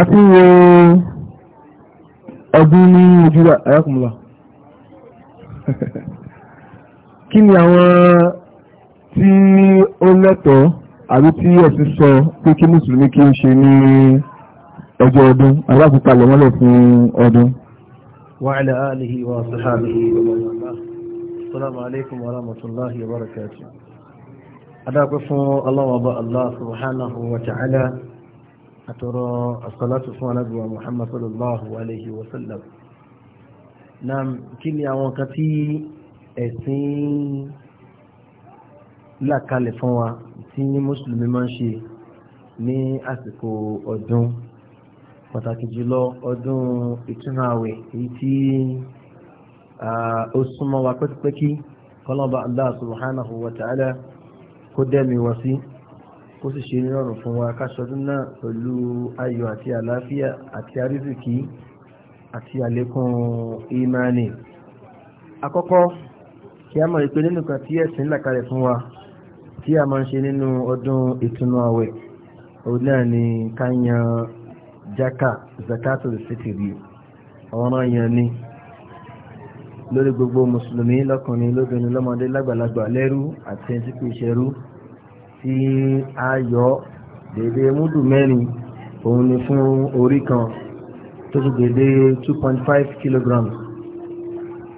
àti um, wo ọdún ní ojú ayákùnlá kí ni àwọn tí ó lẹ́tọ̀ọ́ àbí tí ẹ̀sìn sọ pé kí mùsùlùmí kí ń ṣe ní ọjọ́ ọdún aláàbùkalẹ̀ wọ́n fún ọdún. وعلى آله وصحابه ومن والاه السلام عليكم ورحمة الله وبركاته أدعوكم الله Allah, wa ta'ala. àtọ̀rọ̀ àsọ̀látù fún alábìwà Muhammad sallallahu alayhi wa sallam na kí ni àwọn kan tí ẹ̀sìn làkalẹ̀ fún wa tí mùsùlùmí máa ń ṣe ní àsìkò ọdún pàtàkì jùlọ ọdún ìtúnu àwẹ̀ èyí tí ó súnmọ́ wa pẹ́kipẹ́kí kọ́lọ́ba Allah subhanahu wa ta'ala kó dẹ́mi wá sí kó sì ṣe nírọ̀rùn fún wa káṣọdún náà pẹ̀lú ayọ̀ àti àlàáfíà àti àrísìkí àti àlékún ìmánì àkọ́kọ́ kí a mọ̀ ìpè nínú kan tí ẹ̀sìn là kalẹ̀ fún wa tí a máa ń ṣe nínú ọdún ìtúnú àwẹ̀ òun náà ni ká yan jaka zakato fitiri àwọn yan ni lórí gbogbo mùsùlùmí lọ́kùnrin lóbìnrin lọ́mọdé lágbàlagbà lẹ́rú àti ẹni tí kò ṣẹrú tí a yọ dédé múdù mẹ́rin òun ni fún orí kan tó ti dédé 2.5 kg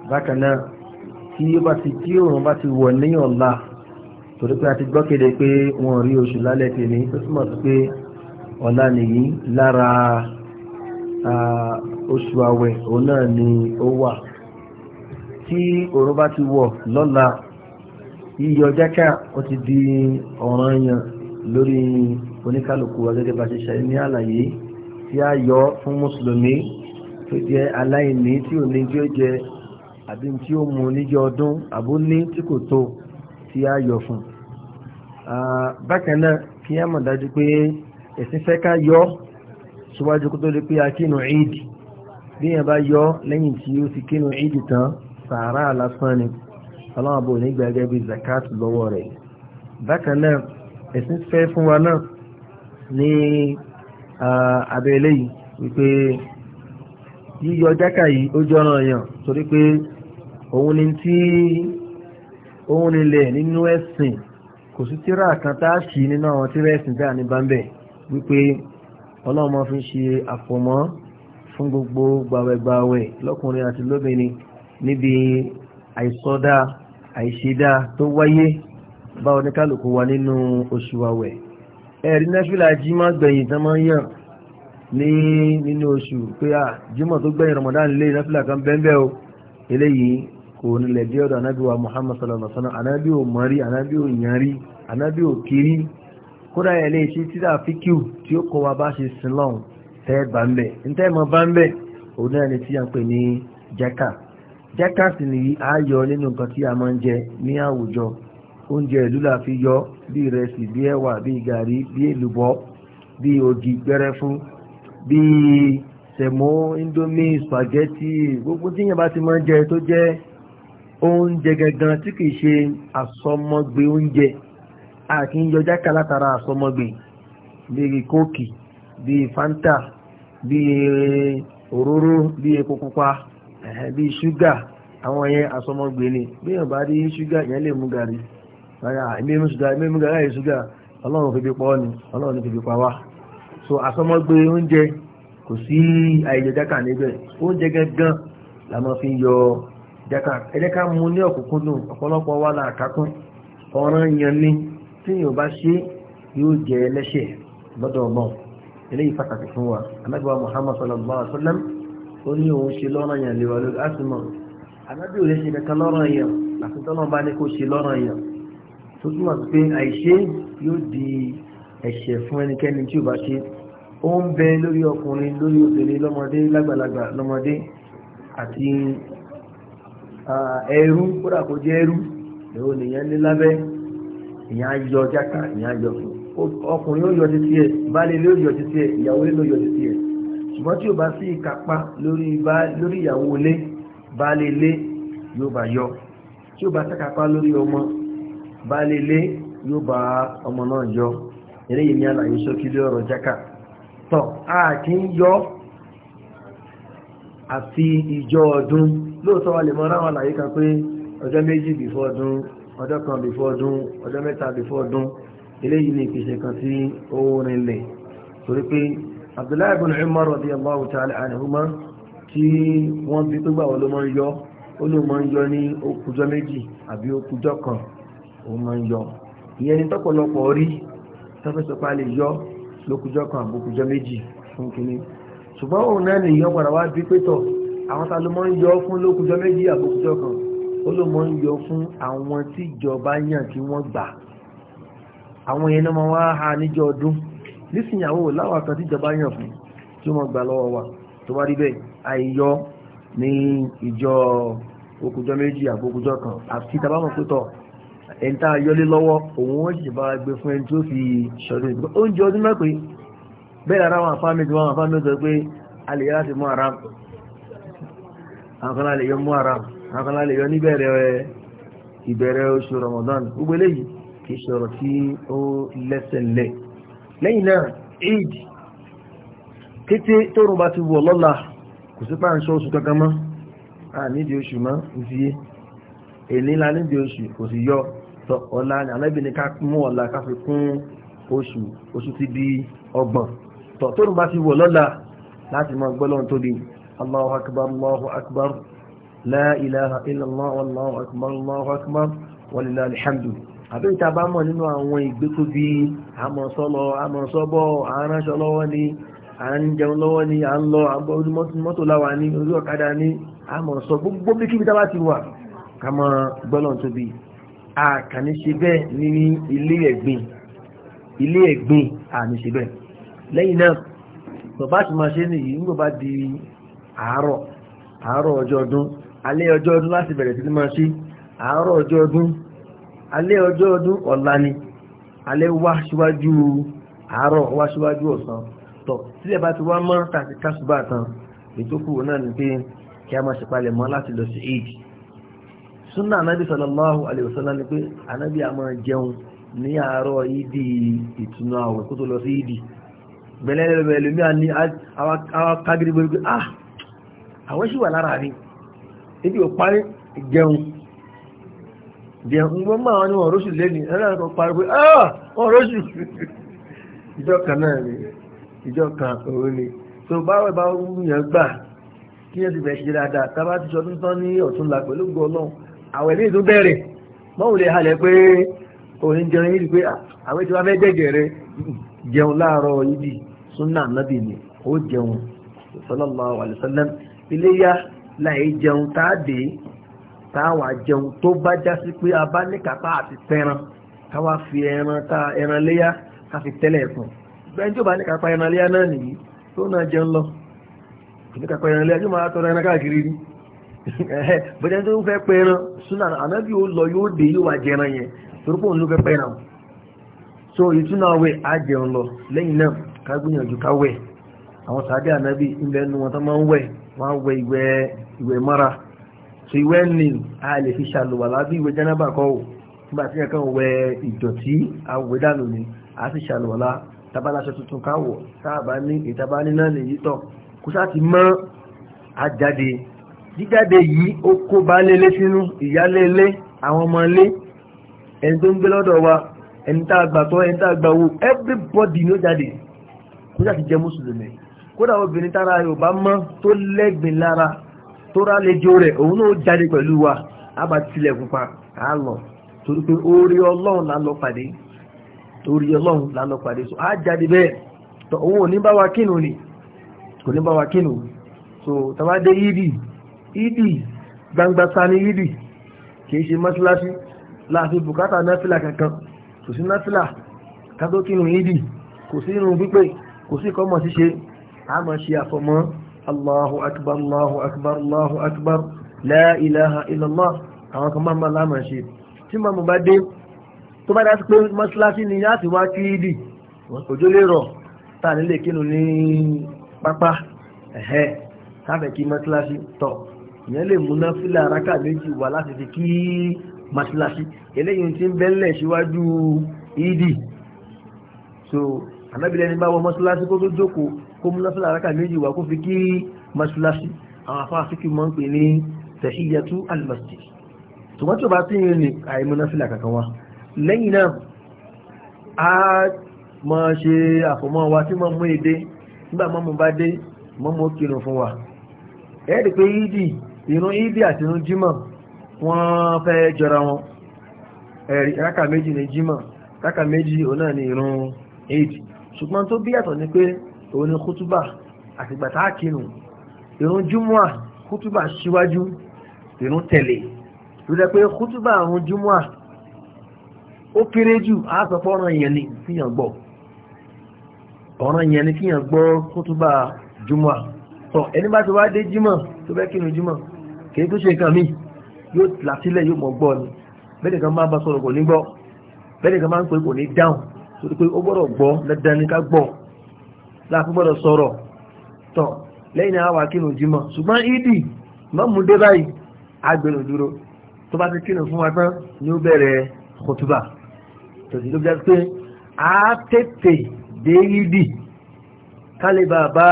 bákan náà tí ó bá ti tí òun bá ti wọ̀ ní ọ̀la torí pé a ti gbọ́ kéde pé wọ́n rí oṣù lálẹ́ tèmi tó túmọ̀ sí pé ọ̀la nìyí lára oṣù àwẹ̀ òun náà ni ó wà tí òun bá ti wọ̀ lọ́la yíyọ jákà ó ti di ọ̀ràn yàn lórí oníkálukú wa gẹ́gẹ́ bá ṣe ṣe ní àlàyé tí a yọ fún mùsùlùmí tó jẹ́ aláìní tí ò ní tí ó jẹ àbí tí ó mu níjọ ọdún àbó ní tí kò tó tí a yọ fún bákan náà kí a mọ̀ dájú pé ẹ̀sìn fẹ́ ká yọ síwájú kó tó lè pé akínú ìdì bí yẹn bá yọ lẹ́yìn tí ó ti kínú ìdì tán sàárà lásán ni ọlọ́run bò ní gbẹ̀gẹ́ bí zakat lọ́wọ́ rẹ̀ bákan náà ẹ̀sìn fẹ́ fún wa náà ní abẹ́lé yìí wípé yíyọ jákà yìí ó jọ ọ̀ràn yàn torí pé òun ni tí òun nílẹ̀ nínú ẹ̀sìn kò sí tíra kan tá a ṣì nínú àwọn tíra ẹ̀sìn tá a ní bámbẹ̀ wípé ọlọ́run máa fi ṣe àfọ̀mọ́ fún gbogbo gbàwẹ̀gbàwẹ̀ lọ́kùnrin àti lóbìnrin níbi àìsọdá àìṣedá tó wáyé bá oníkálùkù wa nínú oṣù àwẹ̀ ẹ̀rí náfìlà jímọ̀ gbẹ̀yìn tán máa ń yàn ní nínú oṣù pé à jímọ̀ tó gbẹ̀yìn Ramadan kan bẹ́ẹ̀ o eléyìí kò nílẹ̀ dé ọ̀dọ̀ anábì Muhammad sallallahu alaihi wasallam anábì ò mọ̀rí kiri kódà yẹn lè títà fíkìú tí ó kọ́ wa bá ṣe sin tẹ́ bá ń bẹ̀ tẹ́ bá ń bẹ̀ jẹ́kàsì nìyí a yọ nínú nǹkan tí a máa ń jẹ ní àwùjọ oúnjẹ ìlú la fi yọ bí ìrẹsì bí ẹ̀wà bí gàrí bí èlùbọ́ bí ògì gbẹrẹfú bí sẹ̀mó indomie spaghetti gbogbo tí yẹn bá ti máa ń jẹ tó jẹ́ oúnjẹ gangan tí kìí ṣe àsọmọgbé oúnjẹ a kì í yọ jákà látara àsọmọgbé bíi kóòkì bíi fanta bíi òróró bíi epo pupa Eh, bíi ṣúgà àwọn yẹn asọmọgbè ni bíyàn bá rí ṣúgà yẹn lè mú gàrí rárá ilé mú ṣúgà ilé mú gàrí àyè ṣúgà ọlọ́run fi fi pa ni ọlọ́run fi fi pa wá so asọmọgbè oúnjẹ kò sí àìjẹ jákà níbẹ̀ oúnjẹ gangan la máa fi yọ jákà ẹ̀jẹ̀ ká mú ní ọ̀kúnkúndùn ọ̀pọ̀lọpọ̀ wà láàkákún ọ̀ràn yẹn ni tíyàn bá ṣe yóò jẹ ẹlẹ́ṣẹ̀ lọ́dọ̀ ọmọ eléyìí pàtàkì fún wa anábíwá Muhammad sallallahu alaihi wa sallam ó ní òun ṣe lọ́rọ̀ yàn lè wà lórí àtìmọ̀ ànábì ò lè ṣe kankan lọ́rọ̀ yàn àti tọ́lọ́ bá ní kó ṣe lọ́rọ̀ yàn tó túmọ̀ sí pé àìṣe yóò di ẹ̀ṣẹ̀ fún ẹnikẹ́ni tí ò bá ṣe ó ń bẹ lórí ọkùnrin lórí obìnrin lọ́mọdé lágbàlagbà lọ́mọdé àti ẹrú kódà kó jẹ́ ẹrú èrò nìyẹn ní lábẹ́ ìyá yọ jákà ìyá yọ fún ọkùnrin ó yọ títí ẹ ṣùgbọ́n tí ó bá sí ìkápá lórí ìyàwó ilé baálé ilé yóò bá yọ tí ó bá sákápá lórí ọmọ baálé ilé yóò bá ọmọ náà yọ eléyìí ní àlàyé ṣókí lé ọ̀rọ̀ jákà tọ́ a kì í yọ àti ìjọ ọdún lóòótọ́ wa lè mọ ráwọn àlàyé kan pé ọjọ́ méjì bìfọ́ ọdún ọjọ́ kan bìfọ́ ọdún ọjọ́ mẹ́ta bìfọ́ ọdún eléyìí ní ìpèsè kan tí ó rinlẹ̀ torí pé abdullahi ibn umar radiyallahu ta'ala anhuma tí wọ́n bí pígbà wọn ló máa ń yọ ó ló máa ń yọ ní okùjọ́ méjì àbí okùjọ́ kan ó máa ń yọ ìyẹn ni tọ́pọ̀lọpọ̀ rí tọ́fẹ́sọpá lè yọ lókùjọ́ kan àbókùjọ́ méjì fún kínní ṣùgbọ́n òun náà lè yọ padà wá bí pétọ̀ àwọn ta ló máa ń yọ fún lókùjọ́ méjì àbókùjọ́ kan ó ló máa ń yọ fún àwọn tíjọba yàn tí wọ́n gbà àwọn yẹn máa wá ha níjọ ọdún nísìnyàwó láwọn àkàtí ìjọba yàn fún tí ó mọ̀ gbà lọ́wọ́ wa tó bá rí bẹ́ẹ̀ àìyọ ní ìjọ okùnjọ́ méjì àbókùnjọ́ kan àti tàbá mọ̀ pẹ́tọ̀ ẹni tá a yọlé lọ́wọ́ òun wọ́n sì bá gbé fún ẹni tó fi ṣọdún ìdúgbò oúnjẹ ọdún mẹ́pẹ́ bẹ́ẹ̀ ara wọn àfáàmì tí wọn àfáàmì sọ pé a lè yára sí mú ara àwọn kan lè yọ mú ara àwọn kan lè yọ níbẹ̀rẹ̀ ìbẹ̀rẹ̀ oṣù Ramadan gbogbo eléyìí kì í ṣọ̀rọ̀ tí ó lẹ́sẹ̀ lẹ́ẹ̀ lẹ́yìn náà eid kété tóorùn bá ti wọ̀ lọ́la kò sí páàṣọ oṣù kankan mọ́ a nídìí oṣù mọ́ nfiye èlé ńlá nídìí oṣù kò sì yọ tọ ọ̀la alábìnrin ká mú ọ̀la ká fi kún oṣù oṣù ti di ọgbọ̀n tọ tóorùn bá ti wọ̀ lọ́la láti máa gbọ́ lọ́run tóbi allahu akbar allahu akbar la ilaha illallah wallahu akbar allahu akbar walilahi alhamdu àbí ìta bá mọ̀ nínú àwọn ìgbé tó bí àmọ̀sọ́lọ àmọ̀sọ́bọ̀ àránṣọ lọ́wọ́ ni à ń jẹun lọ́wọ́ ni à ń lọ mọ́tò láwa ní orí ọ̀kadà ní àmọ̀sọ gbogbo bí kíbi tábà ti wà ká mọ gbọ́lọ̀n tó bí àkàní ṣe bẹ́ẹ̀ ní ilé ẹ̀gbìn ilé ẹ̀gbìn àmì ṣe bẹ́ẹ̀ lẹ́yìn náà àárọ̀ àárọ̀ ọjọ́ ọdún alẹ́ ọjọ́ ọdún láti bẹ̀rẹ̀ sí máa ṣe àárọ̀ ọjọ́ ọdún alẹ́ ọjọ́ ọdún ọ̀la ni alẹ́ wá síwájú àárọ̀ wá síwájú ọ̀sán tọ̀ sílẹ̀ bá ti wá mọ́ tàbí kásùbà tán ètò kúrò náà ni pé kí a máa ṣèpalẹ̀ mọ́ láti lọ sí eid sunna anabi sallallahu alayhi wa sallam ni pé anabi a máa jẹun ní àárọ̀ ìdí ìtùnú àwẹ̀ kó tó lọ sí ìdí gbẹ̀lẹ́lẹ́lẹ́lẹ́ jẹ ǹgbọ́n máa wọn ni wọ́n róṣù lẹ́ni ẹ̀rọ parí pé ah wọ́n róṣù ìjọ kan náà ni ìjọ kan òun ni tó báwẹ̀ bá wú yẹn gbà kí yẹn ti bẹ̀ ṣe dáadáa tá a bá ti na tán ní ọ̀túnla pẹ̀lú gbọ́ ọlọ́run àwẹ̀ ní ìtún bẹ̀rẹ̀ mọ́wùn lè halẹ̀ pé òun jẹun yìí pé ah, jẹun láàárọ̀ ibi súnà nábì ni ó jẹun sallallahu táwa jẹun tó bá já sí pé a bá ní kápá àti fẹ́ràn káwa fi ẹran ta ẹran léyà ká fi tẹ́lẹ̀ ẹ̀kùn bẹ́ẹ̀ tí ó bá ní kápá ẹran léyà náà nìyí tó náà jẹun lọ ní kápá ẹran léyà yóò máa tọrọ ẹran káàkiri ni bọ́jà tó fẹ́ pẹ́ ẹran súnà ànábì ó lọ yóò dé yóò wá jẹran yẹn torí pé òun ló fẹ́ pẹ́ ẹran so ìtúná wẹ̀ á jẹun lọ lẹ́yìn náà ká gbìyànjú ká wẹ̀ àwọn sàádé ànábì ń bẹ́ẹ̀ nu wọn tó máa ń wẹ̀ wọ́n á ìwẹ̀ ìwẹ̀ so ìwẹ̀ ni a lè fi ṣàlùwàlá bí ìwẹ̀ jẹ́nàbà kọ́ ò nígbà tí wẹ ìdọ̀tí àwẹ̀ dànù ni a sì ṣàlùwàlá tabalaṣọ tuntun káwọ̀ sáàbá ní ìtabá níná nìyí tọ̀ kó sáà ti mọ́ àjáde jíjáde yìí ó kó bá lélé sínú ìyálélé àwọn ọmọ ẹni tó ń gbé lọ́dọ̀ wa ẹni tá a tọ́ ẹni tá a wo everybody ló jáde kó sáà ti jẹ́ mùsùlùmí kódà obìnrin tára Yorùbá mọ́ tó lẹ́gbìn lára tó rálejò rẹ̀ òun náà jáde pẹ̀lú wa a bá tilẹ̀ pupa a lọ torí pé orí ọlọ́run la lọ pàdé orí ọlọ́run la pàdé so a jáde bẹ́ẹ̀ tó òun ò ní bá wa kínú ni kò ní bá wa kínú so tàbá dé yídì yídì gbangba sani yídì kìí ṣe mọ́ṣáláṣí láàfin bùkátà náfìlà kankan kò sí náfìlà kátó kínú yídì kò sí irun pípé kò sí kọ́mọ̀ ṣíṣe a máa ṣe àfọmọ́ الله أكبر الله أكبر الله أكبر لا إله إلا الله àwọn kan máa ń bá láàmà ṣe tí màmú bá dé tó bá dáa sí pé mọ́ṣáláṣí ni láti wá kí ìdì òjò lè rọ̀ tá à nílé kínu ní pápá ẹ̀hẹ́ káfẹ́ kí mọ́ṣáláṣí tọ̀ ìyẹn lè múná fílà rákà méjì wá láti fi kí mọ́ṣáláṣí eléyìí ti ń bẹ́ńlẹ̀ síwájú ìdì so ànábìlẹ́ni bá wọ mọ́ṣáláṣí kó tó jókòó kó mú náfílà rákà méjì wá kó fi kí masulasi àwọn afá fíkì mọ́ ń pè ní tẹ̀híyàtú almasjid ṣùgbọ́n tó bá tí yìí ní àìmú náfílà kankan wá lẹ́yìn náà a mọ́ ṣe àfọ̀mọ́ wa tí mọ́ mú èdè nígbà mọ́ mú bá dé mọ́ mú kírun fún wa ẹ̀ẹ́dì pé ìdì ìrun ìdì àti ìrun jímọ̀ wọ́n fẹ́ jọra wọn ẹ̀rí rákà méjì ní jímọ̀ rákà méjì òun náà ní ìrun ìdì ṣùgbọ́n tó bí yàtọ̀ ni pé òun ni kútúbà àtìgbà tá a kírun ìrun júmọ́à kútúbà síwájú ìrun tẹ̀lé ló jẹ́ pé kútúbà àrùn júmọ́à ó kéré jù á sọ pé ọ̀ràn yẹn ni kíyàn gbọ́ ọ̀ràn yẹn ni kíyàn gbọ́ kútúbà júmọ́à tọ̀ ẹni bá ti wá dé jímọ̀ tó fẹ́ kírun jímọ̀ kìí tó ṣe nǹkan míì yóò làtílẹ̀ yóò mọ̀ gbọ́ ni bẹ́ẹ̀ kan máa bá sọ̀rọ̀ kò ní gbọ́ bẹ́ẹ̀ kan máa ń pè kò ní dáhùn torí ó gbọ́dọ̀ gbọ́ dandan ká gbọ́ láàpúgbọ́dọ̀ sọ̀rọ̀ tọ̀ lẹ́yìn àwà kínú jímọ̀ ṣùgbọ́n ìdì mọ́mú dé báyìí agbèrò dúró tó bá ti kínú fún wa tán ni ó bẹ̀rẹ̀ kòtùbà tòsí ló jẹ́ pé a tètè dé ìdì kálíbà bá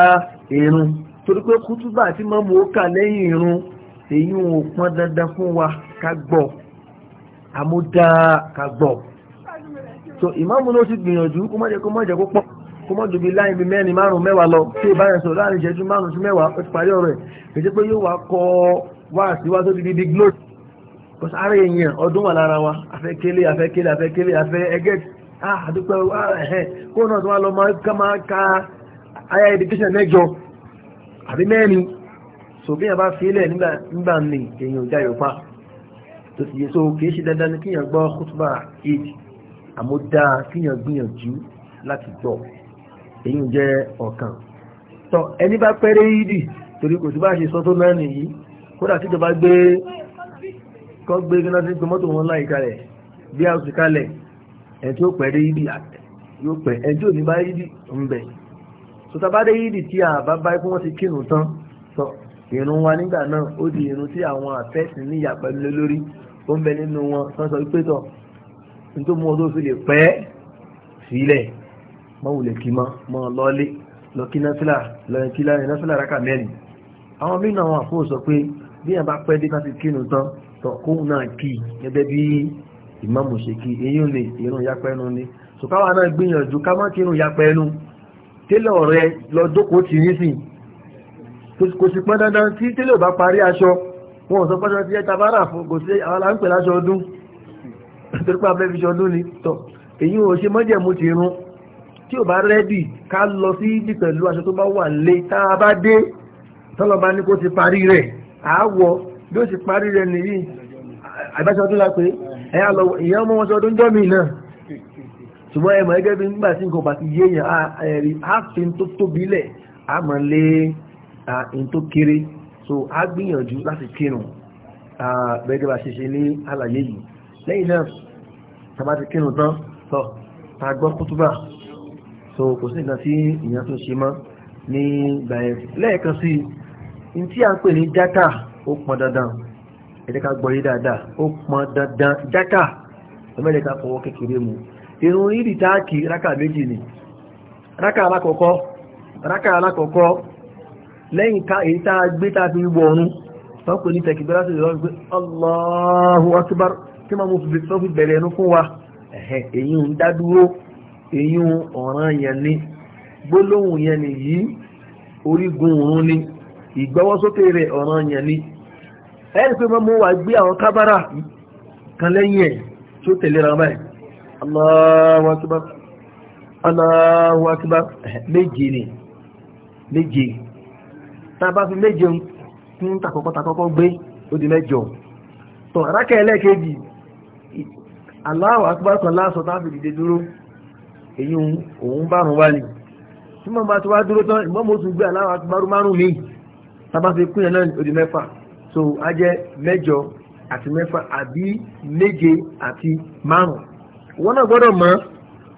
irun torí pé kòtùbà tí mọ́mú ó kà lẹ́yìn irun èyí ò pọn dandan fún wa ká gbọ́ àmúdá ká gbọ́ so ìmáàmù ló ti gbìyànjú kó má jẹ́ kó má jẹ́ kó pọ̀ kó mọ́ dùbí láì bí mẹ́rin márùn mẹ́wàá lọ tí ó bá yẹn sọ̀rọ̀ láàrin ìṣẹ́jú márùn sí mẹ́wàá ó ti parí ọ̀rọ̀ ẹ̀ kìí pé yóò wá kọ wá síwá tó ti di big glory because ara èèyàn ọdún wà lára wa afẹ́ kélé afẹ́ kélé afẹ́ kélé afẹ́ ẹgẹ́ àdúpẹ́ ẹ̀hẹ́ kó náà tó wá lọ máa ka higher education mẹ́jọ àbí mẹ́rin so bí yẹn bá fi ilẹ̀ nígbà ní èèyàn ìjà pa. tó ti yẹ so kìí ṣe dandan ní kíyàn gbọ́ khutbah eid àmọ́ dáa kíyàn gbìyànjú láti gbọ́ èyí jẹ́ ọ̀kan tọ́ ẹni bá pẹ́rẹ́ ìdì torí kò sí bá ṣe sọ tó náà nìyí kódà tíjọba gbé kọ́ gbé gíná sí pé mọ́tò wọn láyìíká rẹ̀ bí a sì kalẹ̀ ẹni tí ó pẹ̀rẹ́ ìdì yóò pẹ̀ ẹni tí ò ní bá ìdì ń bẹ̀ sọta bá dé ìdì tí a bá bá ikú wọn ti kírun tán sọ ìrun wa nígbà náà ó di ìrun tí àwọn àfẹ́sì níyà pẹ̀lú lórí ó ń bẹ nínú wọn sọ sọ pé tọ̀ nítorí mo tó fi lè pẹ́ sílẹ̀ mọ́wùlẹ̀ kí mọ́ mọ́ lọ́lé lọ́kí násílà lọ́yìn la láyìn násílà rákà mẹ́rin àwọn mí náà wọ́n fún sọ pé bí yàn bá pẹ́ dé láti kírun tán tọ̀ kóhùn náà kì í gẹ́gẹ́ bí ìmáàmù ṣe kí eyín lè irun yapẹ́ ẹnu ni sùkáwà náà gbìyànjú ká má kírun yapẹ́ ẹnu télọ̀ rẹ lọ jókòó tì í sìn kò sì pọn dandan tí télọ̀ bá parí aṣọ wọn ò sọ pé ṣọtí ẹta bá rà fún kò sí àwọn aláǹpẹ̀ láṣọ ọdún torípa abẹ́fiṣọ ọdún ni tọ̀ èyí ò ṣe mọ́jẹ̀mú ti irun tí ò bá rẹ́dì ká lọ sí ìdí pẹ̀lú aṣọ tó bá wà lé tá a bá dé tọ́lọ́ba ní kó ti parí rẹ̀ àáwọ̀ bí ó ti parí rẹ̀ nìyí àgbàṣọ tó la pé ẹ̀yà lọ ìyá ọmọ wọn sọ ọdún jọ́ mi náà ṣùgbọ́n ẹ̀mọ̀ ẹgẹ́ bí nígbà tí nǹkan bá ti yé èèyàn ẹ̀rí ààfin tó tóbi lẹ̀ àmọ́ lé ààfin tó kéré so a gbìyànjú láti kírun bẹ́ẹ̀ bá ṣe ṣe ní àlàyé yìí lẹ́yìn náà tá ti kírun tán tọ́ tá gbọ́ kútúbà so kò sí nǹkan tí ìyẹn tó ṣe mọ́ ní ìgbà yẹn lẹ́ẹ̀kan sí i tí à ń pè ní data ó pọn dandan ẹ̀dẹ́ka gbọ́yé dáadáa ó pọn dandan data ẹ̀mẹ́dẹ́ka fọwọ́ kékeré mu irun ìdí táàkì rákà méjì ni rákà alákọ̀ọ́kọ́ rákà alákọ̀ọ́kọ́ lẹ́yìn ká èyí tá a gbé tá a fi wọ ọ̀run wọ́n pè ní tẹ̀kìbẹ́rẹ́ láti ìrọ̀rùn pé Allahu Akbar tí máa mú fi bẹ̀rẹ̀ ẹnu fún wa èyí ń dá dúró èyún ọ̀ràn yẹn ni gbólóhùn yẹn nìyí orígun òun ni ìgbọ́wọ́sókè rẹ̀ ọ̀ràn yẹn ni ẹ̀rí pé mọ́ wà gbé àwọn kábára kan lẹ́yìn ẹ̀ tí ó tẹ̀lé ra báyìí Allahu akbar Allahu akbar méje ni méje tá a bá fi méje ń takọ̀kọ́ gbé ó di mẹ́jọ tọ̀ rákẹ́ ẹlẹ́kejì Allahu akbar kan láàsọ̀ tá a dúró èyí òun bárùn wá ní tí mọ́ bá ti wá dúró tán ìmọ́ mo tún gbé aláwọ̀ akíbárú márùn mi tábà fi kún yẹn náà ó di mẹ́fà so á jẹ́ mẹ́jọ àti mẹ́fà àbí méje àti márùn wọn náà gbọ́dọ̀ mọ̀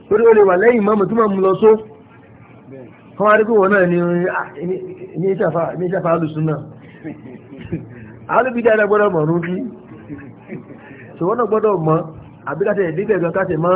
torí o lè wà lẹ́yìn mọ́mù tí mọ́ mu lọ só kọ́ wá rí pé wọn náà ní ní ìṣàfà alùsùn náà alùbí dáadáa gbọ́dọ̀ mọ̀ rúbí so wọn náà gbọ́dọ̀ mọ̀ àbí káṣẹ̀ ìdígbẹ̀gbẹ̀ káṣẹ̀ mọ́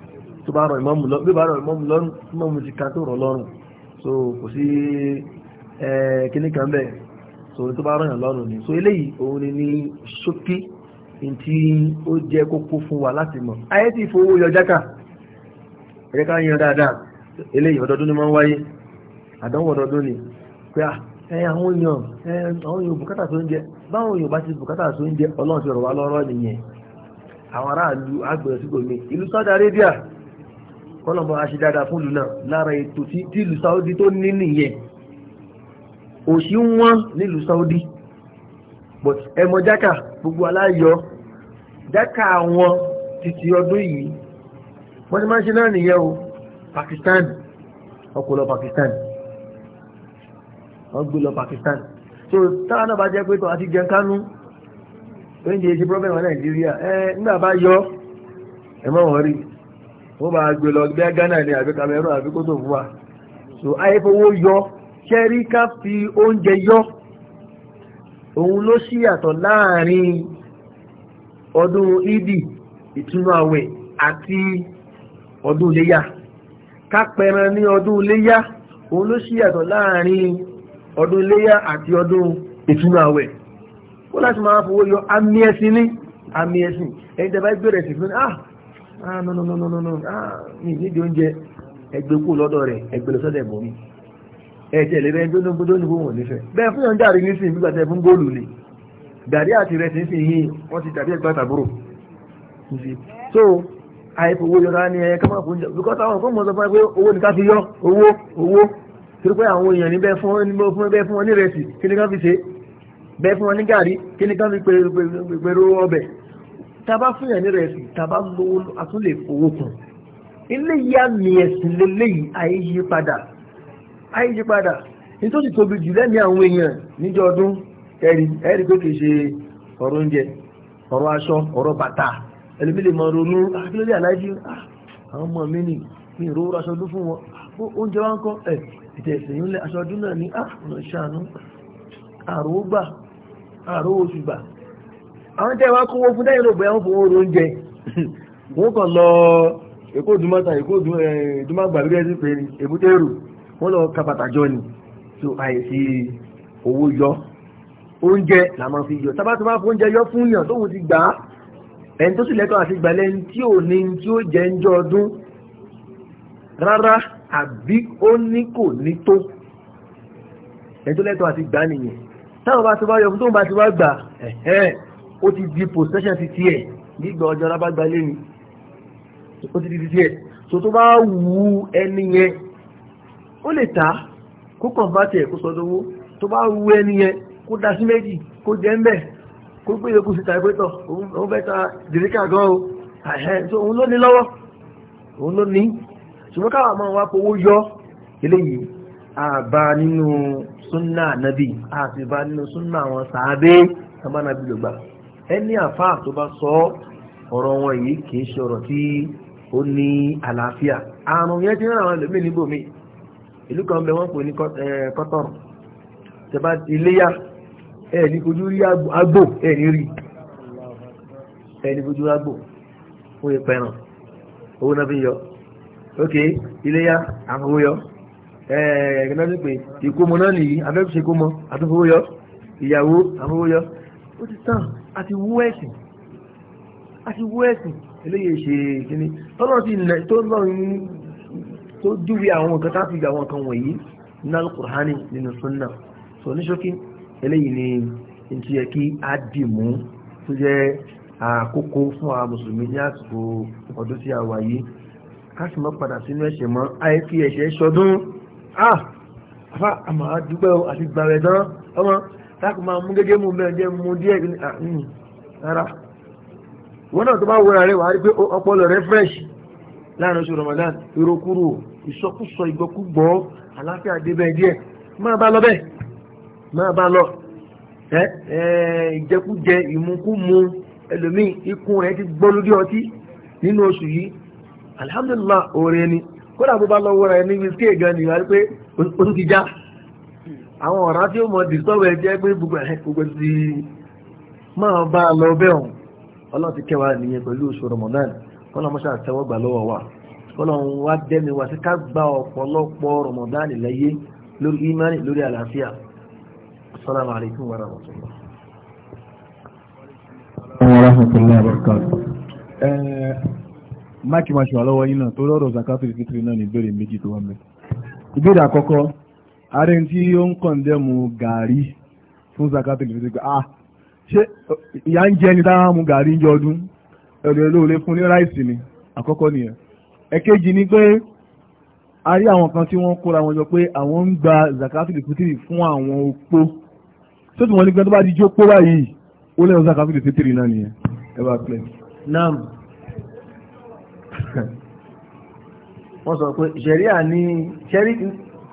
tó bá rọ ìmọ̀mù lọ́rùn bí bá rọ ìmọ̀mù lọ́rùn ti ka tó rọ lọ́rùn so kò sí kíní kan bẹ́ẹ̀ so tó bá rọyàn lọ́rùn ni so eléyìí òun ni ní ṣókí tí ó jẹ́ kókó fún wa láti mọ̀ ayé tí fowó yọ jákà ẹ̀jẹ̀ dáadáa eléyìí ọdọọdún ni máa ń wáyé àdánwò ọdọọdún ni pé ah, àwọn èèyàn àwọn èèyàn bùkátà tó ń jẹ báwọn èèyàn bá ti bùkátà tó ń jẹ ọlọ́run ti rọ̀ wá lọ́rọ̀ nìyẹn kọ́lọ̀bọ̀ a ṣe dáadáa fún lùnà lára ètò tí ìlú Saudi tó ní nìyẹn òṣì ń wọ́n nílùú Saudi but ẹmọ jákà gbogbo aláyọ̀ jákà wọn títí ọdún yìí wọ́n ti máa ń ṣe náà nìyẹn o Pakistan ọkọ̀ Pakistan wọ́n gbé lọ Pakistan so táwọn náà bá jẹ́ pé tó àti jẹun kánú oúnjẹ ṣe problem wọn Nàìjíríà ẹ nígbà bá yọ ẹ mọ̀ wọ́n rí wọ́n máa gbé lọ gbé Ghana ní àbí Cameroon àbí tó fún wa so ayéfowó yọ kẹ́rí ká fi oúnjẹ yọ òun ló sì yàtọ̀ láàrin ọdún ìdì ìtúnú àwẹ̀ àti ọdún iléyà ká ní ọdún iléyà òun ló sì àti ọdún ìtúnú àwẹ̀ láti máa fowó yọ ah no no no no no ah mi nídìí oúnjẹ ẹgbẹ́ kú lọ́dọ̀ rẹ̀ ẹgbẹ́ lọ́sọ́dẹ̀ bọ̀ mi ẹ̀jẹ̀ lè rẹ gbóná gbóná ní gbóhùn nífẹ̀ẹ́ bẹ́ẹ̀ fún yàn dàrí nísìnyí gbígbà tẹ fún góòlù ni dàrí àti rẹ̀ sínsìn yìí wọ́n ti dàbí ẹgbẹ́ àtàbúrò so àìfowó yọra ni ẹ̀yẹ kọ́mọ̀ fún jẹ́ bíkọ́ táwọn fún mọ́ sọ fún ẹ pé owó ní ká fi yọ owó owó torí pé àwọn èèyàn níbẹ̀ fún fún bẹ́ẹ̀ fún wọn ní rẹsì kí ni ká fi ṣe bẹ́ẹ̀ fún wọn ní gàrí kí ni ká fi pèrò ọbẹ̀ tàbá fún yàn ní rẹ̀ sí tàbá lówó a tún lè fowó kùn eléyìí àmì ẹ̀sìn lélẹ́yìí àyíyípadà àyíyípadà nítorí tóbi jù lẹ́ni àwọn èèyàn níjọ ọdún ẹ̀rí ẹ̀rí pé kìí ṣe ọ̀rọ̀ oúnjẹ ọ̀rọ̀ aṣọ ọ̀rọ̀ bàtà ẹlòmí lè mọ ronú akílódé ah, aláìjí ah, àwọn ọmọ mi mi ìró aṣọ ọdún fún wọn ah, oúnjẹ wa ń ẹ̀sìn yìí àwọn tẹ́ wá kówó fún tẹ́yìn lòbẹ̀ wọ́n fowó oúnjẹ wọ́n kàn lọ èkó òdúmọ́ta èkó òdúmọ́gbà lórí ẹ̀sìn pé èbúté èrò wọ́n lọ kàbàtà jọ ni tó àìsí owó yọ oúnjẹ là máa fi yọ tábà tó bá fóúnjẹ yọ fún yàn tóun ti gbà á ẹni tó sì lẹ́tọ̀ àti gbàlẹ́ ní tí ò ní tí ó jẹ́ ń jọ ọdún rárá àbí ó ní kò ní tó ẹni tó lẹ́tọ̀ àti gbà nìyẹn táwọn bá ti wá yọ fún tóun bá ti wá gbà ẹ̀hẹ́n ó ti di possession ti tiẹ̀ nígbà ọjọ́ rábàgbà lé ni ó ti di ti tiẹ̀ so tó bá wù ẹni yẹn ó lè ta kó convert ẹ̀ kó sọ lówó tó bá wù ẹni yẹn kó dá sí méjì kó jẹ́ ń kó gbé yòókù síta ẹgbẹ́ tọ̀ òun fẹ́ ta dìríkà gan o ẹ̀hẹ́ so òun ló ní lọ́wọ́ òun ló ní ṣùgbọ́n káwà máa wá fowó yọ eléyìí àbá nínú súnnà nàbì àti bá nínú súnnà àwọn sàábé àbánàbí lògbà ẹni àfáà tó bá sọ ọ̀rọ̀ wọn yìí kìí ṣe ọ̀rọ̀ tí ó ní àlàáfíà àrùn yẹn ti rán àwọn ẹlòmíì níbòmí ìlú kan bẹ wọ́n pè ní eh, kọ́tọ̀rù tẹ́bá iléyà ẹ̀ ní kojú rí agbò ẹ̀ ní rí ẹ̀ ní kojú agbò ó yẹ pẹ̀ràn owó náà fi yọ ok iléyà àfọwọ́ yọ ẹ̀ẹ́dẹ́gbẹ́ náà ti ìkómọ náà nìyí abẹ́kùsẹ̀ ìkómọ àtúfọwọ́ yọ ìyàwó àfọwọ́ yọ ó ti tán àti wú ẹ̀sìn àti wú ẹ̀sìn eléyìí ṣe kíní tọ́lọ́run ti nà tó lọ́run tó júwe àwọn nǹkan tá a fi gbà àwọn nǹkan wọ̀nyí nínú alukur'ani nínú sunna sọ ní ṣókí eléyìí ni n ti yẹ kí á dì mú tó jẹ́ àkókò fún àwọn mùsùlùmí ní àsìkò ọdún tí a wà yìí ká sì mọ́ padà sínú ẹ̀ṣẹ̀ mọ́ àìfi ẹ̀ṣẹ̀ ṣọdún ah àfa àmọ́ àdúgbò àti gbàrẹ̀dán ọmọ táàkù máa mú gẹ́gẹ́ mú bẹ́ẹ̀ jẹ́ mú díẹ̀ hmm, rárá wọn náà to ba wúra rẹ wàá ọpọlọ refresh fresh láàrin oṣù Ramadan ìrokúrò ìsọkúsọ ìgbọkúgbọ àlàáfíà débẹ̀ díẹ̀ máa bá lọ bẹ́ẹ̀ máa bá lọ ẹ ẹ ìjẹkújẹ ìmukúmu ẹlòmíì ikùn rẹ ti alhamdulillah ni bó lọ rí pé oṣù ti já. àwọn ọ̀rá tí ó mọ̀ dìsọ́wọ́ ẹ jẹ́ pé gbogbo ti máa bá a lọ bẹ́ẹ̀ ọlọ́run ti kẹwàá nìyẹn pẹ̀lú oṣù Ramadan kọ́lọ́ mọ́ṣá àtẹwọ́gbà lọ́wọ́ wa dẹ́mi wá sí ká gba ọ̀pọ̀lọpọ̀ Ramadan lórí imani lórí àlàáfíà máàkì máa lọ́wọ́ yín náà tó lọ́rọ̀ ààrẹ tí ó ń kọ̀ndẹ́mù gàárì fún zakato lè fi gbé ah ṣé ìyá ń jẹ tá a mú gàárì ń ọdún ẹ̀rọ olóore fún ní ráìsì ni àkọ́kọ́ nìyẹn ẹ̀kejì ni pé a rí àwọn kan tí wọ́n kóra wọn jọ pé àwọn ń gba zakato lè fitiri fún àwọn opó tó tí wọ́n ní pé tó bá di jó pó báyìí ó lẹ́nu zakato lè fitiri náà nìyẹn ẹ bá pẹ́. naam wọ́n sọ pé ṣẹ̀ríà ní ṣẹ́rí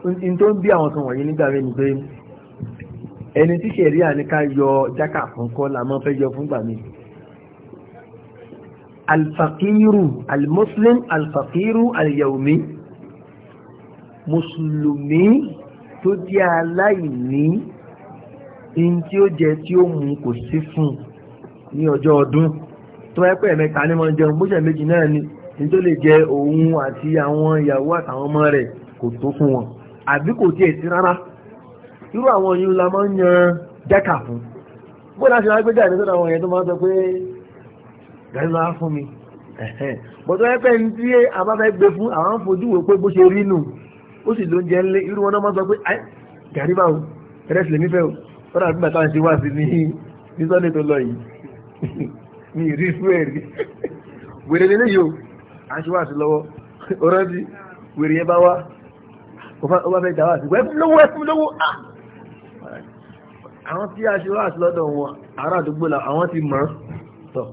n tó ń bí àwọn kan wọ̀nyí nígbà rẹ̀ ni pé ẹni tí ṣẹ̀rí àníká yọ jákà fún kọ́ la máa fẹ́ yọ fún gbà alfakiru almuslim alfakiru alyaumi mùsùlùmí tó jẹ́ aláìní in tí ó jẹ tí ó mú kò sí fún ní ọjọ́ ọdún tó wáyé pé ẹ̀mẹ́ta ní wọ́n jẹun bóṣẹ̀ méjì náà ni ní jẹ òun àti àwọn ìyàwó àtàwọn ọmọ rẹ̀ kò tó fún wọn àbí kò tiẹ̀ sí rárá irú àwọn yìí la máa ń yan jẹ́kà fún bóyá ṣe wá gbé jáde sọ́dọ̀ àwọn yẹn tó máa ń sọ pé gàrí máa fún mi bọ́tọ̀ ẹgbẹ́ ní tí a bá fẹ́ gbé fún àwọn ń fojú wò pé bó ṣe rí nù ó sì ló ń jẹ́ ńlé irú wọn náà máa sọ pé gàrí máa wò ẹ̀rẹ́sì lèmi fẹ́ o sọ́dọ̀ àbí bàtà ń ṣe wá sí ní ní sọ́ndé tó lọ yìí ní ìrí fún ẹ̀rí wèrè lélẹ́yìí o à ń ṣe wá sí lọ́wọ́ ó bá fẹ́ dáwà sí ẹkún lówó ah! àwọn tí a ṣe wáàsí lọ́dọ̀ wọn ará àdúgbò la àwọn ti mọ̀ tọ̀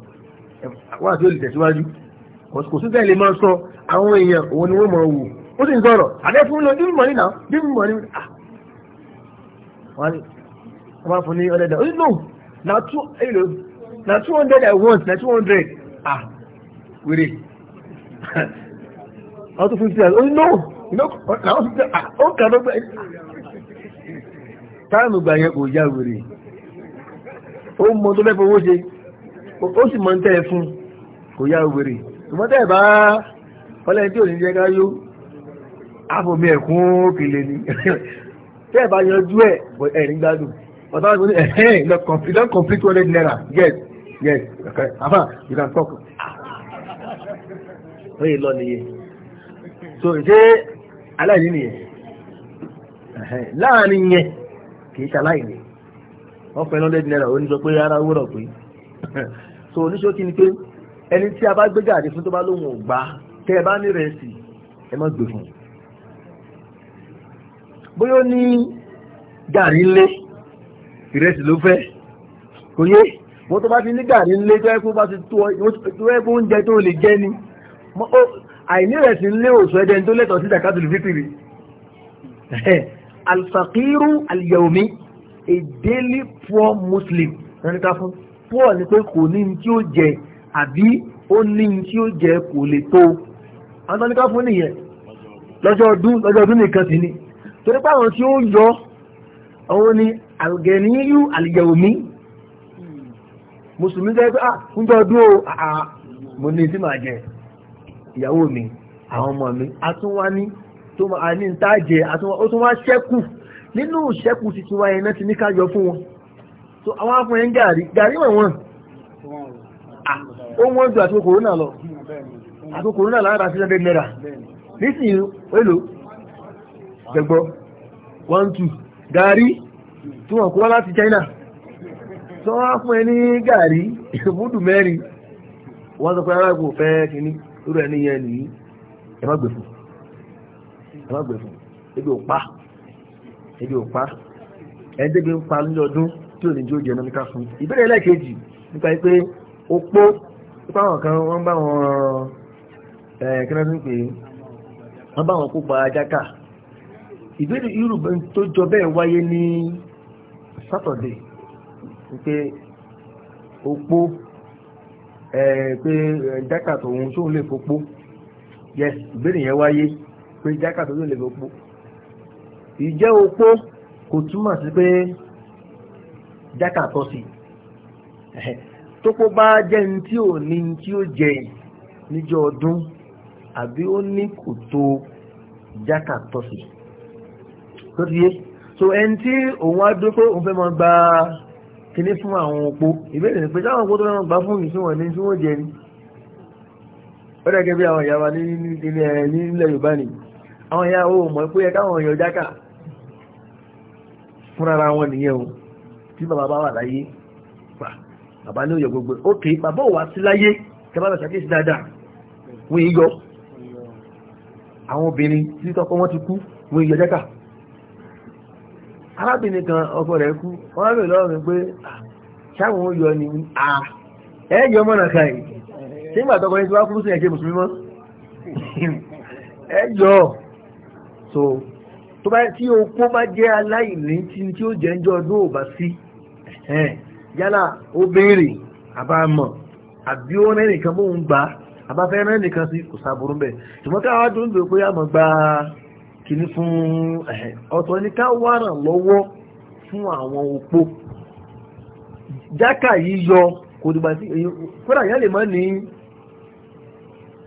wáàsí ó lè tẹ̀síwájú kò sí tẹ́lẹ̀ máa sọ àwọn èèyàn òun ni wọ́n mọ̀ wò ó sì ń sọ̀rọ̀ àdẹ́ fún lọ bí mọ̀ nínà bí mọ̀ nínà wọ́n bá fún ní ọ̀dẹ̀dẹ̀ ó no na two Hello. na two hundred i want na two hundred ah wèrè wọ́n tún fún sí ẹ̀ ó no ó kà ló gbà táàmù gbà yẹn kò já wèrè ó mọ tó fẹ́ fowó ṣe ó sì mọ ń tẹ́ ẹ fún kò já wèrè ṣùgbọ́n tẹ́ ẹ bá ọlẹ́ni tí ò ní jẹ́ ká yó àfòmí ẹ̀kún òkèlè ni tẹ́ ẹ bá yanjú ẹ̀ ẹ̀rín gbádùn ọ̀tá wọn ẹ̀hẹ́n you complete two naira yes yes okay you can talk. Ah. ó yẹ so ṣé aláìní ni láàrin yẹn kìí ṣaláìní wọ́n fẹ́ lọ́dẹ́ náírà ó ní sọ pé ara wúrọ̀ pé so oníṣó kí ni pé ẹni tí a bá gbé jáde fún tó bá lóhun ò gbà tẹ́ ẹ bá ní rẹ̀ sí ẹ má gbé fún un bóyá ó ní gàrí ńlé ìrẹsì ló fẹ́ kò yé wọ́n tó bá ti ní gàrí ńlé tó ẹ́ bá ti tó ẹ́ oúnjẹ tó lè jẹ ni àìní rẹ̀ sí lé òṣù ẹ̀dẹ̀ tó lẹ́tọ̀ sí zakatul fitri alfakiru alyaomi a daily poor muslim ẹni ká fún poor ni pé kò ní tí ó jẹ àbí ó ní tí ó jẹ kò lè tó àwọn tó ní ká fún nìyẹn lọ́jọ́ ọdún lọ́jọ́ ọdún nìkan sì ni torí pé àwọn tí ó yọ àwọn ni algeniyu alyaomi mùsùlùmí jẹ́ pé ah ń jọ ọdún o mo ní tí màá ìyàwó mi àwọn ọmọ mi a tó máa ní ó tún wá ṣẹ́kù nínú wáyé náà ti ní ká yọ fún wọn so àwọn afọ yẹn gàrí gàrí wọ̀n wọn ah, ó wọ́n ju àti lọ àti kòrónà lára sí ẹgbẹ́ náírà nísìnyí èlò gbẹ̀gbọ́ one two gàrí tí wọ́n kó wá láti China wá fún ẹ ní gàrí ìbúdù mẹ́rin wọ́n sọ pé fẹ́ irú ẹni yẹn ní ẹ má gbè fún ẹ má gbè fún ebi ò pa ebi ò pa ẹni ń pa ní ọdún tí ò jó jẹ náà níka fún ìbéèrè ẹlẹ́ẹ̀kejì nípa pé ó pó nípa àwọn kan wọ́n bá wọn ẹ̀ kí wọ́n ti ń pè é wọ́n bá wọn kópa ajáka ìbéèrè irú tó jọ bẹ́ẹ̀ wáyé ní sátọ̀dẹ̀ wípé ó pó pé jákà tòun tó lè fopó yes ìbéèrè yẹn wáyé pé jákà tó lè fopó ìjẹ́ opó kò túmọ̀ sí pé jákà tọ́ sí tópó bá jẹ́ ní tí ò ní tí ó jẹ níjọ́ ọdún àbí ó ní kò tó jákà tọ́ sí tó ti yé so ẹni tí òun á dúró pé òun fẹ́ máa gba kíní fún àwọn opó ìbéèrè ni pé sáwọn opó tó lọ́nà gbá fún ìṣúwọ̀n ní ṣúwọ́ jẹ ni ó dẹ̀ gẹ́gẹ́ bí àwọn ìyá wa ní ilẹ̀ Yorùbá ni àwọn ìyá ó mọ̀ pé ẹkáwọn èèyàn jákà fúnra ara wọn nìyẹn o tí bàbá bá wà láyé pa bàbá ní òyò gbogbo ókè bàbá ò wá sí láyé kẹbà lọ ṣàkíyèsí dáadáa wọ́n yíyọ àwọn obìnrin tí tọ́kọ wọn ti kú wọ́n yíyọ jákà arábìnrin kan ọkọ rẹ̀ kú wọ́n bèèrè lọ́wọ́ mi pé ṣáwọn ó yọ ni à ẹ̀ẹ́jọ mọ́nà kan yìí ṣé ìgbà tọkọ yìí tí wàá kú sí ẹ̀jẹ̀ mùsùlùmí mọ́ ẹ̀ẹ́jọ so tó bá tí okó bá jẹ́ aláìní tí tí ó jẹ́ ń jọ ọdún ò bá sí yálà ó béèrè àbámọ̀ àbí ó rẹ́nìkan bóun gbà á àbáfẹ́ rẹ́nìkan sí kò sáburú bẹ́ẹ̀ ṣùgbọ́n káwá dúró pé àmọ́ gbàá kìíní fún ọ̀tọ̀ ní ká wá ràn lọ́wọ́ fún àwọn opó jákà yíyọ kò dìgbà tí kódà yẹn lè má ní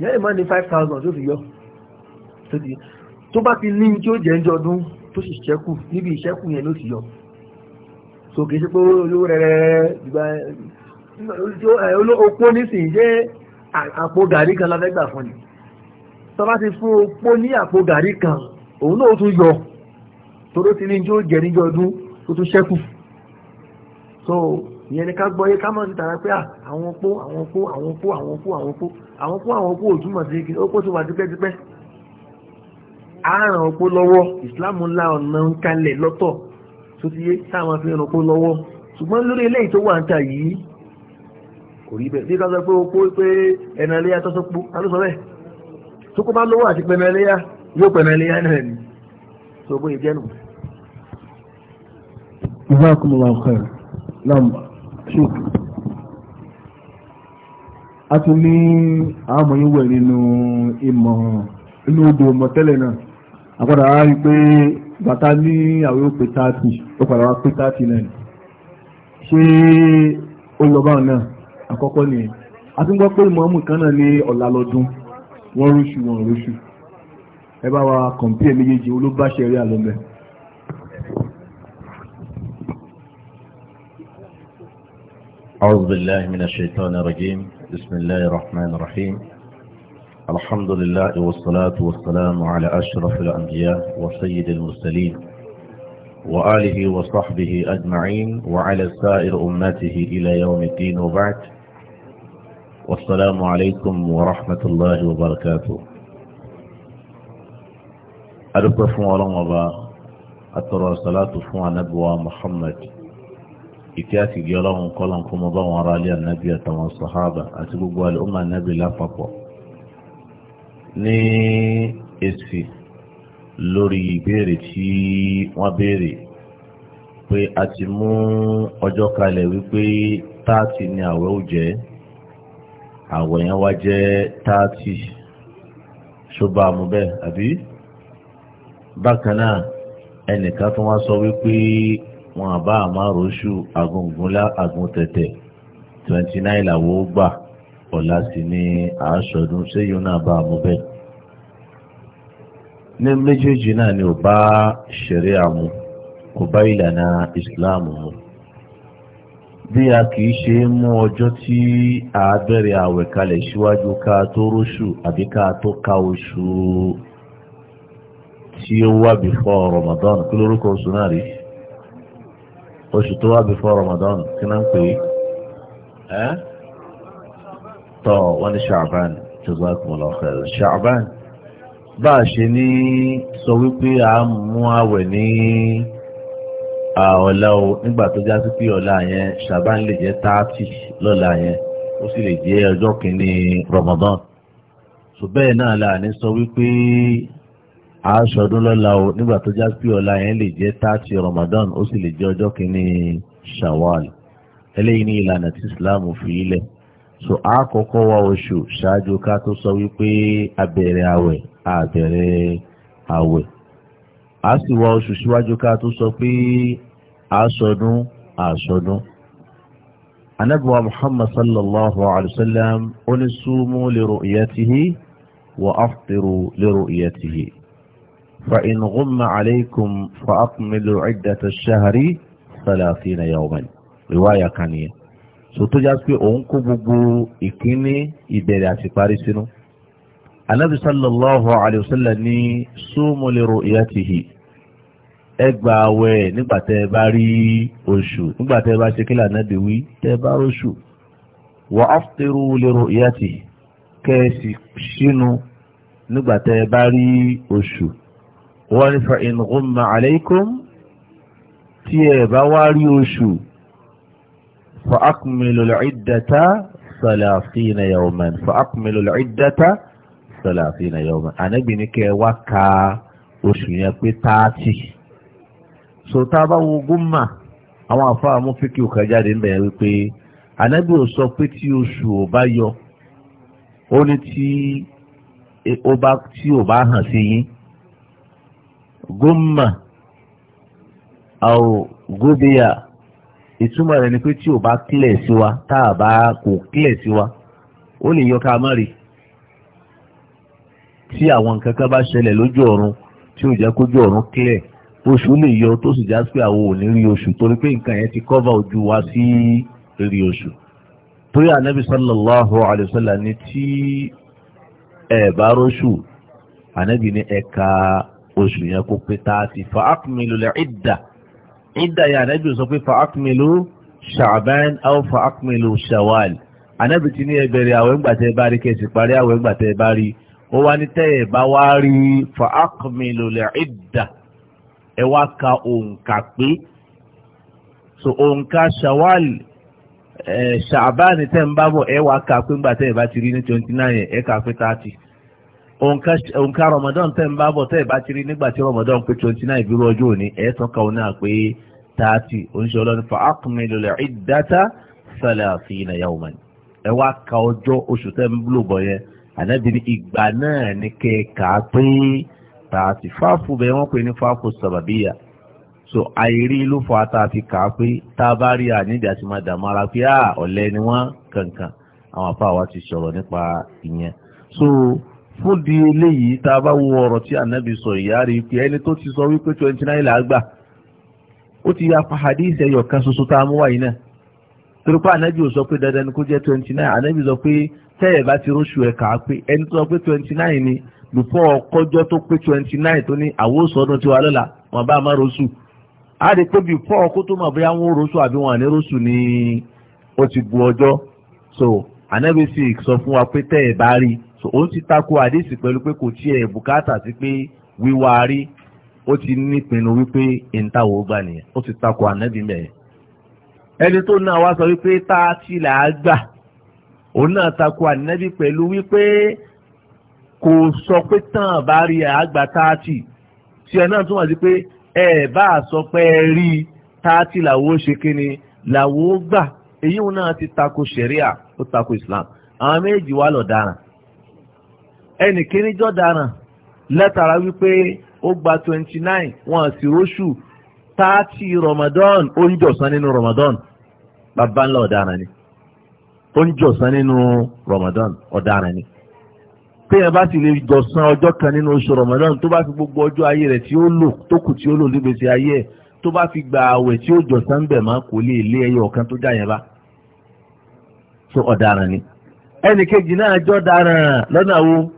yẹn lè má ní five thousand tó fi yọ tó bá ti ní tí ó jẹ́ ń jọdún tó sì ṣẹ́kù níbi ìṣẹ́kù yẹn ló ti yọ so kìí ṣe pé olówó rẹ̀rẹ̀ ìgbà opó nísìnyí jẹ́ àpò gàrí kan la fẹ́ gbà fún ni tó bá ti fún opó ní àpò gàrí kan òun náà tún yọ toró ti ní jó jẹ níjọ ọdún tó tún ṣẹ́kù so ìyẹn ni ká gbọ́ yé ká mọ̀ níta pé àwọn opó àwọn opó àwọn opó àwọn opó àwọn opó àwọn opó àwọn opó òtúmọ̀ sí kí opó tó wà tipẹ́tipẹ́ àárán opó lọ́wọ́ ìsìláàmù ńlá ọ̀nà ń kalẹ̀ lọ́tọ̀ tó ti yé táwọn fi ràn opó lọ́wọ́ ṣùgbọ́n lórí eléyìí tó wà ń ta yìí kò rí bẹ́ẹ̀ bí ká sọ pé opó pé ẹ̀nà ẹlẹ́yà tó sọ pé ta ló sọ bẹ́ẹ̀ tó kó bá lówó àti pẹ̀nà ẹlẹ́yà yóò pẹ̀lú ẹlẹ́yà náà ni tó bó ìjẹ́ nù. ìgbà kúmọ̀ wà kọ́ ẹ̀ lọ́mọ ṣùkú. a ti ní àwọn ọmọ yìí wẹ̀ nínú ìmọ̀ inú odò ọmọ tẹ́lẹ̀ náà àpàdà á rí pé bàtà ní àwọn òpè táàtì ó padà wá pé táàtì náà ṣé ó náà àkọ́kọ́ nìyẹn a ti ń gbọ́ pé ìmọ̀ ọmọ kan náà ní ọ̀la lọ́dún wọ́n rúṣù wọ́n rúṣù. ẹ bá wa kọ̀m̀pìẹ̀ méjèèjì olóbáṣẹ rí àlọ́mẹ́ أعوذ بالله من الشيطان الرجيم بسم الله الرحمن الرحيم الحمد لله والصلاة والسلام على أشرف الأنبياء وسيد المرسلين وآله وصحبه أجمعين وعلى سائر أمته إلى يوم الدين وبعد والسلام عليكم ورحمة الله وبركاته adúpẹ́ fún ọlọ́run ọba atọ́rọ̀ salatu fún anábíwá muhammad ìkí àti ìgbé ọlọ́run kọ́lọ̀n kó wọn ará ilé anábí àtàwọn sọ̀hábà àti gbogbo alẹ́ ọmọ anábí lápapọ̀ ní èsì lórí ìbéèrè tí wọ́n béèrè pé a ti mú ọjọ́ kalẹ̀ wípé táàtì ni àwẹ̀ ò jẹ́ àwẹ̀ yẹn wá jẹ́ táàtì ṣó bá a mú bẹ́ẹ̀ àbí. bákan náà ẹnìkan tó wá sọ wípé wọn àbá àmáròṣù agungúnlá aguntẹ̀tẹ̀ twenty nine làwọn ó gbà ọ̀la sì ni àásọdún séyún náà bá a mú bẹ́ẹ̀. ní méjèèjì náà ni ò bá ṣẹ̀ríà mu kò bá ìlànà ìsìláàmù mu bí a kìí ṣe mú ọjọ́ tí a bẹ̀rẹ̀ àwẹ̀ kalẹ̀ síwájú ká tó róṣù àbí ká tó ká oṣù tí ó wá before Ramadan kí lórúkọ oṣù náà rí oṣù tó wá before Ramadan kí náà ń pè é tọ́ wọ́n ní ṣàbán jazakumullahu khairan ṣàbán bá a ṣe ní sọ wípé a mú àwẹ̀ ní ọ̀la o nígbà tó já sí pé ọ̀la yẹn ṣàbán lè jẹ́ táàtì lọ́la yẹn ó sì lè jẹ́ ọjọ́ kìíní Ramadan so bẹ́ẹ̀ náà la ní sọ wípé aṣọdún lọ́la o nígbà tó já pé ọ̀la yẹn lè jẹ́ táàtì Ramadan ó sì lè jẹ́ ọjọ́ kìíní Shawwal eléyìí ní ìlànà tí Islam fi ilẹ̀ so àkọ́kọ́ wa oṣù ṣáájú ká tó sọ wípé abẹ̀rẹ̀ àwẹ̀ abẹ̀rẹ̀ àwẹ̀ a sì wá oṣù síwájú ká tó sọ pé aṣọdún aṣọdún anabuwa Muhammad sallallahu alaihi wasallam ó ní súnmú li wa aftiru li ru'yatihi فإن غم عليكم فأكملوا عدة الشهر ثلاثين يوما رواية كانية so tó já pé òun kó gbogbo ìkíní ìbẹ̀rẹ̀ àti parí sínú anabi sallallahu alayhi wa sallam ní sumu li ru'yatihi ẹ gba àwẹ̀ nígbà tẹ́ ẹ bá rí oṣù nígbà tẹ́ ẹ bá ṣe kílà anabi wí tẹ́ ẹ bá roṣù wa aftiru li ru'yatihi kẹ́ ẹ sì sínú nígbà tẹ́ ẹ bá rí oṣù wọ́n ní fa in ghumma alaykum tí ẹ bá wá rí oṣù fa akmilu al-iddata salasina yawman fa akmilu al-iddata salasina yawman ànábì ní kẹ́ wá ka oṣù yẹn pé táàtì so tá bá wo gúnmà àwọn àfáà fíkì òkà jáde ń bẹ̀rẹ̀ wípé ànábì ò sọ pé tí oṣù ò bá yọ ó ní tí ó bá hàn sí yín gómà àwò góbíyà ìtumọ̀ rẹ̀ ni pé tí bá kílẹ̀ sí wa tá a bá kò kílẹ̀ sí wa ó lè yọ ká má rí tí àwọn nǹkan kan bá ṣẹlẹ̀ lójú ọ̀run tí jẹ́ kójú ọ̀run kílẹ̀ oṣù lè yọ tó sì já sí àwọn rí oṣù torí pé nǹkan yẹn ti kọ́va ojú wa sí rí oṣù torí ànábì sallallahu alayhi wa sallam ni tí ẹ̀ bá róṣù ànábì ni ẹ̀ka. oṣù yẹn kó pé tààtì fa akmilu lẹ ìdà ìdà yẹn ànábì sọ pé fa akmilu ṣàbẹ́n aw fa akmilu ṣàwàl ànábì ti ní ẹ bẹ̀rẹ̀ àwẹ̀ ńgbà tẹ́ bá rí kẹsì parí àwẹ̀ ńgbà tẹ́ bá rí ó wá ní tẹ́yẹ̀ bá wá rí fa akmilu lẹ ìdà ẹ wá ka òǹkà pé so òǹkà ṣàwàl ṣàbẹ́n eh, tẹ́ ń bá bọ̀ ẹ wá ka pé ńgbà tẹ́ bá ti rí ní twenty nine ẹ kà pé thirty òǹkà Ramadan tẹ́ ń bá bọ̀ tẹ́ ẹ̀ bá ti rí nígbà tí Ramadan pé twenty nine ìbírú ọjọ́ òní ẹ̀ tọ́ka òun náà pé thirty oníṣẹ́ ọlọ́ni fa akmilu al-iddata thalathina yawman ẹ wá ka ọjọ́ oṣù tẹ́ ń lò bọ̀ yẹn ànábi ní ìgbà náà ní kẹ́ẹ̀ka pé thirty fáfù bẹ́ẹ̀ wọ́n pè ní fáfù sàbàbíyà so àìrí ló fọ ata fi kà á pé tá a bá rí àníbi àti máa dààmú ah, so fún di eléyìí tá a bá wo ọ̀rọ̀ tí ànábì sọ ìyá pé ẹni tó ti sọ wípé twenty nine là á gbà ó ti ya hadith ẹyọ kan ṣoṣo tá a mú wáyé náà torí pé ànábì ò sọ pé dandan ni kó jẹ́ twenty nine ànábì sọ pé tẹ́yẹ̀ bá ti róṣù ẹ̀ kà á pé ẹni tó sọ pé twenty nine ni lùpọ̀ kọjọ́ tó pé twenty nine tó ní àwòsọdún tiwa lọ́la wọn bá a má róṣù á rí pé before kó tó mọ̀ bóyá wọn róṣù àbí wọn àní ni ó ti bu ọjọ́ so ànábì sì sọ fún wa pé tẹ́yẹ̀ bá rí i so òun ti tako àdéhìsì pẹ̀lú pé kò tiẹ̀ bùkátà sí pé wíwá rí ó ti nípinnu wípé ìntàwó gbà nìyẹn ó ti tako ànábì mẹ́ẹ̀. ẹni tó náà wá sọ wípé tá a ti là á gbà òun náà tako ànábì pẹ̀lú wípé kò sọ pé tán bá rí àgbà tá a tì tí ẹ náà túmọ̀ sí pé ẹ bá a sọ pé ẹ rí tá a tì làwọ́ ṣe kíni làwọ́ gbà èyí òun náà ti tako ṣẹ̀ríà ó tako Islam àwọn méjì wá lọ ẹnì kíní jọ̀daràn látara wípé ó gba twenty nine wọn sì róṣù thirty Ramadan ó ń nínú Ramadan bàbá ńlá ọ̀daràn ni ó ń nínú Ramadan ọ̀daràn ni téèyàn bá sì lè jọ̀sán ọjọ́ kan nínú oṣù Ramadan tó bá fi gbogbo ọjọ́ ayé rẹ̀ tí ó lò tó kù tí ó lò nígbèsè ayé ẹ̀ tó bá fi gba àwẹ̀ tí ó jọ̀sán bẹ̀ máa kò lè lé ẹyọ ọ̀kan tó jà yẹn bá so ọ̀daràn ni ẹnì kejì náà jọ́ daràn lọ́nà wo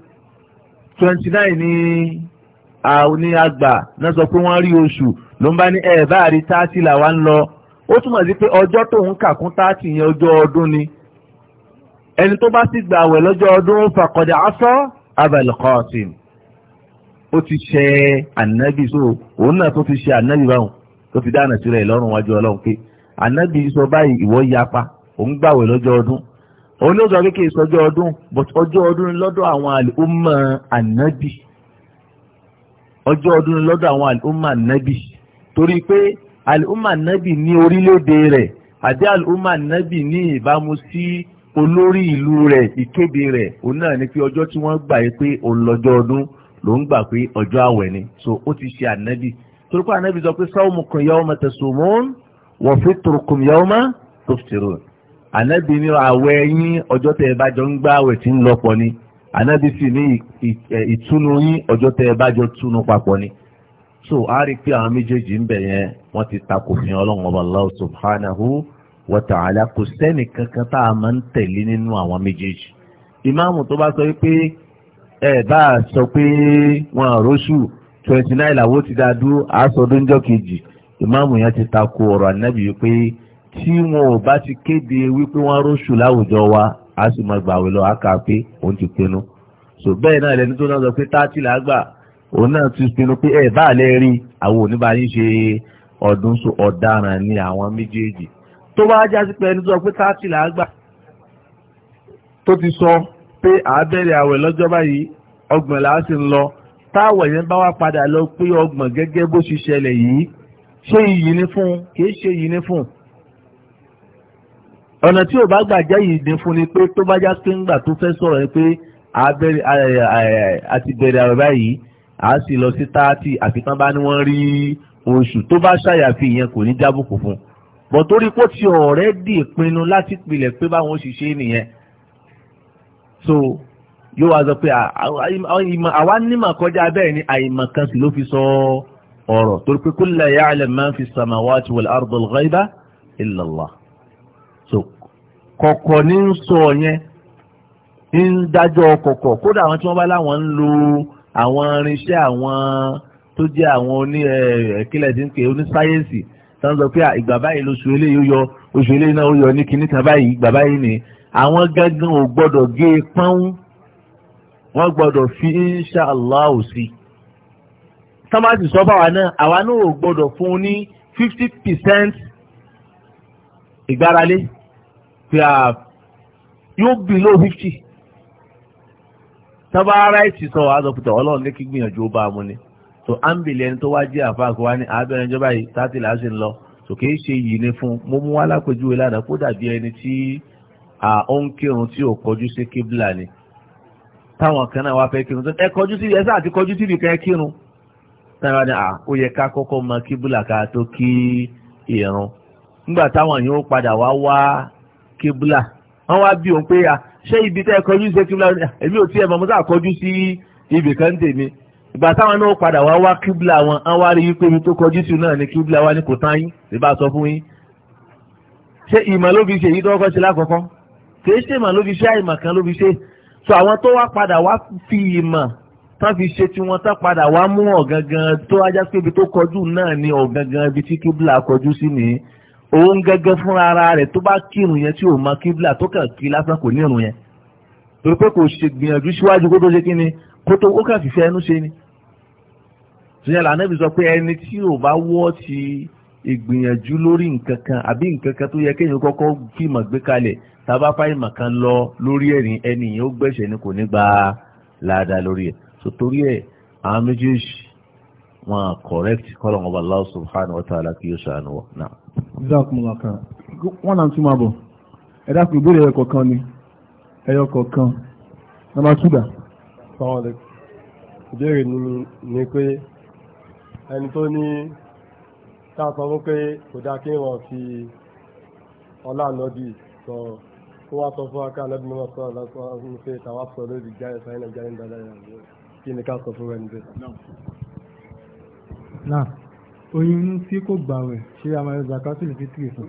twenty nine ni àwọn ni àgbà náà sọ pé wọ́n rí oṣù ló ń bá ní ẹ̀ bá rí táàtì làwa ń lọ ó túmọ̀ sí pé ọjọ́ tóun kà kún táàtì yẹn ọjọ́ ọdún ni ẹni tó bá sì gbà àwẹ̀ lọ́jọ́ ọdún fàkọ̀dà asọ́ abẹ́lẹ̀kọ́ọ̀tì ó ti ṣe ànábì so òun náà tó ti ṣe ànábì báwọn tó fi dáná sílẹ̀ lọ́rùn wájú ọlọ́run pé ànábì sọ báyìí ìwọ yapa òun gbàwẹ̀ lọ́jọ́ ọdún òun ló sọ pé kì í ọdún but ọjọ́ ọdún lọ́dọ̀ àwọn àlùmọ̀ ànábì ọjọ́ ọdún lọ́dọ̀ àwọn àlùmọ̀ ànábì torí pé àlùmọ̀ ànábì ní orílẹ̀-èdè rẹ̀ àti àlùmọ̀ ànábì ní ìbámu sí olórí ìlú rẹ̀ ìkéde rẹ̀ òun náà ni pé ọjọ́ tí wọ́n gbà pé òun ọdún ló ń gbà pé ọjọ́ àwẹ̀ ni so ó ti ṣe ànábì torí pé ànábì sọ pé sawmukum yawma tasumun ànábì ní àwẹ̀ yín ọjọ́ tẹ́ ẹ bá jọ ń gbá àwẹ̀ tí ń lọ́pọ̀ ni ànábì sì ní ìtúnu yín ọjọ́ tẹ́ ẹ bá jọ túnu papọ̀ ni. so a rí i pé àwọn méjèèjì ń bẹ̀ yẹn wọ́n ti takò fi ọlọ́run ọba Allah subhanahu wa ta'ala kò sẹ́ni kankan tá a máa ń tẹ̀lé nínú àwọn méjèèjì. ìmáàmù tó bá sọ pé ẹ bá a sọ pé wọn àròsù twenty nine làwọn ti dáa dúró àásọdún jọ́ kejì ìmáàmù yẹn ti takò ọ̀rọ̀ ànábì yìí pé tí wọn ò bá ti kéde wípé wọ́n róṣù láwùjọ wa a sì máa gbàwé lọ a kà pé òun ti pinnu so bẹ́ẹ̀ náà lẹni tó náà sọ pé táàtì là á gbà òun náà ti pinnu pé ẹ bá lẹ rí àwọn oníbàáyí ṣe ọdún so ọ̀daràn ni àwọn méjèèjì tó bá jásí pé ẹni tó sọ pé táàtì là á gbà tó ti sọ pé àábẹ̀rẹ̀ àwẹ̀ lọ́jọ́ báyìí ọgbọ̀n là á sì ń lọ táwọ̀ yẹn bá wá padà lọ pé ọgbọ̀n gẹ́gẹ́ bó ṣiṣẹlẹ̀ yìí ṣé iyì fún kì í ṣe iyì fún un ọ̀nà tí ò bá gbà jẹ́ yìí dín fún ni pé tó bá já pé ńgbà tó fẹ́ sọ̀rọ̀ ni pé àti bẹ̀rẹ̀ àrọ̀ báyìí a sì lọ sí táàtì àfi tán bá ní wọ́n rí oṣù tó bá ṣàyàfi ìyẹn kò ní jábùkù fún un bọ̀ torí pé ti ọ̀rẹ́ dì pinnu láti pilẹ̀ pé báwọn ṣì nìyẹn so yóò wá sọ pé àwa nímọ̀ kọjá bẹ́ẹ̀ ni àìmọ̀ kan sì ló fi sọ ọ̀rọ̀ torí pé kullu ya'lamu man fi samawati wal ardi al-ghayba illa so kọ̀kọ̀ ní ń sọ yẹn ní ń dájọ́ kọ̀kọ̀ kódà àwọn tí wọ́n bá láwọn ń lo àwọn irinṣẹ́ àwọn tó jẹ́ àwọn oní ẹ̀kílẹ̀ tí ń pè oní sáyẹ́ǹsì tó ń sọ pé ìgbà báyìí lóṣù eléyìí ó yọ oṣù eléyìí náà ó yọ ní kinní kan báyìí ìgbà báyìí ni àwọn gángan ò gbọ́dọ̀ gé e pọ́n wọ́n gbọ́dọ̀ fi insha Allah sí tọ́mátì sọ báwa náà àwa náà ò gbọ́dọ̀ fún un ní fifty percent ìgbáralé pé à yóò below fifty tọ́ba aráìtì sọ wàá sọ pé ọlọ́run ní kí gbìyànjú ó bá a mú ni so ambulance ẹni tó wá jẹ́ àfáà kó wá ní abẹ́rẹ́ ìjọba yìí tààtì láti ń lọ so kì í ṣe yìí ni fún mo mú wá lápèjúwe lánàá kó dàbí ẹni tí ó ń kírun tí ò kọjú sí kíbla ni táwọn kan náà wá fẹ́ kírun tó ẹ kọjú sí ẹ sáà ti kọjú sí nìkan ẹ kírun táwọn ni ó yẹ ká kọ́kọ́ mọ kíbla ká tó kí ìrun nígbà táwọn yìí ó padà wá wá kébùlà wọ́n wá bí òun pé à ṣé ibi tẹ́ kọjú sí kébùlà èmi ò tiẹ̀ mọ̀ mo sáà kọjú sí ibì kan tèmi ìgbà táwọn náà padà wá wá kébùlà wọn á wá rí pé ibi tó kọjú sí náà ni kébùlà wá ní kò tán yín lè bá a sọ fún yín ṣé ìmọ̀ ló fi ṣe èyí tó kọ́ ṣe lákọ̀ọ́kọ́ kì í ṣe ìmọ̀ ló fi ṣe àìmọ̀ kan ló fi ṣe so àwọn tó wá padà wá fi ìmọ̀ tán fi ṣe tiwọn tán padà wá mú ọ̀gangan tó ajá pé ibi tó kọjú náà ni ọ̀gangan ibi tí kíbla kọjú sí nìyí òun gẹ́gẹ́ fúnra ara rẹ̀ tó bá kírun yẹn tí ò mọ kíbla tó kàn kí lásán kò ní irun yẹn torí pé kò ṣe gbìyànjú síwájú kó tó ṣe kí ni kó tó ó kàn fìfẹ́ ẹnu ṣe ni. sọ́jà lànà ìbí sọ pé ẹni tí ò bá wọ́ ti ìgbìyànjú lórí nǹkan kan àbí nǹkan kan tó yẹ kéèyàn kọ́kọ́ kí ìmọ̀ gbé kalẹ̀ tábà fáyì mọ̀ kan lọ lórí ẹ̀rìn ẹni yẹn ó gbẹ̀ṣẹ̀ ni kò ní gba láàdá lórí ẹ̀ so torí ẹ̀ àwọn méjèèjì wọn correct kọ́lọ̀ Allah subhanahu wa ta'ala kí yóò ṣàánú wa náà zakumulaka wọ́n náà tún máa bọ̀ ẹ̀dá kò gbé ẹyọ kọ̀ọ̀kan ni ẹyọ kọ̀ọ̀kan nàbà túdà. sọ́wọ́lẹ̀ ìbéèrè ni ni pé ẹni tó ní tá a sọ fún pé kò dáa kí wọ́n fi ọlá ànábì sọ kó wá sọ fún aká ànábì mímọ́ sọ ọ̀la sọ fún pé tàwa sọ lórí jáde sáyẹn náà jáde dáadáa kí ni ká sọ fún ẹni bẹ́ẹ̀ oyún tí kò gbàwẹ̀ ṣé a máa yọ zakatu lè fi tìrì fún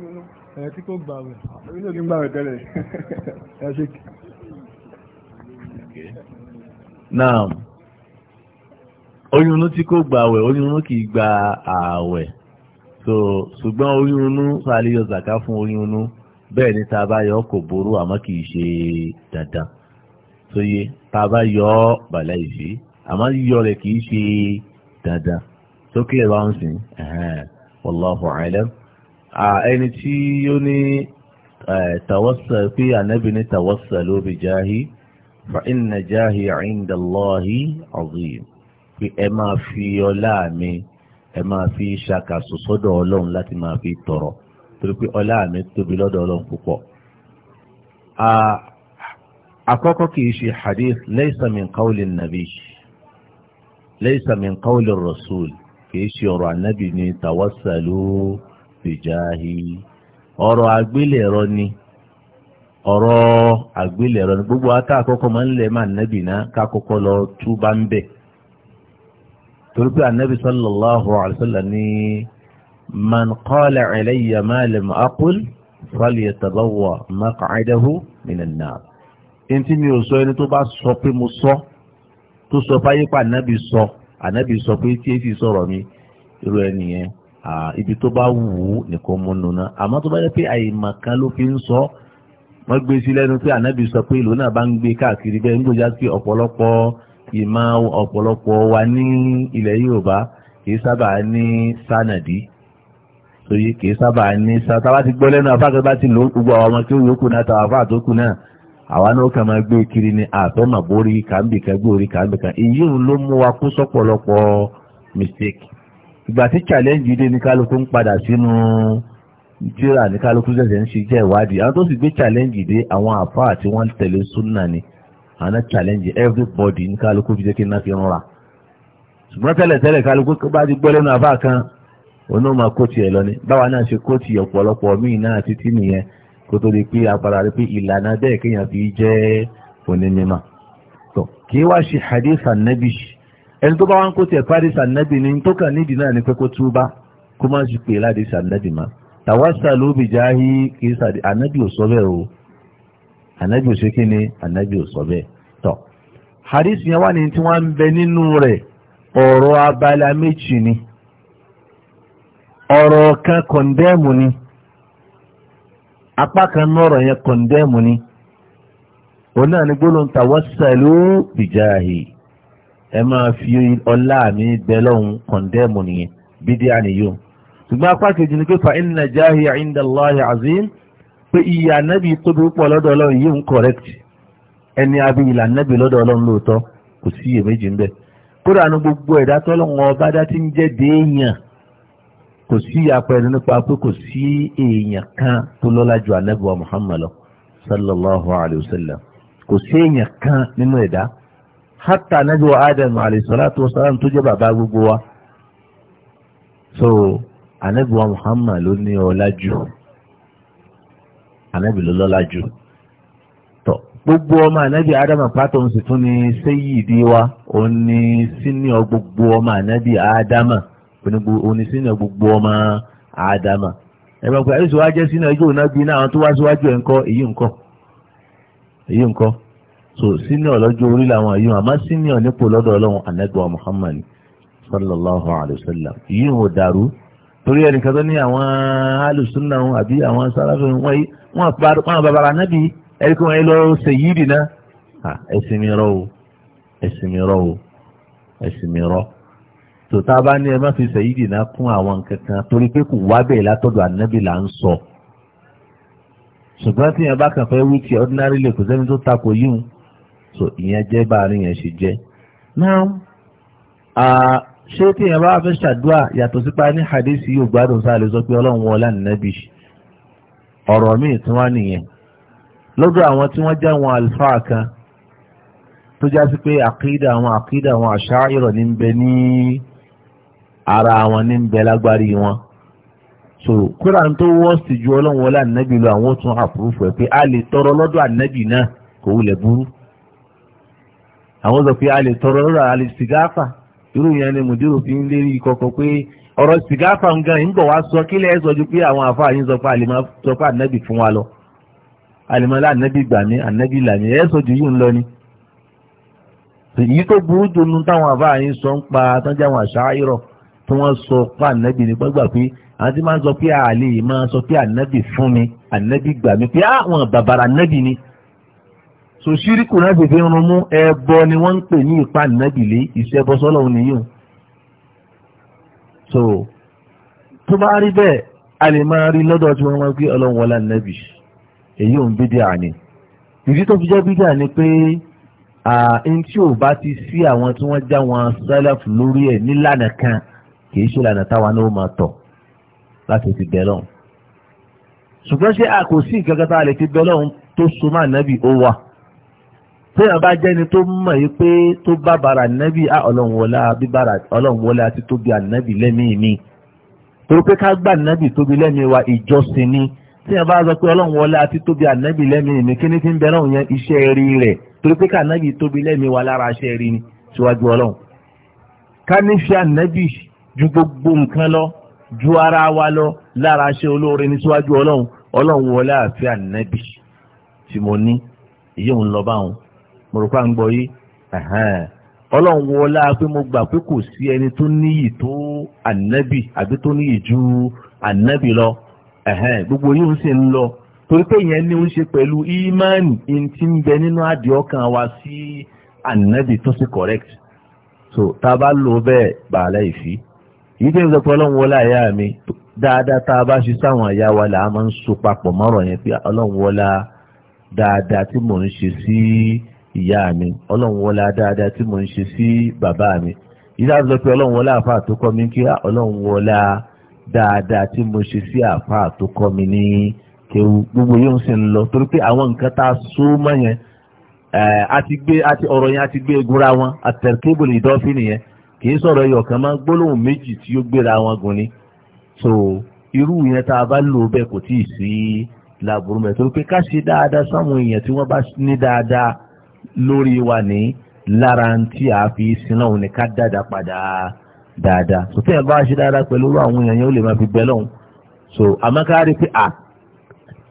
ẹ tí kò gbàwẹ̀. oyún ò ní gbàwẹ̀ tẹ́lẹ̀ ẹ ṣe kí. náà oyún tí kò gbàwẹ̀ oyún kì í gba ààwẹ̀ so ṣùgbọ́n oyún sáré yọ zaka fún oyún bẹ́ẹ̀ ni tá a bá yọ kò burú àmọ́ kì í ṣe dandan tó yé tá a bá yọ bàlẹ́ ìṣe àmọ́ yíyọ rẹ̀ kì í ṣe dandan sókè ẹ̀rọ ń sìn wallahu alam ẹni tí ó ní tawassal pé ànábì ní tawassalu bi jahi fa inna jahi inda Allahi azim pé ẹ máa fi ọlá mi ẹ máa fi ṣàkàṣọ sọ́dọ̀ ọlọ́run láti máa fi tọrọ torí pé ọlá mi tóbi lọ́dọ̀ ọlọ́run púpọ̀. àkọ́kọ́ kìí ṣe hadith laysa min qawli nabi laysa rasul kìí ṣe ọ̀rọ̀ ànábì ni tàwọ́sàlú fìjáhi ọ̀rọ̀ àgbélẹ̀rọ ni ọ̀rọ̀ àgbélẹ̀rọ ni gbogbo ata àkọ́kọ́ máa ń lẹ̀ máa ànábì náà kákọ́kọ́ lọ tú bá ń bẹ̀ torí pé ànábì sallallahu alaihi wasallam ní man qala alayya ma lam aqul falyatabawwa maq'adahu minan nar ẹni tí mi ò sọ ẹni tó bá sọ pé mo sọ tó sọ fáyé pa ànábì sọ. So ànábì sọ pé tí èsì sọ̀rọ̀ mi irú ẹni yẹn ibi tó bá wù ú nìkan mú nù náà àmọ́ tó bá yẹ pé àìmọ̀ kan ló fi ń sọ wọ́n gbé sí lẹ́nu pé ànábì sọ pé ìlú náà bá ń gbé káàkiri bẹ́ẹ̀ ń gbòjá sí ọ̀pọ̀lọpọ̀ ìmọ̀ ọ̀pọ̀lọpọ̀ wa ní ilẹ̀ Yorùbá kì í sábà ní sànàdí kì í sábà ní sàtàwá ti gbọ́ lẹ́nu afáàkẹ́ bá ti lò ó gbogbo àwọn ọmọ tí ó yòókù náà tàwọn afáà tó kù náà àwa náà kà máa gbé kiri ní àfẹ́ màbórí kàmbìkan gbórí kàmbìkan èyí òun ló mú wa kú sọ́pọ̀lọpọ̀ mistake ìgbà tí challenge dé ní kálukú ń padà sínú tíra ní kálukú ṣẹ̀ṣẹ̀ ń ṣiṣẹ́ ìwádìí àwọn tó challenge dé àwọn àfa àti wọ́n tẹ̀lé súnà ni challenge everybody ní kálukú fi jẹ́ kí n náà fi ń ra ṣùgbọ́n kálukú bá lọ ni báwa náà ṣe kóòtù ọ̀pọ̀lọpọ̀ míì náà títí nìyẹn kó tó di pé apára rí pé ìlànà bẹ́ẹ̀ kéèyàn fi jẹ́ onímọ̀ tó kí wá ṣe hadith anabi ẹni tó bá wá kó tiẹ̀ paris anabi ni tó kàn nídìí náà ni pé kó túbá kó má sì pè láti sànàbì mọ́ tawassalu bi jahi kì í sàdí anabi ò sọ bẹ́ẹ̀ o anabi ò ṣe kí ni anabi ò sọ bẹ́ẹ̀ tó hadith yẹn wà ní tí wọ́n bẹ nínú rẹ̀ ọ̀rọ̀ abala méjì ni ọ̀rọ̀ kan kọ̀ndẹ́mù ni apá kan nọ̀rọ̀ yẹn kọ̀ndẹ́mù ni òun náà ni gbólóhùn tawassalu bijahi ẹ máa fi ọlá mi bẹ lọ́hùn kọ̀ndẹ́mù nìyẹn bídí àníyó ṣùgbọ́n apá kejì ni pé fa inna jahi inda Allahi pé ìyà nábì tóbi púpọ̀ lọ́dọ̀ ọlọ́run yìí ń correct ẹni abí ìlà nábì lọ́dọ̀ ọlọ́run lóòótọ́ kò sí iyèméjì ń bẹ kódà nu gbogbo ẹ̀dá tọ́lọ́run kò sí apẹ̀lú nípa pé kò sí èèyàn kan tó lọ́lá ju ànábì wa Muhammad lọ sallallahu alayhi wa sallam kò sí èèyàn kan nínú ẹ̀dá hatta ànábì wa Adam alayhi salatu wa salam tó jẹ́ bàbá gbogbo wa so ànábì wa ní ọlá jù ànábì ló lọ́lá jù tọ́ gbogbo ọmọ ànábì Adam pátó ń sì tún ní sẹ́yìdì wa òun ní sínú gbogbo ọmọ ànábì Adam onísínà gbogbo ọmọ àdàmà ẹgbẹ́ ọgbà ẹ̀sùn wa jẹ́ sínà ijó náà bí náà tó wá síwájú ẹ̀ ńkọ́ èyí ńkọ́ èyí ńkọ́ so sínà lọ́jọ́ orí làwọn èyí àmọ́ sínà nípò lọ́dọ̀ ọlọ́run anagba Muhammad sallallahu alayhi wa sallam èyí ò dàrú torí ẹnìkan tó ní àwọn alùsùnà wọn àbí àwọn sáráfẹ́ wọn yìí wọn bàbá anábì ẹni kí wọn yìí lọ ṣe yìí náà ẹ̀sìn mi rọ o mi rọ o mi rọ tòtá bá ní ẹ má fi Sayyidina kún àwọn kankan torí pé kò wá bẹ́ẹ̀ látọ̀dọ̀ ànábì là ń sọ ṣùgbọ́n tí yẹn bá kàn fẹ́ wí ti ordinary lè kò sẹ́ni tó takò yíhun so ìyẹn jẹ́ bá àárín yẹn ṣe jẹ́ now ṣé tí yẹn bá fẹ́ ṣàdúrà yàtọ̀ sípa ní hadith yóò gbádùn sáà lè sọ pé ọlọ́run wọlé ànábì ọ̀rọ̀ míì tí wọ́n nìyẹn lọ́dọ̀ àwọn tí wọ́n jẹ́ àlùfáà kan tó já pé àkídà àwọn àkídà àwọn àṣà ìrọ̀ ní ń bẹ ní ara wọn ní ń wọn so kódà tó wọ́ọ̀sì ju ọlọ́run wọlé ànábì lọ àwọn tún àpòrúfọ̀ ẹ̀ a lè tọrọ lọ́dọ̀ ànábì náà kò wulẹ̀ burú àwọn sọ pé a lè tọrọ lọ́dọ̀ a sìgáfà irú yẹn ni mùdírò fi ń lérí kọ̀kọ̀ pé ọ̀rọ̀ sìgáfà nǹkan ń bọ̀ wá sọ kílẹ̀ ẹ̀ sọ ju pé àwọn àfáà yín sọ pé máa sọ fún wa lọ ànábì gbà mí ànábì là mí tí wọ́n sọ fún ànábì ní gbọ́gbà pé àwọn tí máa ń sọ pé àlè yìí máa ń sọ pé ànábì fún mi ànábì gbà mí pé àwọn ah, bàbàrà ànábì ni. so ṣíríkù náà fèfé irun mú ẹbọ ni wọ́n ń pè ní ipa ànábì lé ìṣẹ́bọ sọ́lọ̀ òun nìyí o. so tó bá rí bẹ́ẹ̀ a lè máa rí lọ́dọ̀ tí wọ́n máa ń pè ọlọ́run wọlé ànábì èyí ò ń bí díà ni ìdí tó fi jẹ́ bí díà pé à tí ò bá ti sí àwọn tí wọ́n já wọn sálàfù lórí ẹ̀ nílànà kan kì í ṣe ìlànà táwọn náà máa tọ̀ láti fi bẹ́ẹ̀ lọ́hùn. ṣùgbọ́n ṣé a kò sí nǹkan kan tá a lè fi bẹ́ẹ̀ lọ́hùn tó so máa nábì ó wà téèyàn bá jẹ́ni tó mọ̀ yìí pé tó bá bàrà nẹ́bì á ọlọ́run wọlé bíbàrà ọlọ́run wọlé àti tóbi ànẹ́bì lẹ́mìí mi torí pé ká gbà nẹ́bì tóbi lẹ́mìí wa ìjọsìn ni téèyàn bá sọ pé ọlọ́run wọlé àti tóbi ànẹ́bì lẹ́mìí mi kíní ti ń bẹ̀rẹ̀ òun yẹn iṣẹ́ rí rẹ̀ torí pé ká ànẹ́bì tóbi lẹ́mìí wa lára iṣẹ́ rí ni síwájú ọlọ́run ká nífẹ̀ẹ́ ànẹ́bì ju gbogbo nǹkan lọ ju ara wa lọ lára ṣe olóore ní síwájú ọlọ́run ọlọ́run wọlé àti ànábì tí mo ní èyí ń lọ báwọn mo rò pa ń gbọ́ yìí ọlọ́run wọlá pé mo gbà pé kò sí ẹni tó níyì tó ànábì àbí tó níyì ju ànábì lọ gbogbo yìí ń sì ń lọ torí pé ìyẹn ní ń ṣe pẹ̀lú ìmánì tí ń bẹ nínú àdìọ́kàn wa sí ànábì tó sì correct so tá a bá lò bẹ́ẹ̀ bàálẹ̀ ìfì èyí tí ń sọ pé ọlọ́run wọlé àyà mi dáadáa tá a bá ṣe sáwọn àyà wa là á máa ń so papọ̀ mọ́rọ̀ yẹn pé ọlọ́run wọlá dáadáa tí mò ń ṣe sí ìyá mi ọlọ́run wọlá dáadáa tí mò ń ṣe sí bàbá mi èyí tí a sọ pé ọlọ́run wọlá àfa tó kọ́ mi kí ọlọ́run wọlá dáadáa tí mo ṣe sí àfa tó kọ́ mi ní kéwú gbogbo yóò sì ń lọ torí pé àwọn nǹkan tá a so mọ́ yẹn ọ̀rọ̀ yẹn àti gbé egura wọn àtẹ̀kébùlì ìdọ́fín nìyẹn kì í sọ̀rọ̀ ẹyọ kan máa ń gbólóhùn méjì tí ó gbéra wọn gùn ni so irú yẹn tá a bá lò bẹ́ẹ̀ kò tí ì sí làbúrú mẹ́ torí pé ká ṣe dáadáa sáwọn èèyàn tí wọ́n bá ní dáadáa lórí wa ní lára tí a fi sinú òun ni ká dáadáa padà dáadáa so tẹ́yìn bá ṣe dáadáa pẹ̀lú àwọn èèyàn yẹn ó lè máa fi bẹ́ lọ́hùn so àmọ́ ká rí i pé à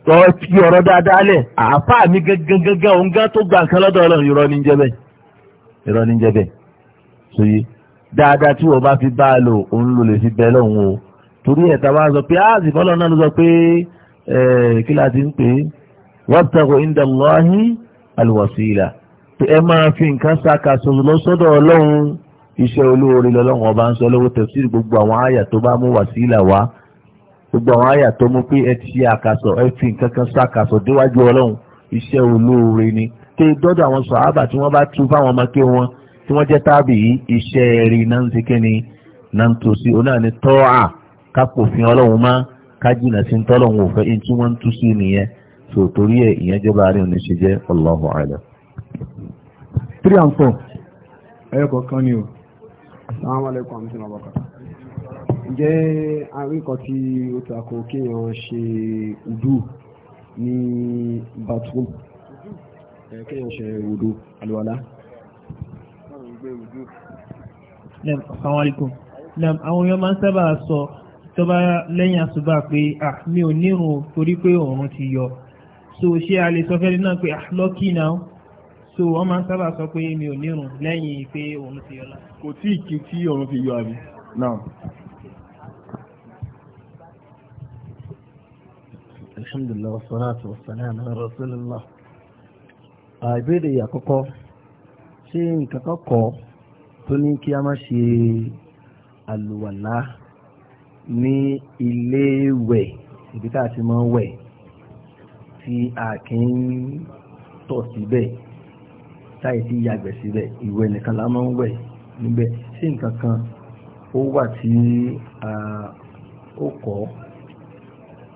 tọ́ fi ọ̀rọ̀ dáadáa lẹ̀ àáfà mi gangan gangan òun gán tó gba nǹkan lọ́dọ̀ ọlọ́run ìrọ̀ ní jẹ́ bẹ́ẹ̀ ní jẹ́ so yìí dáadáa tí wọ́n bá fi bá a lò òun ló lè fi bẹ́ẹ̀ lọ́hùn o torí ẹ̀ta bá sọ pé áàzì ah, fọlọ́ náà ló sọ pé eh, kí la ti ń pè é wabtagu inda Allahi alwasila pé ẹ máa fi nǹkan ṣàkàṣọ lọ́sọ́dọ̀ ọlọ́run iṣẹ́ olóore lọ́lọ́run ọba ń sọ lọ́wọ́ tafsir gbogbo àwọn àyà tó bá mú wàsílà wá gbogbo àwọn àyà tó mú pé ẹ ti ṣe àkàṣọ ẹ fi nǹkan kan ṣàkàṣọ déwájú ọlọ́run iṣẹ́ olóore ni pé dọ́dọ̀ àwọn sàhábà tí wọ́n bá tú fáwọn ọmọ kí tí wọ́n jẹ́ tábì yìí iṣẹ́ rí náà ń ṣe kíni náà ń tó sí onáà ní tọ́à kápòfin ọlọ́run má kájìnà sí tọ́lọ́run òfẹ́ in tí wọ́n ń tú sí nìyẹn tó torí ẹ̀ ìyẹn jọba àárín òní ṣe jẹ́ Allahu a'lam. three and four ẹ̀yọ́ kọ̀ọ̀kan ni o assalamu alaikum àmì ǹjẹ́ àríkọ̀ tí ó takò kéèyàn ṣe ùdú ní bathroom kéèyàn ṣe ùdú àlùwàlá gbé ojú. nam assalamu alaikum nam àwọn èèyàn máa ń sábà sọ tó bá lẹ́yìn àṣùbà pé ah mi ò nírun torí pé òòrùn ti yọ so ṣé a lè sọ fẹ́ni náà pé ah lọ́kì náà so wọ́n máa ń sábà sọ pé mi ò nírun lẹ́yìn pé òòrùn ti yọ la. kò tí ì tí òòrùn fi yọ àbí. nam. alhamdulilah wasalaatu wasalaam ala rasulillah. àìbéèrè àkọ́kọ́ ṣé nǹkan kan kọ́ tó ní kí a má ṣe àlùwàlá ní ilé wẹ̀ ibi tá a ti máa ń wẹ̀ tí a kì í tọ̀ síbẹ̀ táyì tí yàgbẹ́ síbẹ̀ ìwẹ̀ nìkan la máa ń wẹ̀ níbẹ̀ ṣé nǹkan kan ó wà tí ó kọ́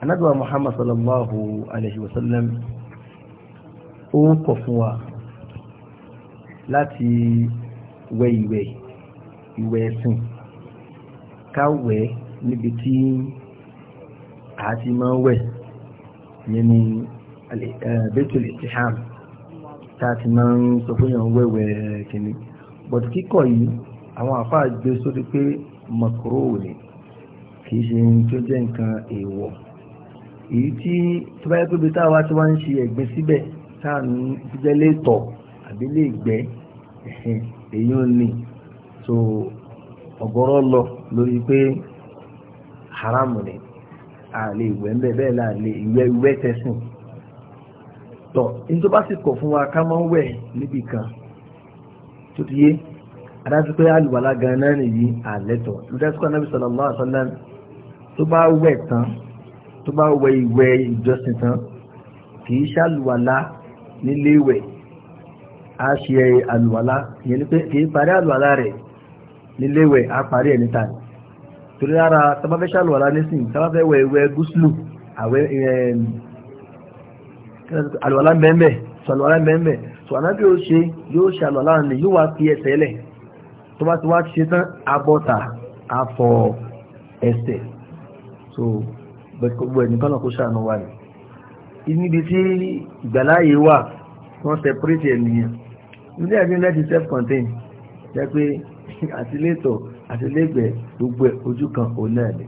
anábìwá Muhammad sallallahu alayhi wa sallam ó kọ̀ fún wa láti wẹ ìwẹ̀ ìwẹ̀ ẹ̀sìn ká wẹ̀ níbi tí a ti máa wẹ̀ nínú bẹ́tùlì ti hàn tá a ti máa ń sọ fún yàn wẹ̀wẹ̀ kìíní bọ̀dù kíkọ̀ yìí àwọn àfáà gbé sórí pé mọ̀kúrò ni kìí ṣe tó jẹ́ nǹkan èèwọ̀ èyí tí tó bá yẹ pé bí táwa ti wá ń ṣe ẹ̀gbin síbẹ̀ táà ń jẹ́ létọ̀ọ́ àbí lè gbẹ́ èyí ò ní so ọ̀gọ́rọ̀ lọ lórí pé haramu ni a lè wẹ̀ ń bẹ̀ bẹ́ẹ̀ la lè ìwẹ̀ ìwẹ̀ tẹ̀sìn tọ̀ ní tó bá sì kọ̀ fún wa ká máa ń wẹ̀ níbì kan tó ti yé adájú pé alùwàlá gan náà nìyí àlẹ́tọ̀ lùdájú pé anábì sallallahu alaihi wasallam tó bá wẹ̀ tán tó bá wẹ̀ ìwẹ̀ ìjọsìn tán kì í ṣàlùwàlá nílé ìwẹ̀ a ṣe àlùwàlá ìyẹn ni pé kì í parí àlùwàlá rẹ̀ níléèwẹ̀ a parí ẹ̀ níta ni torí lára sábàfẹ́ ṣàlùwàlá nísìnyí sábàfẹ́ wẹ̀ ìwẹ̀ gúúsùlù àwẹ̀ àlùwàlá bẹ́ẹ̀ sọ̀lùwàlá bẹ́ẹ̀ sọ ànábì ó ṣe yóò ṣàlùwàlá ni yóò wá fi ẹsẹ̀ lẹ̀ tó bá ti wá ṣe tán abọ́ta afọ ẹsẹ̀ so gbogbo ẹ̀nìkan náà kó ṣàánú wa ni níbi tí ìgbàláyé wà wọ́n separate ènìyàn ilé ẹ̀mí náà ti self contained jẹ́ pé àtilétọ̀ àtilégbẹ̀ẹ́ gbogbo ojú kan òun náà ni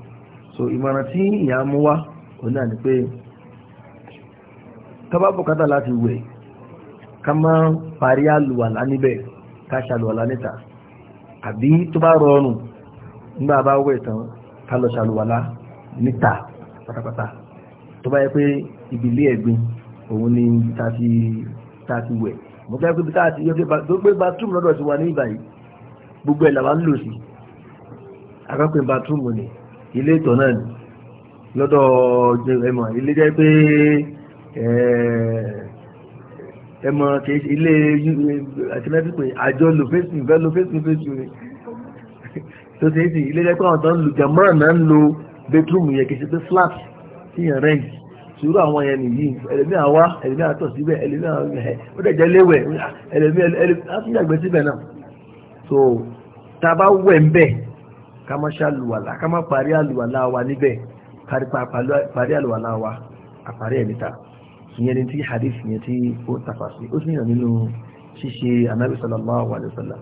so ìmọ̀ràn tí ìyá mú wá òun náà ni pé tọ́bá bùkátà láti wẹ̀ ká máa parí àlùwàlá níbẹ̀ ká ṣàlùwàlá níta àbí tó bá rọrùn nígbà bá wẹ̀ tán ká lọ ṣàlùwàlá níta pátápátá tó bá yẹ pé ìbílẹ̀ ẹ̀gbin òun ni ta ti wẹ̀ mo fẹ́ pípítà àti yọ tó pé bathroom lọ́dọ̀ ti wà ní ìbàyí gbogbo ẹ̀ làwọn ń lò sí akọ́pẹ́ bathroom ni ilé ìtọ̀ náà ni lọ́dọ̀ ẹmọ̀ ilé jẹ́ pé ẹmọ̀ kìí ilé àti mẹ́tìpé àjọ lò fésì fẹ́ lò fésì fésì rẹ̀ tó ṣe é sì ilé jẹ́ pé àwọn tó ń lò jàmọ́ràn náà ń lo bedroom yẹ kìí ṣe pé flat sí yẹn rẹ́ǹtì sùúrù àwọn yẹn nìyí ẹlẹ́mí àwa ẹlẹ́mí àtọ̀ síbẹ̀ ẹlẹ́mí àwọn ó dẹ̀ jẹ́ léwẹ̀ ẹlẹ́mí ẹlẹ́mí àtúnyàgbẹ́ síbẹ̀ náà so tá a bá wẹ̀ ń bẹ̀ ká má ṣe àlùwàlà ká má parí àlùwàlà wa níbẹ̀ kárí parí àlùwàlà wa àparí ẹ̀ níta ìyẹn ni tí hadith yẹn tí ó tàfà sí ó sì yàn nínú ṣíṣe anabi sallallahu alayhi wa sallam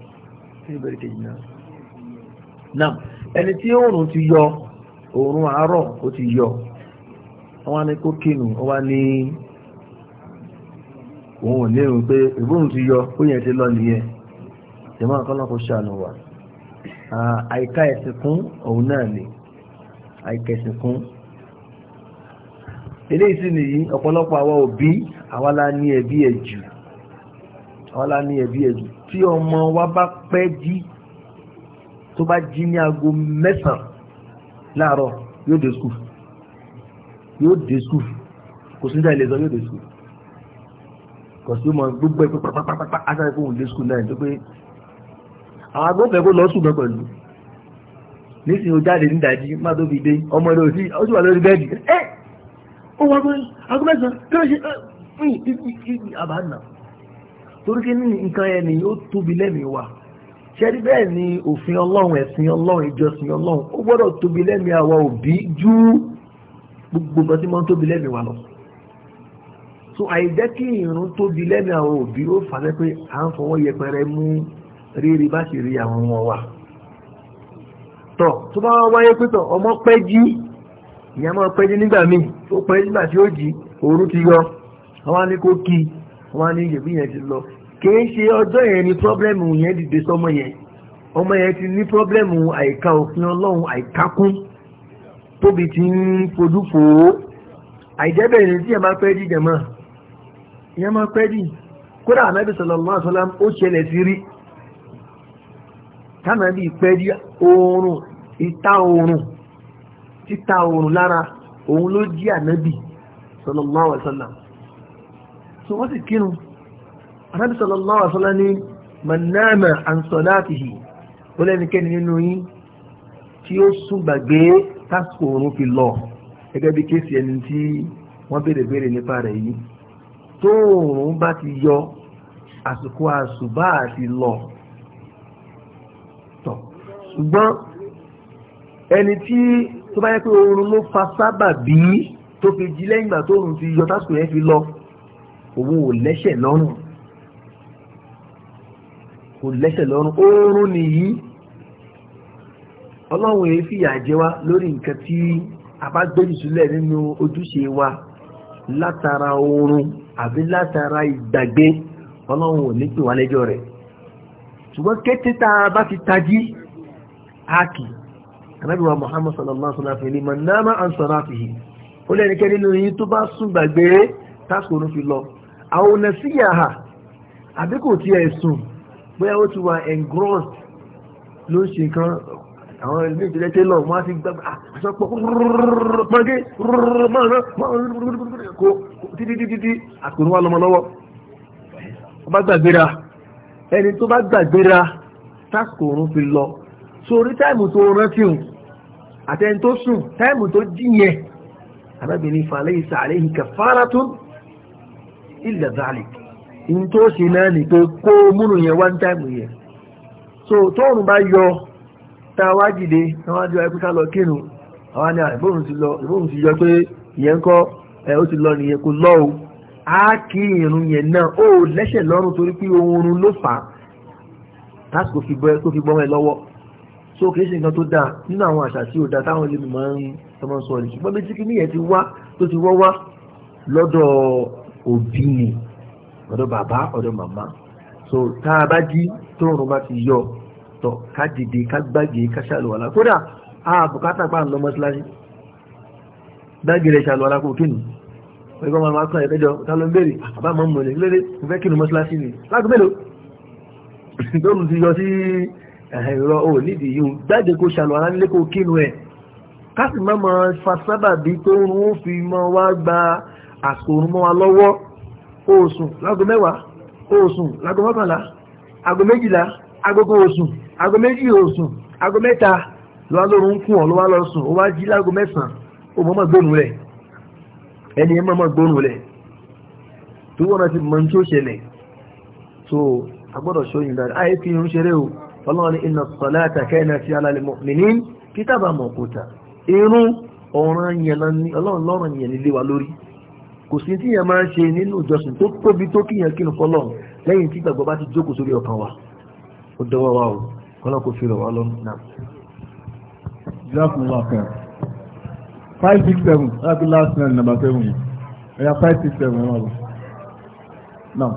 ẹni tí oòrùn ti yọ oòrùn àárọ̀ ó ti yọ wọ́n ní kó kínú ó wá ní òun ò lérò pé ìbóhùn ti yọ ó yẹn ti lọ nìyẹn jẹ́mọ́ nǹkan náà kò ṣàánú wa àìka ẹ̀sìn kún òun náà ni àìka ẹ̀sìn kún eléyìí sì nìyí ọ̀pọ̀lọpọ̀ àwa òbí àwa la ní ẹbí ẹ̀ jù ní ẹbí ẹ̀ tí ọmọ wa bá pẹ́ jí tó bá jí ní aago mẹ́sàn-án láàárọ̀ yóò dé skul yóò dé sùn kò sí ìdáyìí lè sọ yóò dé sùn kò sí mọ gbogbo ẹ pé pàpàpàpà ásáré fún òun dé sùn náà tó pé àwọn agbófinró kò lọ sùn náà pẹ̀lú nísìnyí o jáde ní ìdájí má tó fi dé ọmọ rẹ ò sí ó sì wà lórí bẹ́ẹ̀dì ẹ ó wà pé agbófinró kí ló ṣe àbá nà torí kí ní nǹkan yẹn ni ó tóbi lẹ́mìí wa ṣẹ́rí bẹ́ẹ̀ ni òfin ọlọ́run ẹ̀sìn ọlọ́run ìjọsìn ọlọ́run ó gbọ́dọ̀ tóbi lẹ́mìí àwa òbí jù gbogbo nǹkan tí máa ń tóbi lẹ́mìí wa lọ so àìjẹ́ kí ìrún tóbi lẹ́mìí àwọn òbí ó fà á pé à ń fọwọ́ yẹpẹrẹ mú rírí bá sì rí àwọn ọmọ wa tọ̀ tó bá wá wáyé pé tọ̀ ọmọ pẹ́ jí ìyá máa pẹ́ jí nígbà míì ó pẹ́ nígbà tí ó jí òru ti yọ àwọn á ní kí àwọn á ní yẹn ti lọ kìí ṣe ọjọ́ yẹn ni pọ́blẹ́mù yẹn dìde sọmọ yẹn ọmọ yẹn ti ní pọ́blẹ́mù àìka òfin ọlọ́run àìkákún tóbi ti ń fojú fò ó àìjẹ́bẹ̀ ni tí ẹ máa pẹ́ dì jẹ̀mọ́ ìyẹn máa pẹ́ dì kódà ànábì sallallahu alaihi wasallam ó ṣẹlẹ̀ sí rí tánàbì pẹ́ dì oorun ìta oorun títa oorun lára òun ló jí ànábì sallallahu alaihi wasallam so wọ́n sì kírun ànábì sallallahu alaihi wasallam ní manama an salatihi ó lẹ́nikẹ́ni nínú yín tí ó sùn gbàgbé tásìkò oorun fi lọ gẹ́gẹ́ bí kéèsì ẹni tí wọ́n béèrè béèrè nípa rẹ̀ yìí tó oorun bá ti yọ àsìkò àsùbá àti lọ tọ̀ ṣùgbọ́n ẹni tí tó bá yẹ pé oorun ló fa sábà bí tó fi jí lẹ́yìn ìgbà tó oorun ti yọ tásìkò yẹn fi lọ òun ò lẹ́sẹ̀ lọ́rùn kò lẹ́sẹ̀ lọ́rùn oorun nìyí ọlọ́run èé fìyà jẹ wá lórí nǹkan tí a bá gbèrú sílẹ̀ nínú ojúṣe wa látara oorun àbí látara ìgbàgbé ọlọ́run ò ní pè wá lẹ́jọ́ rẹ̀ ṣùgbọ́n kété tá a bá ti tají áàkì anábì wa muhammad sallallahu alaihi wa sallam fìlímọ náà máa ń sọ̀rọ̀ àfihì ó nínú yín tó bá sùn gbàgbé tásìkò fi lọ àwọn ọ̀nà síyàhà àbí kò tiẹ̀ sùn bóyá ó ti wà engrossed ló ń ṣe nǹkan àwọn ilé ìjọba tẹ lọ wọn á ti gbà ah, aṣọ pọ pọnkẹ kó títí títí àkùnrin wa lọmọ lọ́wọ́ ọba gbàgbéra ẹni tó bá gbàgbéra tákòrún fi lọ sórí táìmù tó rántí hùn àtẹni tó sùn táìmù tó jíyẹn arábìnrin falẹ̀ ìsàlẹ̀ ìkà fara tó so tóòrùn bá yọ tá a wá jìde àwọn àjọ ẹkúta lọ kírun àwọn ni ìbóhùn ti lọ ìbóhùn ti yọ pé ìyẹn kọ́ ẹ ó ti lọ nìyẹn kò lọ o á kí irun yẹn náà ó lẹ́sẹ̀ lọ́rùn torí pé oorun ló fà á tó fi bọ́ ẹ lọ́wọ́ so kìí ṣe nǹkan tó dáa nínú àwọn àṣà tí ò dáa táwọn ilé mi máa ń sọmọ sọ rẹ̀ ṣùgbọ́n méjì kí nìyẹn ti wá tó ti wọ́ lọ́dọ̀ òbí ni ọ̀dọ̀ bàbá ọ̀dọ̀ màmá so tá a bá jí tóorùn bá ti yọ tọ̀ ká dìde ká gbági ká ṣàlùwàlá kódà àbùkátà pa ń lọ mọ́síláṣí gbági rẹ̀ ṣàlùwàlá kò kínú ẹgbẹ́ ọmọ akọ́ ẹ̀kẹ́jọ tálọ́ bèèrè àbá mọ́ mọ́ lẹ́lẹ́lẹ́ ìfẹ́ kínú mọ́síláṣí ni lágùn mélòó tó ń ti yọ sí ẹ̀rọ ò nídìí yìí jáde kó ṣàlùwàlá nílé kó kínú ẹ̀ káàsì má mọ fasábàbí tó ń fi mọ́ wá gba àsòrùn mọ́ agogo òsùn ago méjì òsùn ago mẹ́ta ló wá lóorun kún ọ ló wá lọ sùn ó wá jí lágo mẹ́sàn-án ó mọ̀ mọ̀ gbóòórùn rẹ̀ ẹni ẹ̀ mọ̀ mọ̀ gbóòórùn rẹ̀ tó wọ́n náà ti mọ̀ ní tó so agbọ́dọ̀ ṣóyìn dáadáa ayé fi irun ṣeré o ọlọ́run ní inna salata kanat ala al kitaba mawquta irun ọ̀ràn yẹn ní ọlọ́run lọ́rùn yẹn nílé wa lórí kò sí tí yẹn máa ń ṣe nínú ìjọsìn tó tóbi tó kíyàn kírun fọlọ́run lẹ́yìn tí gbàgbọ́ bá ti jókòó sórí ọkàn wa ó wa o kọ́lá kò fi rọ̀ wá lọ́nà náà. jákùn wà kẹ́ five six seven láti last nine number seven yìí ẹ̀yà five six seven ẹ̀ máa lọ. náà.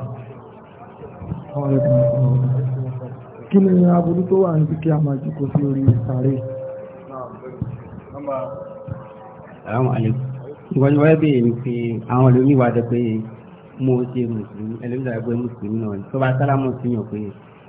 kí ni aburú tó wà níbi kí a máa jókòó sí orí sàárè. àwọn àlejò ìwọ́n wáyé bèèrè ní pé àwọn olómi wà dẹ̀ pé mo ṣe mùsùlùmí ẹlẹ́mìtà ẹgbẹ́ mùsùlùmí náà tó bá sálámù sí yàn pé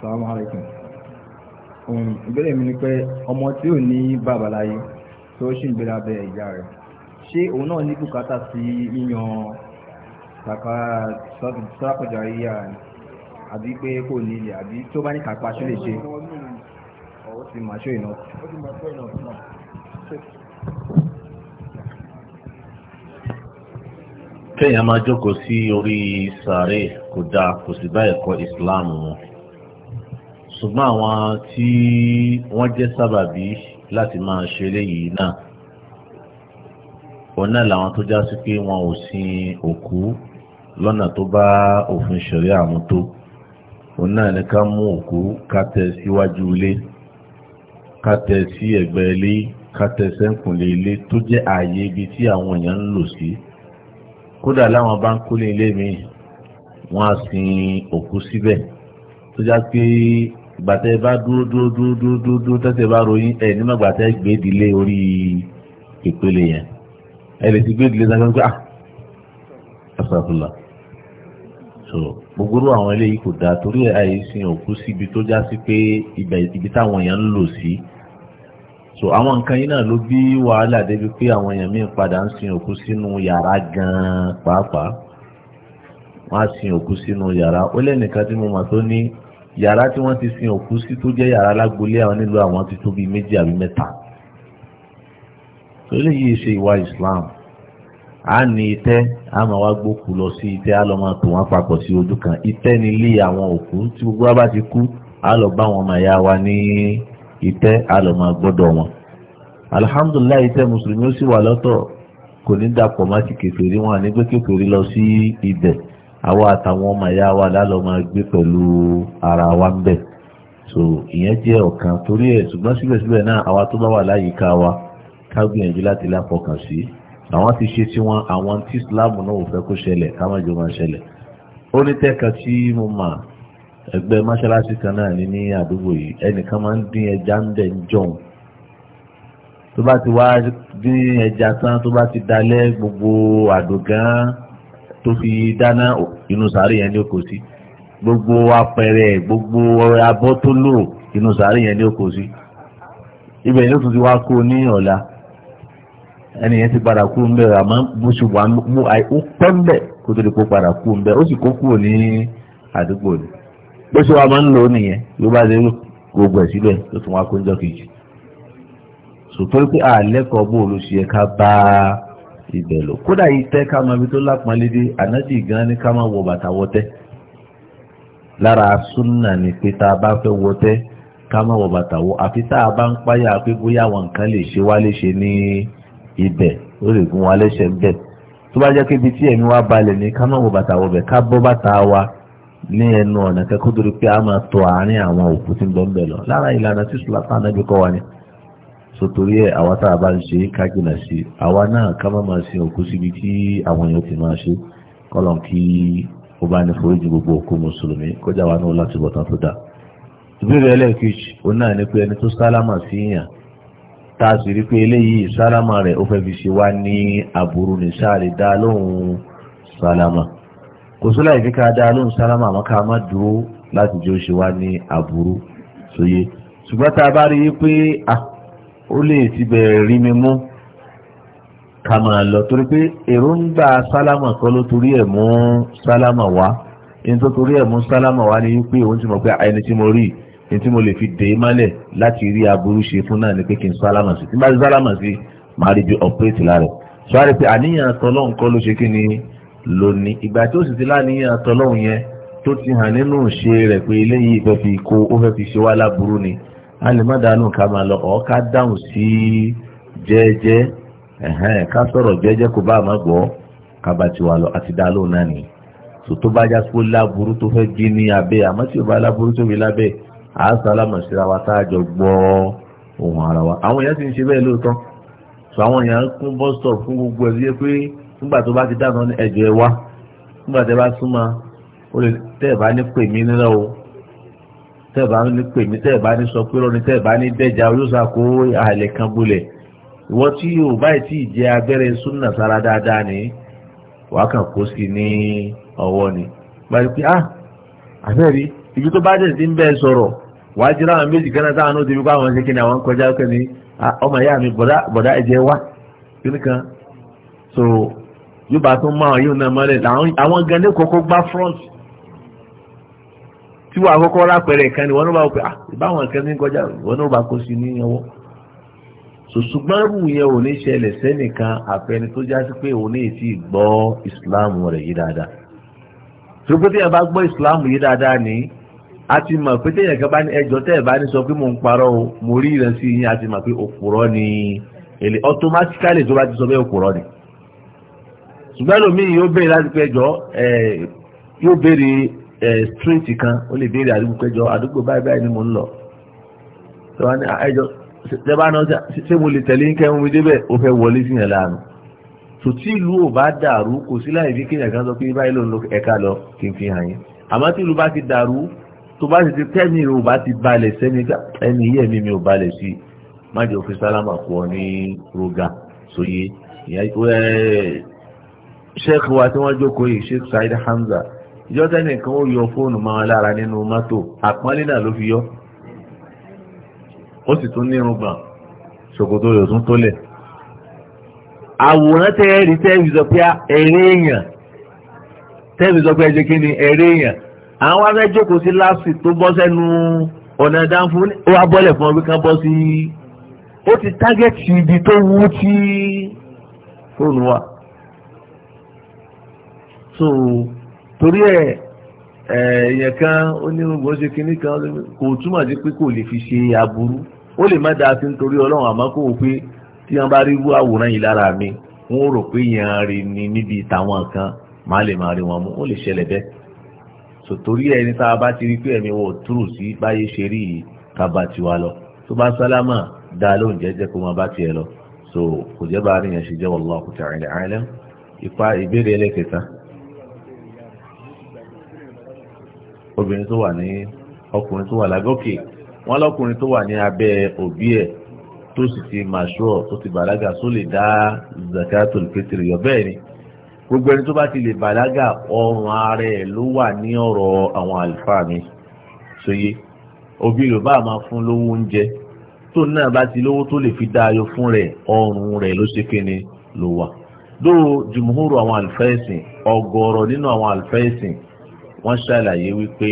salamu alaykum ìbéèrè mi ni pé ọmọ tí ò ní bàbá láyé tó ṣì ń gbé lábẹ́ ìyá rẹ̀ ṣé òun náà ní bùkátà sí yíyan sàkàjà yíyá rẹ̀ àbí pé kò ní ilẹ̀ àbí tó bá ní kápá ṣe lè ṣe ó ti máa ṣe ìnáwó. kéèyàn máa jókòó sí orí sàárè kò dáa kò sì bá ẹ̀kọ́ ìsìláàmù mu ṣùgbọ́n àwọn tí wọ́n jẹ́ sábàbí láti máa ṣe eléyìí náà òun náà làwọn tó já sí pé wọn ò sin òkú lọ́nà tó bá òfin ṣẹ̀rí àwọn tó òun náà ní ká mú òkú ká tẹ síwájú ilé ká tẹ sí ẹ̀gbẹ́ ilé ká tẹ sẹ́ǹkùnlé ilé tó jẹ́ ààyè ibi tí àwọn èèyàn ń lò sí kódà láwọn bá ń kólé ilé mi wọ́n á sin òkú síbẹ̀ tó já pé gbàtẹ́ bá dúró dúró dúró dúró dúró dúró tẹ́sẹ̀ bá ròyìn ẹ̀ nígbà gbàtẹ́ gbèdìlé orí ìpele yẹn ẹ̀ lè ti gbèdìlé sáfẹ́ pé ah asàfùlà so gbogbo àwọn eléyìí kò dáa torí àìsìn òkú síbi tó já sí pé ibi táwọn èèyàn ń lò sí so àwọn nǹkan yìí náà ló bí wàhálà débi pé àwọn èèyàn míì padà ń sin òkú sínú yàrá gan-an pàápàá wọ́n á sin òkú sínú yàrá ó lẹ́nìkan tí mo mọ̀ tó ní yàrá tí wọ́n ti sin òkú sí tó jẹ́ yàrá lágbolé àwọn nílò àwọn ti tó bíi méjì àbí mẹ́ta torí yìí ṣe ìwà Islam a ní itẹ́ a máa wá gbókù lọ sí itẹ́ a lọ máa tò wọ́n papọ̀ sí ojú kan itẹ́ ní ilé àwọn òkú tí gbogbo wa bá ti kú a lọ bá wọn máa yá wa ní itẹ́ a lọ máa gbọ́dọ̀ wọn alihamdulilayi itẹ́ mùsùlùmí ó sì wà lọ́tọ̀ kò ní dàpọ̀ má ti kékeré wọn àní pé kékeré lọ sí ibẹ̀ àwọn àtàwọn ọmọ ìyá wa lálọ́ máa gbé pẹ̀lú ara wa ń bẹ̀ so ìyẹn jẹ́ ọ̀kan torí ẹ̀ ṣùgbọ́n síbẹ̀síbẹ̀ náà àwa tó bá wà láyìíká wa ká gbìyànjú láti láfọkàn sí àwọn ti ṣe tí wọn àwọn tí Islam náà ò fẹ́ kó ṣẹlẹ̀ ká má jọ máa ṣẹlẹ̀ ó ní tẹ́ka tí mo mà ẹgbẹ́ mọ́ṣáláṣí kan náà ní ní àdúgbò yìí ẹnìkan máa ń dín ẹja ń bẹ̀ ń jọun tó bá ti wá dín ẹja tán tó bá ti dalẹ̀ gbogbo àdògán tó fi dáná inú sàárì yẹn ni ó sí gbogbo apẹ̀rẹ̀ gbogbo abọ́ tó lò inú sàárì yẹn ni ó sí ibẹ̀ ni ó tún ti wá kó ní ọ̀la ẹni yẹn ti padà kú ń bẹ̀ bó ṣe wà mú ó pẹ́ kó tó lè kó gbogbo ló tún wá kejì pé àlẹ́kọ̀ọ́ bó ibẹ̀ lò kódà yìí tẹ́ ká máa fi tó lápọ́nlé dé ànájì gan ni ká máa wọ bàtà wọtẹ́ lára súnà ni pé tá a bá fẹ́ wọtẹ́ ká máa wọ bàtà wọ àfi tá a bá ń páyà pé bóyá àwọn nǹkan lè ṣe wá léṣe ní ibẹ̀ ó lè gún wa lẹ́sẹ̀ bẹ̀ tó bá jẹ́ pé ibi tí ẹ̀mí wa balẹ̀ ni ká máa wọ bàtà wọ bẹ̀ ká bọ́ bàtà wa ní ẹnu ọ̀nà kẹ́kọ̀ọ́ torí pé a máa tọ àárín àwọn òkú tí ń bọ́ ń bẹ̀ lọ lára ìlànà tí sùlátà náà ni sotori ẹ̀ àwa tá a bá ń ṣe ká jìnà sí àwa náà ká má máa sin òkú síbi tí àwọn èèyàn ti máa ṣe kọ́lọ̀n kí ó bá ní foríjì gbogbo òkú mùsùlùmí kọjá wa náà láti bọ̀tán tó dáa ìbéèrè ẹlẹ́ẹ̀kejì ó náà ní pé ẹni tó sálámà sí yàn tá a sì rí pé eléyìí sálámà rẹ̀ ó fẹ́ fi ṣe wá ní aburú ní sáàlì dá lóhùn sálámà kò sí láì ká dá lóhùn sálámà àmọ́ ká má dúró láti jó ṣe wá ní aburú ṣùgbọ́n tá a bá rí pé ah, ó lè ti bẹ̀rẹ̀ rí mi mú ká máa lọ torí pé èròǹgbà sálámà kan ló torí ẹ̀ mú sálámà wá ẹni tó torí ẹ̀ mú sálámà wá ni wípé òun ti mọ̀ pé ẹni tí mo rí ẹni tí mo lè fi dè é mọ́lẹ̀ láti rí aburú ṣe fún náà ni pé kí n sálámà sí tí n bá ti sálámà sí màá rí bí ọ̀pẹ́rẹ́tì lára sọ wá pé àníyàn tọ́lọ́hún kọ́ ló ṣe kí ni lónìí ìgbà tó sì ti láníyàn tọ́lọ́hún yẹn tó ti hàn nínú ìṣe rẹ̀ pé eléyìí fẹ́ fi kó ó fẹ́ fi ṣe wá láburú ni a lè má dànù ká máa lọ ọ́ ká dáhùn sí jẹ́ẹ́jẹ́ ẹ̀hẹ́n ká sọ̀rọ̀ jẹ́ẹ́jẹ́ kó bá a má gbọ́ ká bá tiwa lọ àti dá lóun náà nìyí tó bá já sí láburú tó fẹ́ jí ní abẹ́ àmọ́ tí ó bá láburú tó fi lábẹ́ àásálámọ̀ síra wa tá a jọ gbọ́ ohun ara wa àwọn èèyàn ti ń ṣe bẹ́ẹ̀ lóòótọ́ tó àwọn èèyàn kún stop fún gbogbo ẹ̀ pé nígbà tó bá ti dáná nígbà bá súnmọ́ ó lè tẹ́ẹ̀bá ní pè mí tẹ́ẹ̀bá ní sọ pé lọ́ni tẹ́ẹ̀bá ní dẹ́jà kan tí yóò báyìí tí ì jẹ abẹ́rẹ́ súnà sára dáadáa ni wàá kàn kó sí ní ọwọ́ ni báyìí pé ah àfẹ́rí ibi tó bá dẹ̀ sí ń bẹ́ẹ̀ sọ̀rọ̀ wàá jẹ́ láwọn méjì kan náà so yóò bá tún àwọn yóò náà mọ́lẹ̀ àwọn gan tí wọ́n àkọ́kọ́ rápẹ̀rẹ̀ kan ni wọ́n náà bá pẹ́ ah, ìbáwọn nǹkan ní kọjá wọ́n náà bá kó sí ní ọwọ́ ṣùgbọ́n rú yẹn ò ní ṣẹlẹ̀ sẹ́nìkan àfẹni tó já sí pé òun ní èsì gbọ́ ìsìláàmù rẹ̀ yìí dáadáa ṣùgbọ́n tí bá gbọ́ ìsìláàmù yìí dáadáa ni a ti mọ̀ pé téèyàn kan bá ní ẹjọ́ tẹ́ ẹ̀ bá ní sọ pé mò ń parọ́ o mo rí ìrẹsì yín a ni èlé automatically tó bá ti sọ pé òpùrọ́ ni ṣùgbọ́n lómi yóò béèrè láti pé ẹjọ́ street kan ó lè béèrè àdúgbò pẹ́jọ àdúgbò báyìí báyìí ni mò ń lọ tẹ́bá náà ṣé mo lè tẹ̀lé kẹ́hún mi débẹ̀ ó fẹ́ wọlé sí yẹn láàánú tò tí ìlú ò bá dàrú kò sí láì fi kéèyàn kan sọ pé báyìí ló ń lo ẹ̀ka lọ kí n fi hàn yín àmọ́ tí ìlú bá ti dàrú tó bá ti ti tẹ́mi ò bá ti balẹ̀ sẹ́mi ẹni yẹ́ mi mi ò balẹ̀ sí i má jẹ́ òfin sálámà kú ọ ní roga sóye sheikh wa tí wọ́n jókòó yìí sheikh Said Hamza ìjọ́tẹ́ nìkan ó yọ fóònù máa lára nínú mọ́tò àpọ́nlé náà ló fi yọ ó sì tún ní irùngbọ̀n ṣòkòtò rẹ̀ tún tólẹ̀ àwòrán tẹ́ ẹ̀rí tẹ́ẹ̀bì sọ pé ẹ̀rẹ́ èèyàn tẹ́ẹ̀bì sọ pé ẹ̀jẹ̀ kí ni ẹ̀rẹ́ èèyàn àwọn wá fẹ́ jókòó sí láàsì tó bọ́ sẹ́nu ọ̀nà dáńfó ó wá bọ́lẹ̀ fún ọgbẹ́ kan bọ́ sí ó ti tágẹ́tì ibi tó wú tí fóònù wà. so torí ẹ̀ ẹ̀yẹ̀ kan onírúgbò ṣe kinní kan kò túmọ̀ sí pé kò lè fi ṣe aburú ó lè má dáa sí nítorí ọlọ́run àmọ́ kò wò pé tí wọ́n bá rí wú àwòrán yìí lára mi wọ́n rò pé yẹn rí ni níbi táwọn kan má lè má rí wọn mú ó lè ṣẹlẹ̀ bẹ́ẹ̀ sòtórí ẹni tá a bá ti rí pé ẹ̀mí wọ̀ túrù sí báyé ṣe rí yìí ká bá tiwa lọ tó bá sálámà dá lóhùn jẹ́jẹ́ kó máa bá tiẹ̀ lọ so kò jẹ́ bá a níyàn ṣe jẹ́ wallahu ta'ala alam ipa ìbéèrè ẹlẹ́kẹta. obìnrin tó wà ní ọkùnrin tó wà lágọ́kè wọ́n lọ́kùnrin tó wà ní abẹ́ òbí ẹ̀ tó sì ti màṣúọ̀ tó ti bàlágà tó lè dá zakatul fitr yọ bẹ́ẹ̀ ni gbogbo ẹni tó bá ti lè bàlágà ọrùn ààrẹ ló wà ní ọ̀rọ̀ àwọn àlùfáà mi sóye òbí rẹ̀ bá máa fún lówó oúnjẹ tó náà bá ti lówó tó lè fi dáayọ fún rẹ̀ ọrùn rẹ̀ ló ṣe kéne ló wà. dóò jùmùhúrò àwọn àlùfáà ẹ̀sìn ọgọ́rọ̀ nínú àwọn àlùfáà ẹ̀sìn wọ́n ṣàlàyé wípé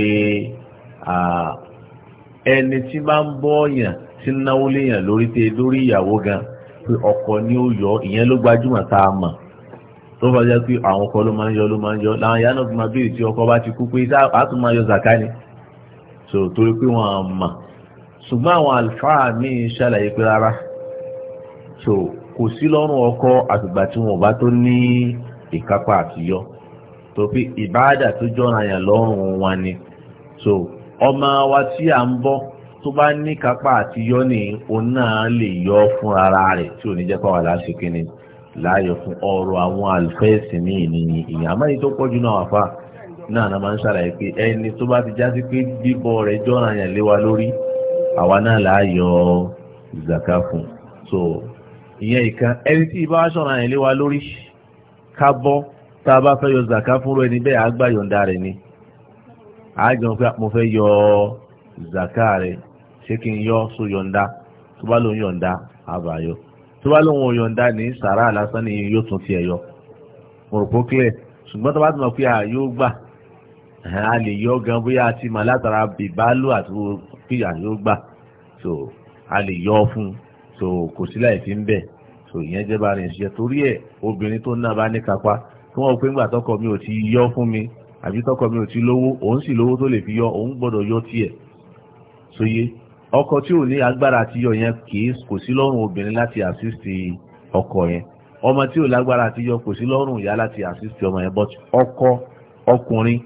ẹni tí bá ń bọ́ yàn tí ń náwó léyàn lórí tẹ lórí ìyàwó gan pé ọkọ ni ó yọ ìyẹn ló gbajúmọ̀ tá a mọ̀ tó fà jẹ́ pé àwọn ọkọ ló máa ń yọ ló máa ń yọ làwọn ìyá náà fi máa béèrè tí ọkọ bá ti kú pé a tún máa yọ zàká ni so torí pé wọ́n á mọ̀ ṣùgbọ́n àwọn àlùfáà míì ṣàlàyé pé rárá so kò sí lọ́rùn ọkọ àtìgbà tí wọn ò bá tó ní ìkápá àtìyọ tó pé ìbáàdà tó jọra yàn lọ́rùn wọn ni so ọmọ wa tí a ń bọ́ tó bá ní kápá àti yọ ni òun náà lè yọ fún ara rẹ̀ tí ò ní jẹ́ pàwọ́ láṣẹ kínní láàyò fún ọrọ̀ àwọn àlùfẹ́ẹ̀sì ní ìní ìyá àmọ́ni tó pọ̀jù náà wà fà náà náà máa ń ṣàlàyé pé ẹni tó bá ti jọra lé wa lórí àwa náà láàyò fún so ìyẹn ìkan ẹni tí ìbá lé wa tá a bá fẹ́ yọ zaka fúnrú ẹni bẹ́ẹ̀ á gbà yọ̀ǹda rẹ̀ ni á jẹun pé mo fẹ́ yọ zaka rẹ̀ ṣé kí n yọ so yọ̀ǹda tó bá lóun yọ̀ǹda àbáyọ tó bá lóun yọ̀ǹda ní sàrà lásán ni yóò tún tiẹ̀ yọ mo rò pé clear ṣùgbọ́n tó bá ti mọ̀ pé a yóò gbà a lè yọ gan bóyá a ti mọ̀ látara bìbálò àti pé a yóò gbà so a lè yọ fún so kò sí láì fi ń bẹ̀ so ìyẹn jẹ́ bá rìn ṣiṣẹ́ torí ẹ̀ obìnrin tó ń ná bá ní kápá tí wọ́n pé ńgbà tọkọ mi ò ti yọ fún mi àbí tọkọ mi ò ti lówó òun sì lówó tó lè fi yọ òun gbọ́dọ̀ yọ tiẹ̀ sóye ọkọ tí ò ní agbára àti yọ yẹn kìí kò sí lọ́rùn obìnrin láti àsísì ọkọ yẹn ọmọ tí ò lágbára àti yọ kò sí lọ́rùn ìyá láti àsísì ọmọ yẹn but ọkọ ọkùnrin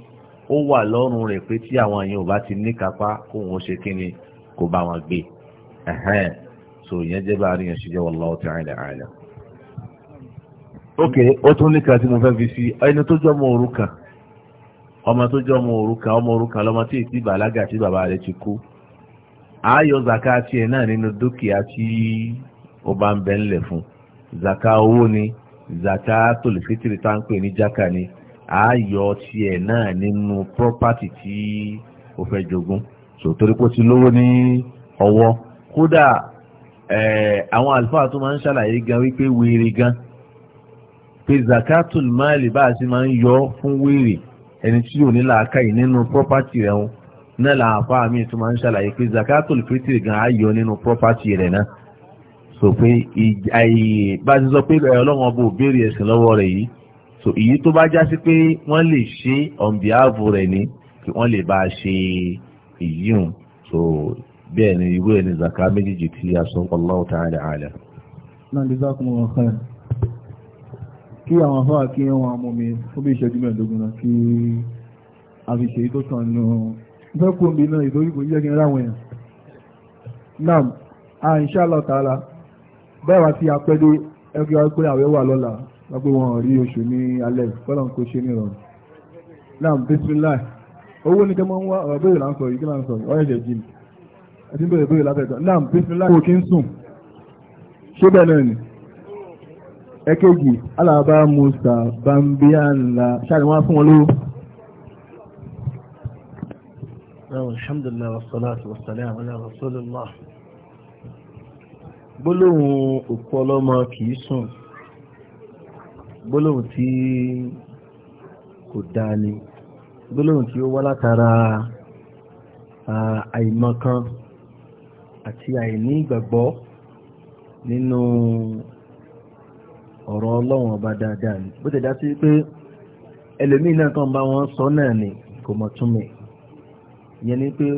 ó wà lọ́rùn rẹ̀ pé tí àwọn èèyàn ò bá ti níkapá kóun ó ṣe kí ni kó bá wọn gbé so ìyẹn jẹ́ bá a rí yẹn ṣe jẹ́ wallahu ta'ala a'lam ok ó tún ní kan tí mo fẹ́ fi sí ẹni tó jọ́ ọmọ òrukàn ọmọ tó jọ́ ọmọ òrukàn ọmọ òrukàn lọ́mọ tí èsì bàlágà tí bàbá rẹ̀ ti kú ààyò zaka tiẹ̀ náà nínú dúkìá tí ó bá ń bẹ ńlẹ̀ fún zaka owó ni zaka tòlùfítìrì tá ń pè ní jáka ni ààyò tiẹ̀ náà nínú property tí ó fẹ́ jogún so torí pé ó ti lówó ní ọwọ́ kódà eh, àwọn àlùfáà tó máa ń ṣàlàyé gan wípé wèrè gan pé zakatul maali bá a sì máa ń yọ fún wèrè ẹni tí ò ní làákàyè nínú property rẹ̀ wọn náà làáfà mi tó máa ń ṣàlàyé pé zakatul fitri gan ayọ nínú property rẹ̀ náà so pé àyè bá a ti sọ pé ọlọ́run ọba ò béèrè ẹ̀sìn lọ́wọ́ rẹ̀ yìí so èyí tó bá já pé wọ́n lè ṣe on rẹ̀ ni kí wọ́n lè bá a ṣe èyí hùn so bẹ́ẹ̀ ni irú ẹ̀ ní zaka méjèèjì tí a sọ Allahu àlẹ́. náà ní bá a kún kí àwọn afọ́ àti ẹwọ̀n àmọ́ mi fún bí ìṣẹ́jú mẹ́ẹ̀dógún náà kí a fi ṣe tó tàn nù fẹ́ kó mi náà ìdóríkò yíyẹ́ kí n ráwọn èèyàn náà a inshallah ta'ala bẹ́ẹ̀ wá sí apẹ́dé ẹgbẹ́ wa pé àwẹ̀ wà lọ́la lọ́pẹ́ wọn rí oṣù ní alẹ́ kọ́lọ̀ ń kó ṣe ní ìrọ̀rùn náà bismillah owó ní kẹ́mọ́ ń wá ọ̀rọ̀ bẹ́ẹ̀ là ń sọ yìí kí là ń sọ yìí ọ̀rẹ́dẹ̀ jìm ẹ ti ń bẹ̀rẹ̀ bẹ́ẹ̀ lábẹ́ náà bismillah kò kí ń sùn ṣé bẹ́ẹ̀ náà ni ẹ̀kejì alaba musa bambiyanla ṣáà ni wọ́n á fún wọn lówó. alhamdulilayi wa salatu wa salam ala rasulillah gbólóhùn òkú ọlọ́mọ kìí sùn gbólóhùn tí kò dáa ni gbólóhùn tí ó wá látara àìmọ̀kan àti àìní ìgbàgbọ́ nínú ọ̀rọ̀ ọlọ́run ọba dáadáa ni bó ti dá sí pé ẹlòmíì náà kàn bá wọn sọ náà ni kò mọ̀ túnmẹ̀ ìyẹn ni pé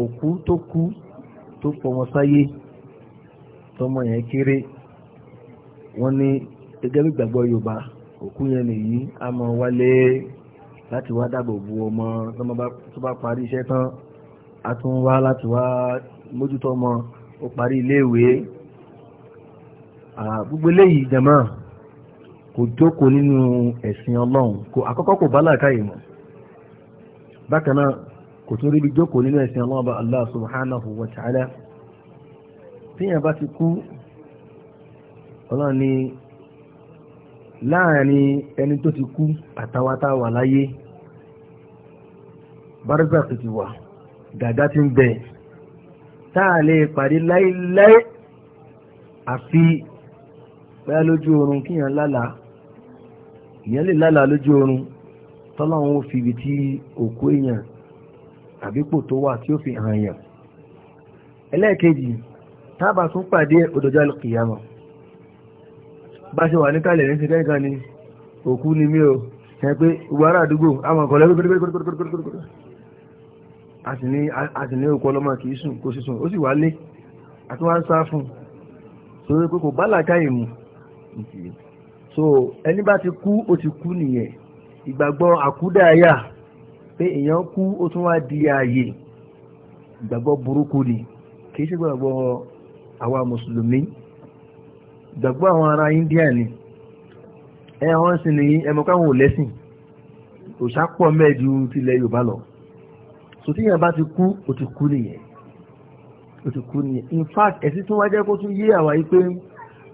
òkú tó kú tó fọmọ sáyé tọmọ yẹn kéré wọ́n ní gẹ́gẹ́ bí gbàgbọ́ Yorùbá òkú yẹn nìyí a máa wálé láti wá dáàbò bo ọmọ tó bá parí iṣẹ́ tán a tún wá láti wá mójútó ọmọ ó parí iléèwé gbogbo eléyìí jama kò jókòó nínú ẹ̀sìn ọlọ́run kò àkọ́kọ́ kò bá làákàyè mọ̀ bákan náà kò tún ríbi jókòó nínú ẹ̀sìn ọlọ́run bá Allah subhanahu wa ta'ala tíyàn bá ti kú ọlọ́run ni láàrin ẹni tó ti kú àtàwátá wà láyé barzakh ti wà gàgá ti ń bẹ táà lè pàdé láéláé àfi báyá lójú oorun kíyàn lálàá ìyẹn lè lálàá lójú oorun tọ́láwọn fi ibi tí òkú èèyàn ó fi hàn yàn ẹlẹ́ẹ̀kejì tábà tún pàdé òdòjọ́ alùkìyàmọ̀ bá ṣe wà ní kálẹ̀ ní ni òkú ni mí o ẹ pé ìwárà àdúgbò àwọn ọ̀kọ̀ lẹ́gbẹ̀ẹ́ a òkú ọlọ́mọ kì í sùn kò sí sùn ó sì wá lé àti ń sá fún un so ẹni bá ti kú ó ti kú nìyẹn ìgbàgbọ́ àkúdàáyà pé èèyàn kú ó tún wá di ààyè ìgbàgbọ́ burúkú ni kìí ṣe gbàgbọ́ àwa mùsùlùmí ìgbàgbọ́ àwọn ará India ni ẹ àwọn sì ní ẹmọ káwọn ò lẹ́sìn òṣà pọ̀ mẹ́ẹ̀dù tilẹ̀ Yorùbá lọ sòtíyàn bá ti kú ó ti kú nìyẹn ó ti kú nìyẹn in fact ẹ̀sìn tún wá jẹ́ kó tún yé àwa yìí pé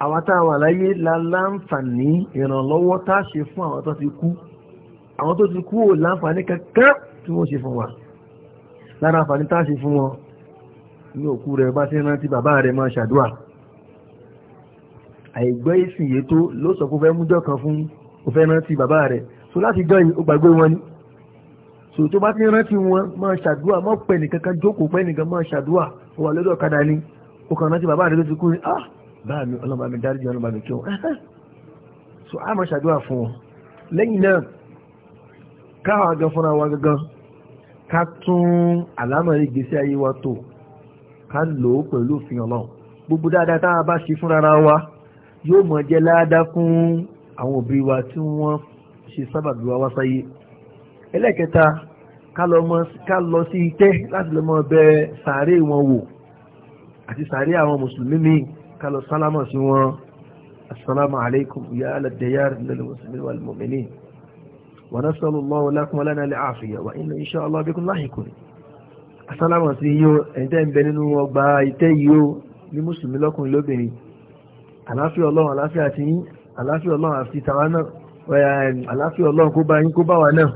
àwọn tá a wà láyé la láǹfààní ìrànlọ́wọ́ tá a ṣe fún àwọn tó ti kú àwọn tó ti kú ò láǹfààní kankan tí wọ́n ṣe fún wa lára àǹfààní tá a ṣe fún wọn ní òkú rẹ̀ bá ti rántí bàbá rẹ̀ máa ṣàdúrà àìgbọ́ ìsìn yìí tó ló sọ pé ó fẹ́ mújọ́ kan fún ó fẹ́ rántí bàbá rẹ̀ so láti gbọ́ yìí ó gbàgbé wọn ni so tó bá ti rántí wọn máa ṣàdúrà mọ́ pẹ̀ nìkan kan jókòó pẹ́ nìkan máa ṣàdúrà ó wà lọ́dọ̀ ọ̀kadà ni ó kàn rántí bàbá rẹ̀ ló ti kú ni ah báà mi ọlọ́mọ mi dáríjì ọlọ́mọ mi kí wọn so a máa ṣàdúrà fún wọn lẹ́yìn náà káwọn àjọ fúnra wa gangan ká tún àlámọ̀ ìgbésí ayé wa tó ká lò ó pẹ̀lú òfin ọlọ́run gbogbo dáadáa tá a bá ṣe fúnra wa yóò mọ̀ jẹ́ ládàá fún àwọn òbí wa tí wọ́n ṣe sábàbí wa wá sáyé ẹlẹ́kẹta ká lọ sí itẹ́ láti lọ mọ bẹ sàárè wọn wò àti sàárè àwọn mùsùlùmí míì kálọ̀ sálámà sí wọn assalamu alaikum ya aladayar lil muslimin wal mu'minin wa nasallallahu lakum wa lana al'afiya wa inna insha Allah bikum lahiqun assalamu sí yíó ẹ̀ńtẹ́ ń bẹ nínú ọgbà ìtẹ́ yíó ní mùsùlùmí lọ́kùnrin lóbìnrin àláfíà ọlọ́run àláfíà àti yín àláfíà ọlọ́run àti tàwa náà àláfíà ọlọ́run kó bá yín kó bá wa náà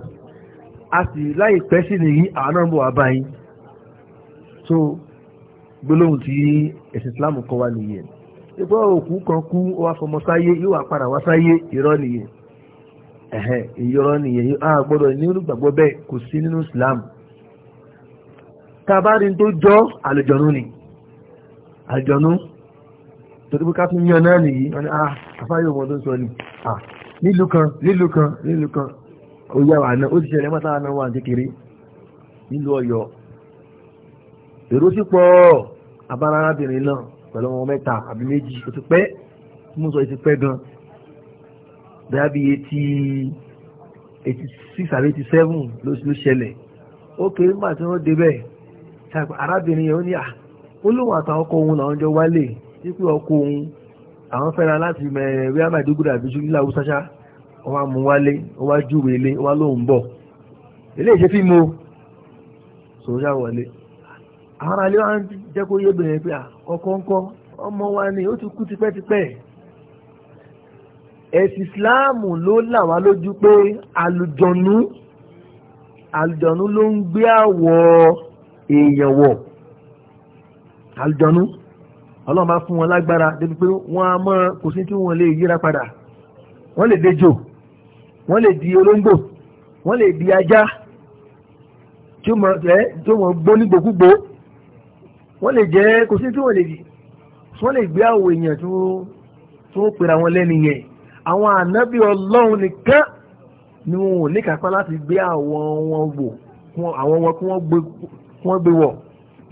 a sì láìpẹ́ sí nìyí àwọn náà ń bọ̀ wá bá so gbólóhùn tí ẹ̀sìn islam kọ́ wa nìyẹn ipò òkú kan kú ó wá fọmọ sáyé yóò wá padà wá sáyé irọ́ nìyẹn ẹ̀hẹ́ irọ́ nìyẹn a gbọ́dọ̀ ní olùgbàgbọ́ bẹ́ẹ̀ kò sí nínú islam tabari tó jọ àlùjọ̀nú ni àlùjọ̀nú torí pé ká tún yan náà nìyí wọn ni ah afáyé ọmọ tó ń sọ ni ah nílùú kan nílùú kan nílùú kan ó yà wà náà ó ti ṣẹlẹ̀ mọ́tà náà wà kékeré nílùú ọ̀yọ́ èrò sí pọ̀ ọ́ abára arábìnrin náà pẹ̀lú ọmọ mẹ́ta àbí méjì ó ti pẹ́ mú sọ ti pẹ́ gan bẹ́ẹ̀ bí etí eighty six àbí eighty seven ló ṣẹlẹ̀ ó kéré nígbà tí wọ́n débẹ̀ arábìnrin yẹn ó ní à ó lóun àtàwọn ọkọ òun làwọn jọ wálé wípé ọkọ òun àwọn fẹ́ra láti mẹ́rẹ̀ rí àmàdúgbò àbí ṣúlí láwùsáṣá wọ́n á mú wálé wọ́n wá júwèé lé wọ́n á lóun bọ̀ eléyìí ṣe fíìmù o sòwò ṣáà wọlé àwọn alẹ́ wa ń jẹ́ kó yé bẹ̀rẹ̀ pé àkọ́kọ́ńkọ́ ọmọ wa ni ó ti kú tipẹ́tipẹ́ ẹ̀sìn ìsìláàmù ló là wá lójú pé àlùjọ̀nú àlùjọ̀nú ló ń gbé àwọ̀ èèyàn wọ̀ àlùjọ̀nú ọlọ́run bá fún wọn lágbára débi pé wọ́n á mọ́ kò sí tí wọ́n lè yíra padà wọ́n lè dejò wọ́n lè di olóńgbò wọ́n lè di ajá tí ó mọ̀ gbónígbòkúgbò wọ́n lè jẹ́ kò sí tí wọ́n lè jì wọ́n lè gbé àwọ̀ èèyàn tó ń pèrè àwọn lẹ́nu yẹn àwọn ànábì ọlọ́run nìkan ni wọn ò ní kápá láti gbé àwọn wọn wò àwọn wọn kí wọ́n gbé wọ̀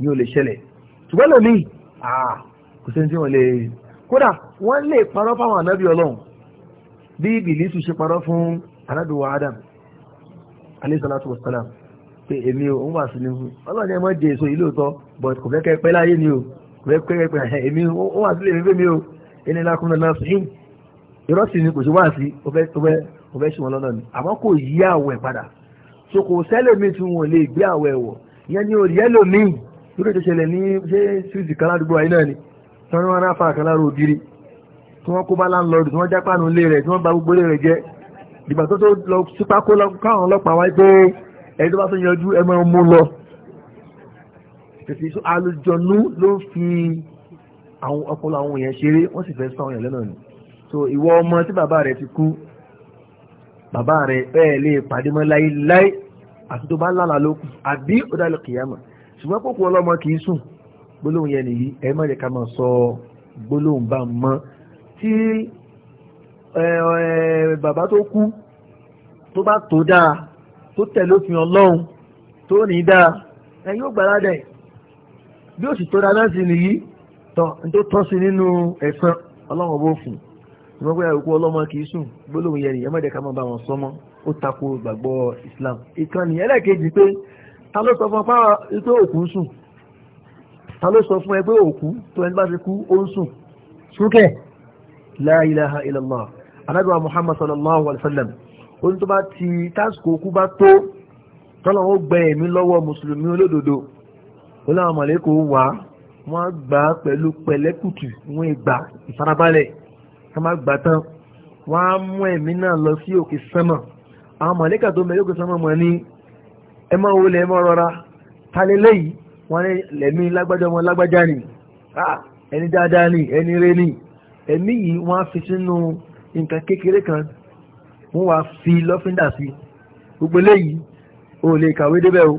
ni ò lè ṣẹlẹ̀ ṣùgbọ́n lòmíì kò sí tí wọ́n lè kódà wọ́n lè parọ́ fáwọn ànábì ọlọ́run bí ìbìlísù ṣe parọ́ fún ànábì wa Adam alayhi salatu wa salam pé èmi ò ń wà sí ni ọlọ́run ni ẹ mọ́ jẹ èso yìí lóòótọ́ but kò fẹ́ kẹ́ pẹ́ láyé ni o kò fẹ́ kẹ́ pẹ́ èmi ó wà sílé mi fẹ́mi o ẹni lákùn náà náà sùn irọ́ sì ni kò sí wá sí ó fẹ́ ó fẹ́ sùn wọn lọ́nà ni àmọ́ kò yí àwẹ̀ padà so kò sẹ́lẹ̀mí tí wọn lè gbé àwẹ̀ wọ̀ ìyẹn ni ò yẹ́lòmíì lórí ìṣẹ̀lẹ̀ ní ṣé síìsì kan ládùúgbò àyínà ni tí wọ́n rán afá kan lára ògiri tí wọ́n kó bá láńlọ́ọ̀dù tí wọ́n jápánu ilé rẹ̀ tí wọ́n bà gbogbo ilé rẹ̀ jẹ́ ìgbà tó tó lọ sípákó káwọn ọlọ́pàá wáyé pé ẹni tó bá tún yanjú ẹ máa mú lọ tètè sọ àlùjọ̀nú ló ń fi àwọn ọpọlọ àwọn èèyàn ṣeré wọ́n sì fẹ́ sọ àwọn èèyàn lẹ́nà ni so ìwọ ọmọ tí bàbá rẹ ti kú bàbá rẹ bẹ́ẹ̀ lè pàdé mọ́ láéláé àti tó bá lálàá ló kù àbí ó dá lọ kìyàmọ̀ ṣùgbọ́n kókó ọlọ́mọ kì í sùn gbólóhùn yẹn nìyí ẹ má jẹ́ ká máa sọ gbólóhùn bá mọ́ tí bàbá tó kú tó bá tó dáa tó tẹ̀lé òfin ọlọ́run tó ní dáa ẹ yóò gbàlá dẹ̀ bí ó sì tó dáná sí nìyí tọ́ ní tó tọ́ sí nínú ẹ̀san ọlọ́run ya òfin ìmọ̀ pé àrùkú ọlọ́mọ kì í sùn wọn sọ mọ́ ó tako gbàgbọ́ Islam ìkànnì pé ta ló sọ fún apá pé òkú ń sùn ta ló sọ fún òkú tó ẹni bá ti kú alaihi wa ó ní tó bá ti tásìkò kú bá tó tọ́lọ́ ó gbẹ ẹ̀mí lọ́wọ́ mùsùlùmí olódodo ó láwọn mọ̀lẹ́kọ̀ wá wọ́n á gbà á pẹ̀lú pẹ̀lẹ́kùtù wọ́n ìgbà ìfarabalẹ̀ ká má gbà tán wọ́n á mú ẹ̀mí náà lọ sí òkè sánmà àwọn mọ̀lẹ́kà tó mẹ́lẹ́ òkè sánmà mọ̀ ní ẹ máa wọlé ẹ máa rọra talẹ́lẹ́ yìí wọ́n ní lẹ́mí lágbájá wọn lágbájá ni ẹni dáadáa ni ẹni rẹ ni ẹ̀mí yìí wọ́n á fi sínú nǹkan kékeré kan wọ́n wá fi lọ́fíńdà sí gbogbo eléyìí o lè kàwé débẹ̀ o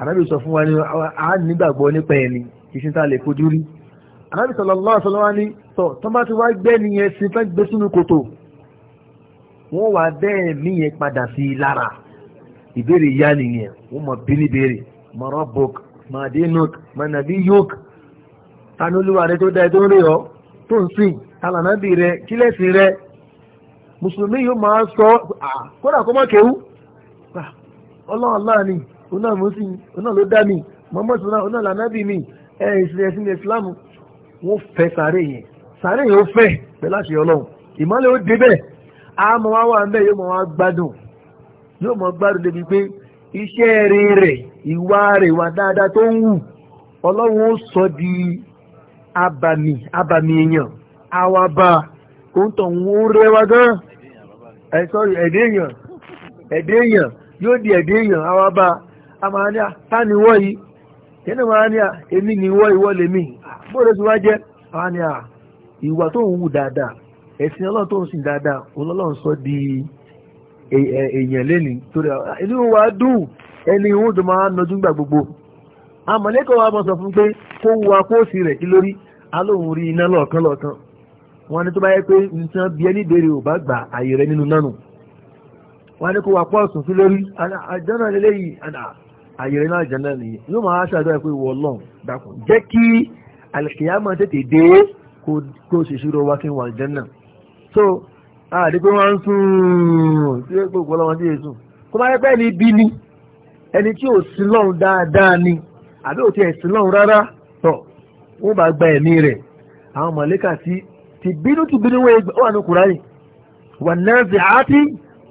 ànábì sọ fún wa ní a nígbàgbọ́ nípa ẹni ìsìn tá a lè fojú rí ànábì sallallahu alaihi wasallam ní tọ̀ tọ́ bá ti wá gbẹ́ nìyẹn sí fẹ́ gbé sínú kòtò wọ́n wá bẹ́ẹ̀ mí yẹn padà sí i lára ìbéèrè yá nìyẹn wọ́n mọ̀ bí níbèrè mọ̀ rọ́bùk mọ̀ àdínúk mọ̀ yók tani rẹ tó dá ẹ tó ń rí ọ tó ń sìn alànàbì rẹ kílẹ̀sì rẹ musulmi yóò máa sọ kódà kó má kéwú ni òun náà mi náà ló dá mi mi ìsìn wọ́n fẹ́ sàárè yẹn sàárè yẹn ó fẹ́ pẹ̀lú àṣẹ ọlọ́run ó débẹ̀ wá wà mẹ́ yóò wá gbádùn yóò gbádùn débi pé iṣẹ́ rẹ̀ ìwà rẹ̀ wà sọ di abàmì abàmì èèyàn ń wọ́n ẹ sọ́rí ẹ̀dẹ́ èèyàn ẹ̀dẹ́ èèyàn yóò di ẹ̀dẹ́ èèyàn àwa bá a máa ní à ni wọ́ yìí kẹ́ni èmi ni wọ́ ìwọ́ lèmi bóde tí wá jẹ́ àwa ìwà tó ń wù dáadáa ẹ̀sìn ọlọ́run tó ń sìn dáadáa sọ di e, e, èèyàn torí gbogbo wa mọ̀ sọ fún pé kó rẹ̀ kí lórí alóhùn wọ́n ní tó bá yẹ pé nǹkan bí ẹni béèrè ò bá gbà àyè rẹ nínú nánu wọ́n ní kó wà pọ́ ọ̀sùn sí lórí àjọ́nà lélẹ́yìí àyè rẹ náà jẹ́nà nìyẹn yóò máa ṣàdúrà pé ìwọ Ọlọ́run dákun jẹ́ kí àlìkìyàmọ̀ tètè dé kó ṣèṣirò wa kí n wà jẹ́nà so àdé pé wọ́n ń sùn tí ó gbogbo ọlọ́wọ́n sí èsùn kó bá yẹ pé ẹni bí ni ẹni tí ò sí lọ́run dáadáa ni àbí ò tiẹ̀ sí lọ́run rárá tọ̀ wọ́n bá gba ẹ̀mí rẹ̀ àwọn mọ̀lẹ́kà tí tìbínú tìbínú wọ́n egbò wà ní kùránì wà náà sì àti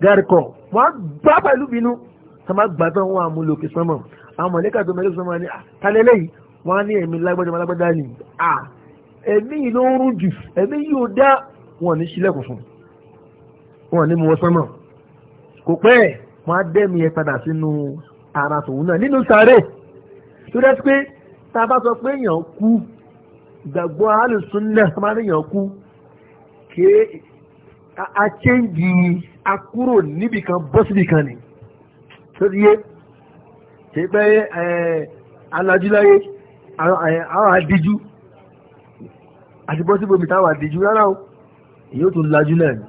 gàrìkọ̀ wọ́n gbá pẹ̀lú bínú sọmọ gbàtọ̀ wọn àmúlò kí sọmọ àwọn mọ̀lẹ́kà tó mẹ́lẹ́ sọmọ ni tálẹ́lẹ́ yìí wọ́n á ní ẹ̀mí lágbọ́dọ̀ lágbọ́dá ni ẹ̀mí yìí ló ń rún jù ẹ̀mí yìí ò dá wọn ní sílẹ̀kùn fún wọn ní mu wọ́n sọmọ kò pẹ́ wọn á dẹ́mi ẹ padà sínú ara tòun náà nínú sáré tó dẹ́ pé tá a bá sọ pé èèyàn kú gbàgbọ́ alùsùnà amáníyàn kú ké àchẹ́ǹgì akúrò níbì kan bọ́ síbì kan ni tó ti yé ṣe pé alájúláyé àwọn àdíjú àti bọ́ síbò mi táwọn àdíjú rárá o èyí ó tún lajú náà ni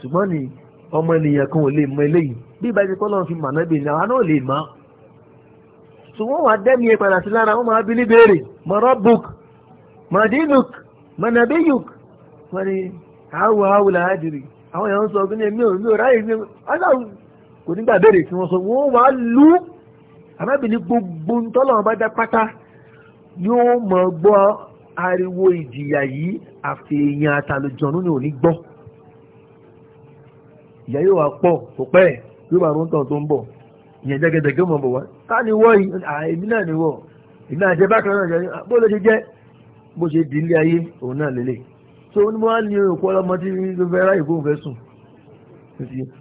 ṣùgbọ́n ni ọmọ ènìyàn kan ò lè mọ eléyìí bí ìbá ti kọ́ lọ́n fi mọ̀ náà bèèrè àwọn náà lè mọ̀ ṣùgbọ́n wà dẹ́mi ẹ̀ padà sí lára wọ́n máa bí ní béèrè bùkù mọ̀dínùk mọ̀nàbíyùk wọ́n ni àwọ̀ àwòlà àdìrí àwọn èèyàn sọ ọdún èmi ò mi ò ráyè ní aláwọ̀ kò nígbà bẹ̀rẹ̀ tí wọ́n sọ wọ́n wà lú arábìnrin gbogbo tọ́lọ̀ bá dá pátá ni ó mọ̀ gbọ́ ariwo ìjìyà yìí àfihàn àtàlùjọ̀nù ni ò ní gbọ́ ìyá yóò wá pọ̀ kò pẹ́ yóò bá rún tó ń bọ̀ ìyẹn jẹ́gẹ́dẹ́gẹ́ mọ̀ bọ̀ wá ta ni wọ́ yìí àìmí náà ni wọ́ ìgbà àjẹbákan náà jẹ́ bó ló ṣe jẹ́ bó ṣe di ilé ayé òun náà lélẹ̀ so ní wọ́n á ní òkú ọlọ́mọ tí fẹ́ ráyè kó fẹ́ sùn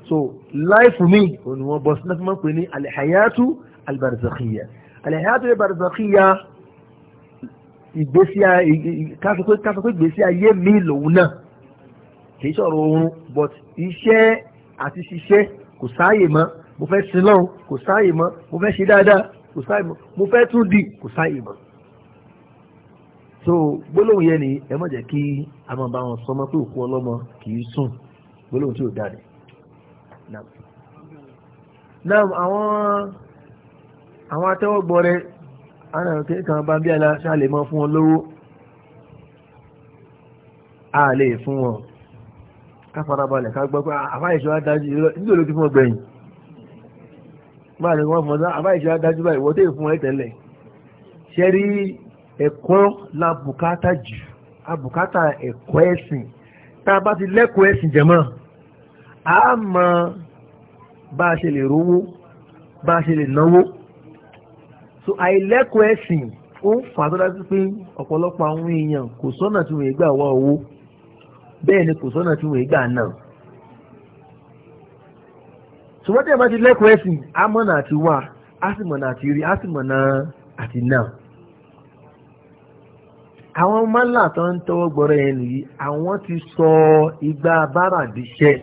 so life mi òun ni wọ́n bọ́ sí náà fún mọ́ pé ní alihayatu albarzakhiya alihayatu albarzakhiya ìgbésí kásọpé ìgbésí ayé mi lòun náà kì í sọ̀rọ̀ oorun but iṣẹ́ àti ṣiṣẹ́ kò sáàyè mọ́ mo fẹ́ sin lọ́hùn kò sáàyè mọ́ mo fẹ́ ṣe dáadáa kò sáàyè mọ́ mo fẹ́ tún di kò sáàyè mọ́ so gbólóhùn yẹn ni ẹ má jẹ́ kí a máa bá wọn sọmọ pé òkú ọlọ́mọ kì í sùn gbólóhùn tí ò dáa ni. náà àwọn àwọn atẹ́wọ́gbọ́ rẹ àwọn àwọn kéèkàn bá bí ala ṣáàlè mọ́ fún wọn lówó a lè fún wọn ká farabalẹ̀ ká gbọ́ pé àbáyèṣọ́ adájú nílò ló ti fún ọgbẹ̀yìn máa ní wọ́n fún ọ àbáyèṣọ́ adájú báyìí wọ́n tẹ̀ fún ẹ tẹ́lẹ̀ ṣẹ́rí ẹ̀kọ́ la bùkátà jù a bùkátà ẹ̀kọ́ ẹ̀sìn tá a bá ti lẹ́kọ̀ọ́ ẹ̀sìn jẹ̀mọ́ a mọ bá a ṣe lè rówó bá a ṣe lè náwó so àìlẹ́kọ̀ọ́ ẹ̀sìn ó ń fà tó dájú pé ọ̀pọ̀lọpọ̀ àwọn èèyàn kò sọ́nà tí wọ́n gbà wá owó bẹ́ẹ̀ ni kò sọ́nà tí wọ́n gbà náà ṣùgbọ́n tí a bá ti lẹ́kọ̀ọ́ ẹ̀sìn a mọ̀nà àti wà á sì àwọn mọ́là tó ń tọwọ́ gbọ́rọ̀ yẹn nìyí àwọn ti sọ igba bára díṣẹ́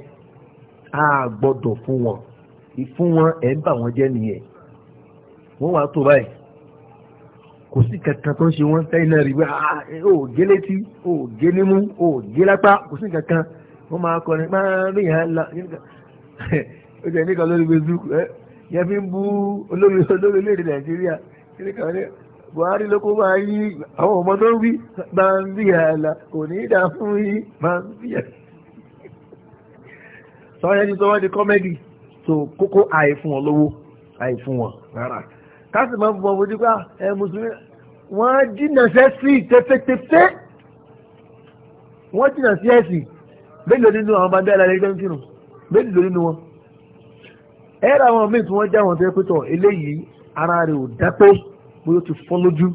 a gbọ́dọ̀ fún wọn ìfún wọn ẹ̀ ń bà wọ́n jẹ́ nìyẹn wọ́n wàá tó báyìí kò sí kankan tó ń ṣe wọ́n sẹ́yìn náà rí wá ó ah, gé létí ó gé nímú ó gé lápá kò sí kankan wọ́n máa kọrin máa rí yàn án la ó jẹ́ níkan lórí facebook ẹ fi ń bú olórí olórí orílẹ̀ nàìjíríà kí ni kàn ní buhari ló kó máa yí àwọn ọmọ tó ń wí máa ń bí ààlà kò ní ìdá fún yí máa ń bí ààlà sọ́wọ́n yẹn ti sọ wọ́n di kọ́mẹ́dì so kókó àìfún wọn lówó àìfún wọn rárá káàsì máa ń fún wọn fojú pé ah, ẹ mùsùlùmí wọ́n jìnnà sẹ́sì tẹ́fẹ́tẹ́fẹ́ wọ́n jìnnà sí ẹ̀sìn mélòó nínú àwọn máa dára lẹ́gbẹ́ ń kírun mélòó nínú wọn ẹ̀rọ àwọn míì tí wọ́n já wọn tẹ́ pẹ́tọ̀ eléyìí ara rẹ̀ ò dápẹ́ bóyá ó ti fọ́ lójú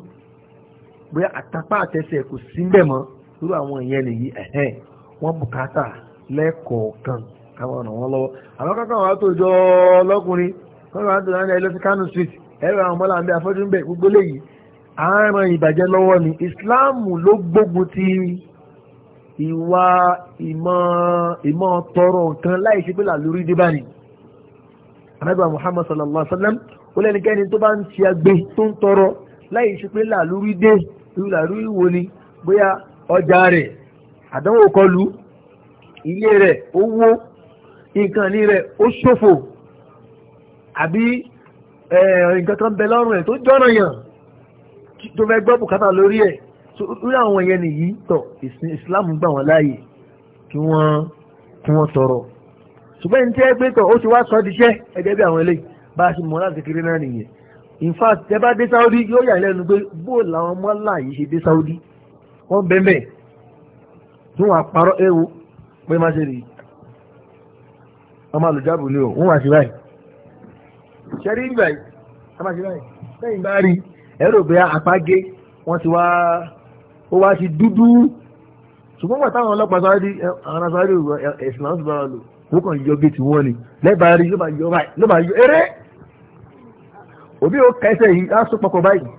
bóyá àtàpá àtẹsẹ̀ kò sí ń bẹ̀ mọ́ lórí àwọn ìyẹn nìyí ẹ̀hẹ́n wọ́n bùkátà lẹ́ẹ̀kọ̀ọ̀kan káwọn ràn wọ́n lọ́wọ́ àwọn kankan wà tó jọ ọlọ́kùnrin wọ́n ẹlẹ́sìn Kano street ẹ̀rọ àwọn ọmọlá àbẹ́ afọ́jú ń bẹ̀ gbogbo léyìí àárọ̀ ìbàjẹ́ lọ́wọ́ ni ìsìláàmù ló gbógun ti ìwà ìmọ̀ ìmọ̀ tọrọ nǹkan láì Muhammad sallallahu ó lẹ́nikẹ́ni tó bá ń fi agbe tó ń tọrọ láì ṣe pé làlúrí dé irú làlúrí wo ni bóyá ọjà rẹ̀ àdánwò kọlù ilé rẹ̀ ó wó nǹkan ní rẹ̀ ó ṣòfò àbí nǹkan kan bẹ lọ́rùn ẹ̀ tó jọ́nà yàn tó fẹ́ gbọ́ bùkátà lórí ẹ̀ lórí àwọn yẹn nìyí tọ̀ ìsìláàmù gbà wọ́n láàyè kí wọ́n kí wọ́n tọrọ ṣùgbọ́n ní tí ẹ gbé tọ̀ ó ti wá sọ́ di iṣẹ́ ẹgbẹ́ bí àwọn eléyìí bá a ṣe mọ̀ láti kiri náà nìyẹn in fact tẹ bá dé Saudi yóò yà lẹ́nu pé bó làwọn mọ́là yìí ṣe dé Saudi wọ́n bẹ́ẹ̀ tí wọ́n àparọ́ ẹ̀wò pé má ṣe rí ọmọ àlùjáàbù ni o wọ́n wá sí báyìí ṣe rí ìgbà yìí a máa ṣe báyìí lẹ́yìn bá rí ẹ̀rọ bẹ́ẹ̀ àpágé wọ́n ti wá ó wá sí dúdú ṣùgbọ́n wà táwọn ọlọ́pàá Saudi àwọn Saudi ẹ̀sìn làwọn ti bára lò wọ́n kàn yọ géètì òbí ó kẹsẹ̀ yìí á sún pọ̀pọ̀ báyìí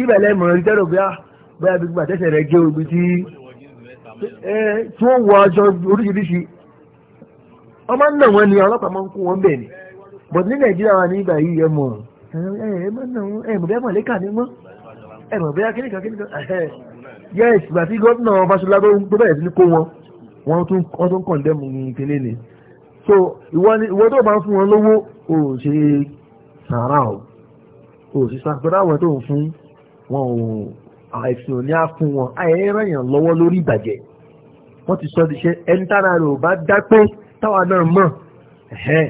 ibẹ̀ lẹ́ mọ̀ ìdẹ́rù bí bóyá bí gbàtẹ́sẹ̀ rẹ̀ gé ogun tí tí ó wọ aṣọ oríṣiríṣi ọmọ náà wọn ni ọlọ́pàá máa ń kó wọn bẹ̀ ni but ní nàìjíríà wa ní ìgbà yìí ẹ mọ̀ ẹ mọ̀ náà wọn ẹ mọ̀ bẹ́ẹ̀ mọ̀lẹ́kà ni wọ́n ẹ mọ̀ bẹ́ẹ̀ yes ìgbà tí gómìnà Fáṣọlá tó bẹ̀rẹ̀ sí ní kó wọn wọn tún kọ̀ndẹ́mù kínní ni so ìwọ tó bá ń fún wọn lówó ò ṣe sàárà o òṣìṣẹ́ pẹ̀lú àwọn tó ń fún wọn ò àìsàn ní àfún wọn àìrẹ̀yàn lọ́wọ́ lórí ìbàjẹ́ wọ́n ti sọ ti ṣe ẹni tára rẹ̀ ò bá dápé táwa náà mọ̀ ẹ̀hẹ́n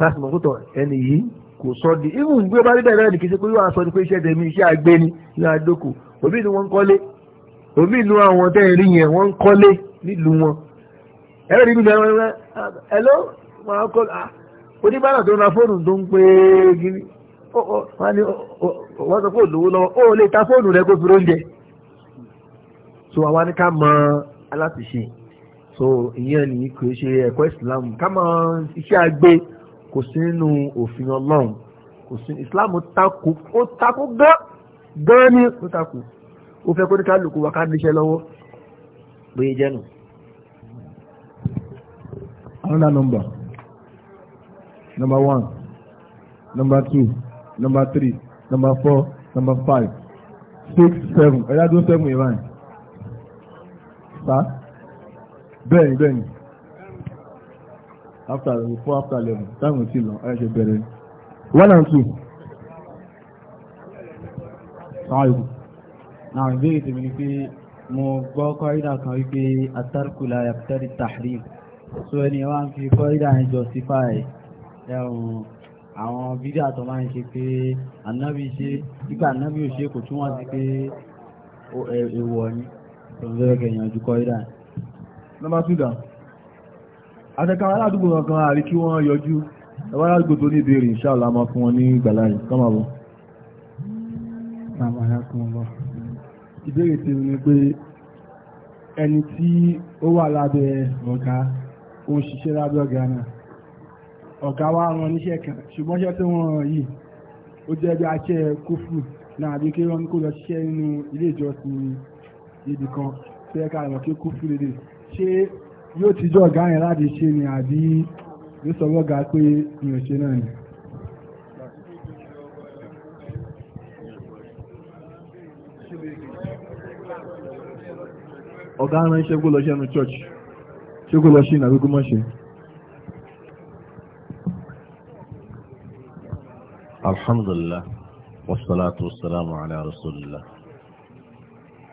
láti mọ̀ kótó ẹni yìí kò sọ di irú ìgbé bá rí bẹ̀rẹ̀ nìkí pé yóò sọ ni pé iṣẹ́ tẹ̀mí iṣẹ́ àgbẹ̀ ni yóò adókò òbí ni wọ́n ń kọ́lé òbí ìlú àwọn tẹ́ rí yẹn wọ́n ń kọ́lé nílùú wọn ẹ̀rọ ìbí ni ẹ̀rọ ẹ̀lọ́ máa kọ́ ah, oníbàárà tó ń ra fóònù tó ń pé gíní wọ́n sọ pé òlówó lọ́wọ́ ó lè ta fóònù rẹ kó fi róúnjẹ so àwa ní ká mọ aláṣìṣe so ìyẹn nìyí kò ṣe ẹ̀kọ́ Islam ká mọ iṣẹ́ àgbẹ̀ kò sí nínú òfin Ọlọ́run kò sí Islam takò ó takò gán gán ní ó takò ó fẹ́ kó ní kálukú wa ká níṣẹ́ lọ́wọ́ bóyá jẹ́ nù. another number number one number two number three number four number five six seven ẹ̀dá dúró seven yẹn báyìí sa bẹ́ẹ̀ni bẹ́ẹ̀ni after four after eleven táwọn ti lọ ẹ̀ ṣe bẹ̀rẹ̀ one and two. Sáàlù. Náà ìbéèrè tèmi ni pé mo gbọ́ kọ́rídà kan wípé atárkùlà yàtọ̀rí tàhírì. So ẹni wá ń fi kọ́rídà yẹn justify ẹ̀rùn. Um, àwọn fídíò àtọ̀ máa ń ṣe pé ànábì ṣe nígbà ànábì ò ṣe kò túmọ̀ sí pé èèwọ̀ ni tòun fẹ́rẹ̀ kẹyàn ju kọ́ídà. nọ́mbà túdà àtẹ̀káwọn aládùúgbò kankan àrí kí wọ́n yọjú ẹ̀wọ́n aládùúgbò tó ní ìbéèrè ìṣàlá máa fún wọn ní ìgbàlá yìí kọ́mà bọ̀. ìbéèrè tèmi ni pé ẹni tí ó wà lábẹ́ ọ̀gá ó ń ṣiṣẹ́ lábẹ́ ọ̀gá náà ọ̀gá wa wọn níṣẹ́ kan ṣùgbọ́n ṣẹ́ tó wọ́n yìí ó jẹ́ bí aṣẹ́ kófù náà àbí kí wọ́n kó lọ ṣiṣẹ́ nínú ilé ìjọsìn ibì kan tó yẹ ká lọ́ọ́ kí kófù lédè ṣé yóò ti jọ ọ̀gá yẹn láti ṣe ni àbí ló sọ wọ́gà pé mi ò ṣe náà ni. ọ̀gá ránṣẹ́ kó lọ ṣẹ́nu church ṣé kó lọ ṣe ìnáwó kó alhamdulillah wasalaatu wasalaamu ala rasulillah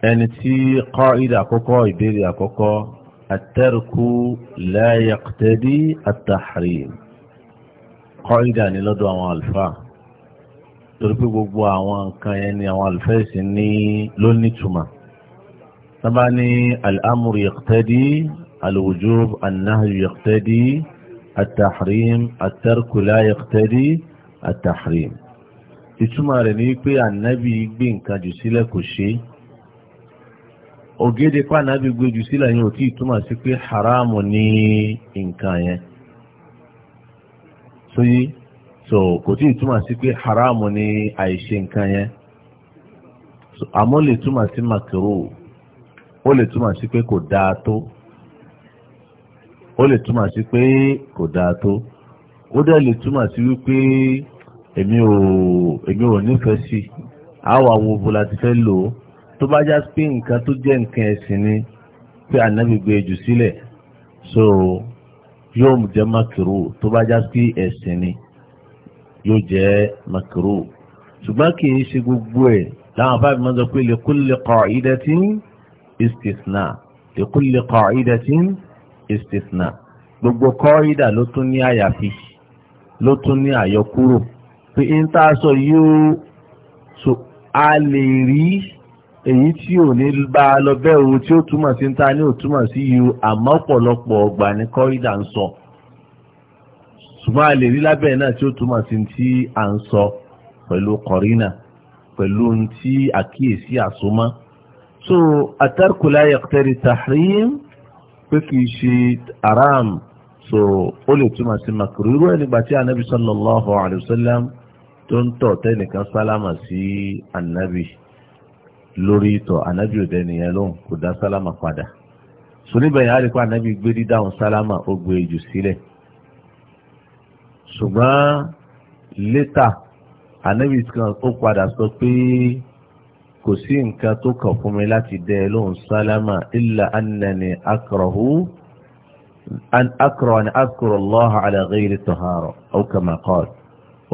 ẹni tí qaida àkọ́kọ́ ìbéèrè àkọ́kọ́ at-tarku la yaqtadi at-tahrim qaida ní lọ́dọ̀ àwọn àlùfáà torí pé gbogbo àwọn nǹkan yẹn ni àwọn àlùfáà sì ní ló nítumọ̀ sábà ní al-amru yaqtadi al-wujub an-nahyu yaqtadi at-tahrim at-tarku la yaqtadi. at-tahrim ìtumọ̀ rẹ̀ ni pé ànábì gbé nǹkan kò ṣe é ògèdè pa tí ì sí pé haramu ní nǹkan yẹn so kò tí ì sí pé haramu ní àìṣe nǹkan yẹn àmọ́ lè túmọ̀ sí ó lè túmọ̀ sí pé kò dáa èmi ò èmi ò nífẹ̀ẹ́ sí àwọn àwọn òbò láti fẹ́ lò ó tó bá já pé nǹkan tó jẹ́ nǹkan ẹ̀sìn ni pé ànábì gbé jù sílẹ̀ so yóò jẹ́ makiro tó bá já pé ẹ̀sìn ni yóò jẹ́ makiro ṣùgbọ́n kì í ṣe gbogbo ẹ̀ láwọn afáàbí máa ń sọ pé li kulli qa'idatin istisna li kulli qa'idatin istisna gbogbo qaida ló tún ní àyàfi ló tún ní àyọkúrò pé in tá a sọ yóò so a lè rí èyí tí ò ní bá a lọ bẹ́ẹ̀ o tí ó túmọ̀ sí ta ní ò túmọ̀ sí yóò àmọ́ ọ̀pọ̀lọpọ̀ ọgbà ní kọ́rídà ń sọ ṣùgbọ́n a lè rí lábẹ́ náà tí ó túmọ̀ sí tí à ń sọ pẹ̀lú kọ̀rínà pẹ̀lú tí àkíyèsí àsomọ́ so atarkula yaqtari tahrim pé kì í ṣe haram so ó lè túmọ̀ sí makruh irú ẹ̀ nígbà anabi sallallahu alayhi wa sallam tó ń tọ̀ tẹ́nìkan sálámà sí ànábì lórí ìtọ̀ ànábì òde nìyẹn lóhùn kò dá sálámà padà sonibẹ̀yìn àríkọ́ ànábì gbé dídáhùn sálámà ó gbé jù sílẹ̀ ṣùgbọ́n létà ànábì kan ó padà sọ pé kò sí nǹkan tó kàn fún mi láti dẹ lóhùn sálámà illa annani akrahu an akrahu an akrahu Allah ala ghayri tahara aw kama qala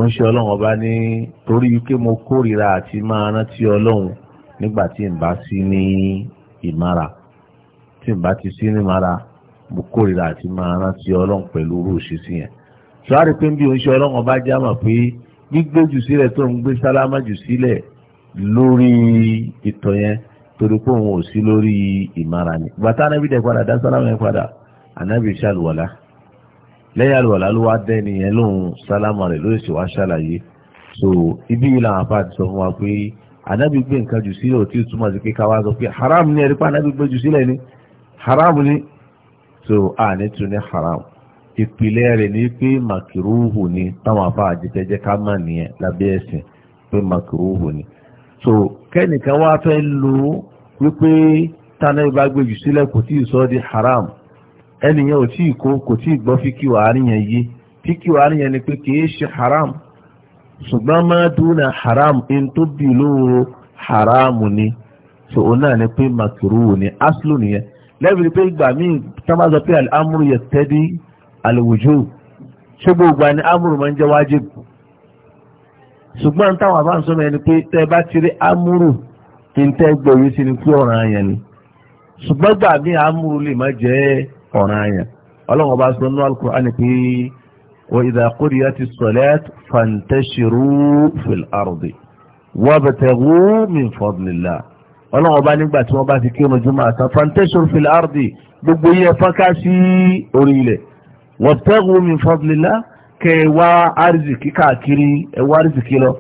ń ṣe ọlọ́run ọba ní torí wípé mo kórìíra àti máa rántí ọlọ́run nígbà tí n bá sí ní ìmára tí n bá ti sí ní ìmára mo kórìíra àti máa rántí ọlọ́run pẹ̀lú orú òṣìṣì yẹn sọ́wárí pé bí oníṣẹ́ ọlọ́run ọba já mọ̀ pé gbígbé jù sílẹ̀ tó ń gbé sálámà jù sílẹ̀ lórí ìtọ̀ yẹn torí pé òun ò sí lórí ìmára ni bàtà anábì padà dá sálámà yẹn padà anábì ṣàlùwàlá lẹ́yìn àlùwàlá ló wá dẹ́ nìyẹn lóhun sálámà rẹ̀ lóṣù wá ṣàlàyé so ibi yìí làwọn afa ti sọ fún wa pé anábì gbé nǹkan jù sílẹ̀ ò tí ì túmọ̀ sí pé ká sọ pé haram ni ẹ̀rí pé anábì gbé jù sílẹ̀ ni haram ni so a ní tún ní haram ìpìlẹ̀ rẹ̀ ni pé makiruhu ni táwọn afa àjẹjẹjẹ ká mà nìyẹn lábẹ́ ẹ̀sìn pé makiruhu ni so kẹ́nìkan wá fẹ́ lo wípé tánábì bá gbé jù sílẹ̀ kò tí ì sọ di haram ẹnìyàn ò tí ì kó kò tí ì gbọ́ fíkì wàhálì yẹn yé fíkì wàhálì yẹn ni pé kì í ṣe haram ṣùgbọ́n máa dúnà haram in tó bì lóòrò haram ni so òun náà ni pé màkìrúwò ni aslu nìyẹn lẹ́bìrì pé ìgbà míì tá bá sọ pé al-amru yaqtadi al-wujub ṣé gbogbo àni amúrù máa ń jẹ́ wájib ṣùgbọ́n táwọn àbá ń ẹni pé tẹ́ bá ti rí amúrù kí n tẹ́ gbọ́ yìí sí ni pé ọ̀ràn yẹn ni ṣùgbọ́n gbà míì amúrù lè má jẹ́ ọ̀ràn àyàn ọlọ́run ọba sọ nínú Al-Qur'ani pé wa idha qudiyati s-salatu fantashiru fil ardi wabtaghu min fadlillah ọlọ́run ọba nígbà tí wọ́n bá ti kírun jùmọ̀ àtàn fantashiru fil ardi gbogbo yẹn fọ́nká sí orí ilẹ̀ wabtaghu min fadlillah kẹ wá arzikí káàkiri ẹ wá arzikí lọ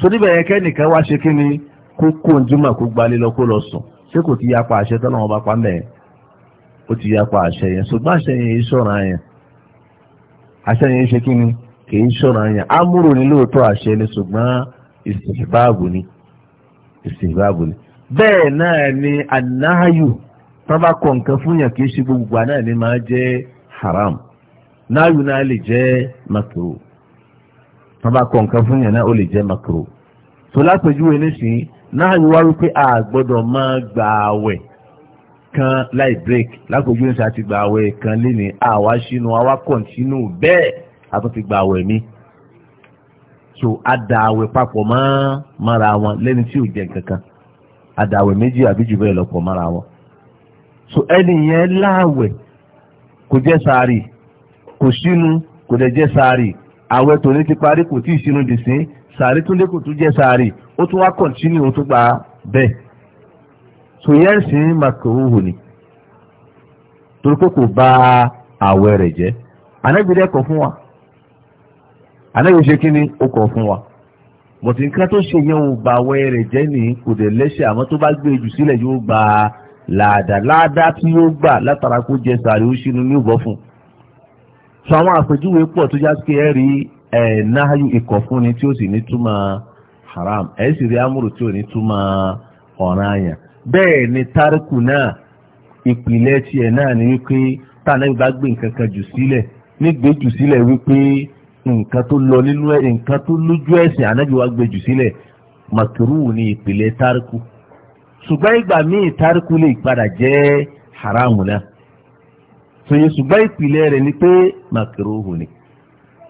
so níbẹ̀ yẹn kẹ́nìkan wá ṣe kí kó kó jùmọ̀ kó gbalẹ̀ lọ kó lọ sùn ṣé kò ti yapa àṣẹ tọ́lọ́wọ́n bá pa mẹ́ẹ̀. ó ti yapa àṣẹ yẹn ṣùgbọ́n àṣẹ yẹn yìí ṣọ̀ràn yẹn àṣẹ yẹn ṣe kí ni kì í yẹn amúrò ní lóòótọ́ àṣẹ ni ṣùgbọ́n ìsìnbáàbò ni ìsìnbáàbò ni bẹ́ẹ̀ náà ni anáhayù tán bá kọ nǹkan fún yàn ṣe gbogbo àná ni máa jẹ́ haram náàyù náà lè jẹ́ makro tán bá kọ nǹkan fún yàn makro tó nísìnyí wá wípé a máa gbà kan láì break lákòókò ní sàti gba àwẹ̀ kan léni àwa sínú àwa kọ̀ǹtínú bẹ́ẹ̀ a tún ti gba àwẹ̀ mi so a da àwẹ̀ papọ̀ mọ́ mọ́ra wọn lẹ́ni tí ò jẹ́ kankan a da àwẹ̀ méjì àbí jù bẹ́ẹ̀ lọ́pọ̀ mọ́ra wọn so ẹni yẹn láàwẹ̀ kò jẹ́ sàárì kò sínú kò dẹ̀ jẹ́ sàárì àwẹ̀ tòní ti parí kò tí ì sínú dìsín sàárì tún dé kò tún jẹ́ sàárì ó tún wá kọ̀ǹtínú ó tún gba bẹ́ẹ̀. sòyẹ́ǹsì makaruhu ni torí pé kò bá àwẹ̀ rẹ̀ jẹ́ je kọ̀ fún wa anábì ṣe ó kọ̀ fún wa bọ̀tí nǹkan tó ṣe yẹn ò bá àwẹ̀ rẹ̀ jẹ́ ní kò dẹ̀ lẹ́sẹ̀ àmọ́ tó bá gba latara ko tí yóò gbà látara kó jẹ sàrí ó ṣínú ní ìbọ̀ fún un àwọn àpèjúwe pọ̀ tó já ẹ haram sì rí amúrò tí ò ní túmọ̀ ọ̀ràn àyàn bẹ́ẹ̀ ni tárìkù náà ìpìlẹ̀ tiẹ̀ náà ni wípé tànàbí bá gbé nǹkan kan jù sílẹ̀ nígbè jù sílẹ̀ wípé nǹkan tó lọ nínú ẹ̀ nǹkan tó lójú ẹ̀sìn ànábì wa gbé jù sílẹ̀ màkìrú ni ìpìlẹ̀ tárìkù ṣùgbọ́n ìgbà míì tárìkù lè padà jẹ́ haramu náà sòye ṣùgbọ́n ìpìlẹ̀ rẹ̀ ni pé màkìrú ni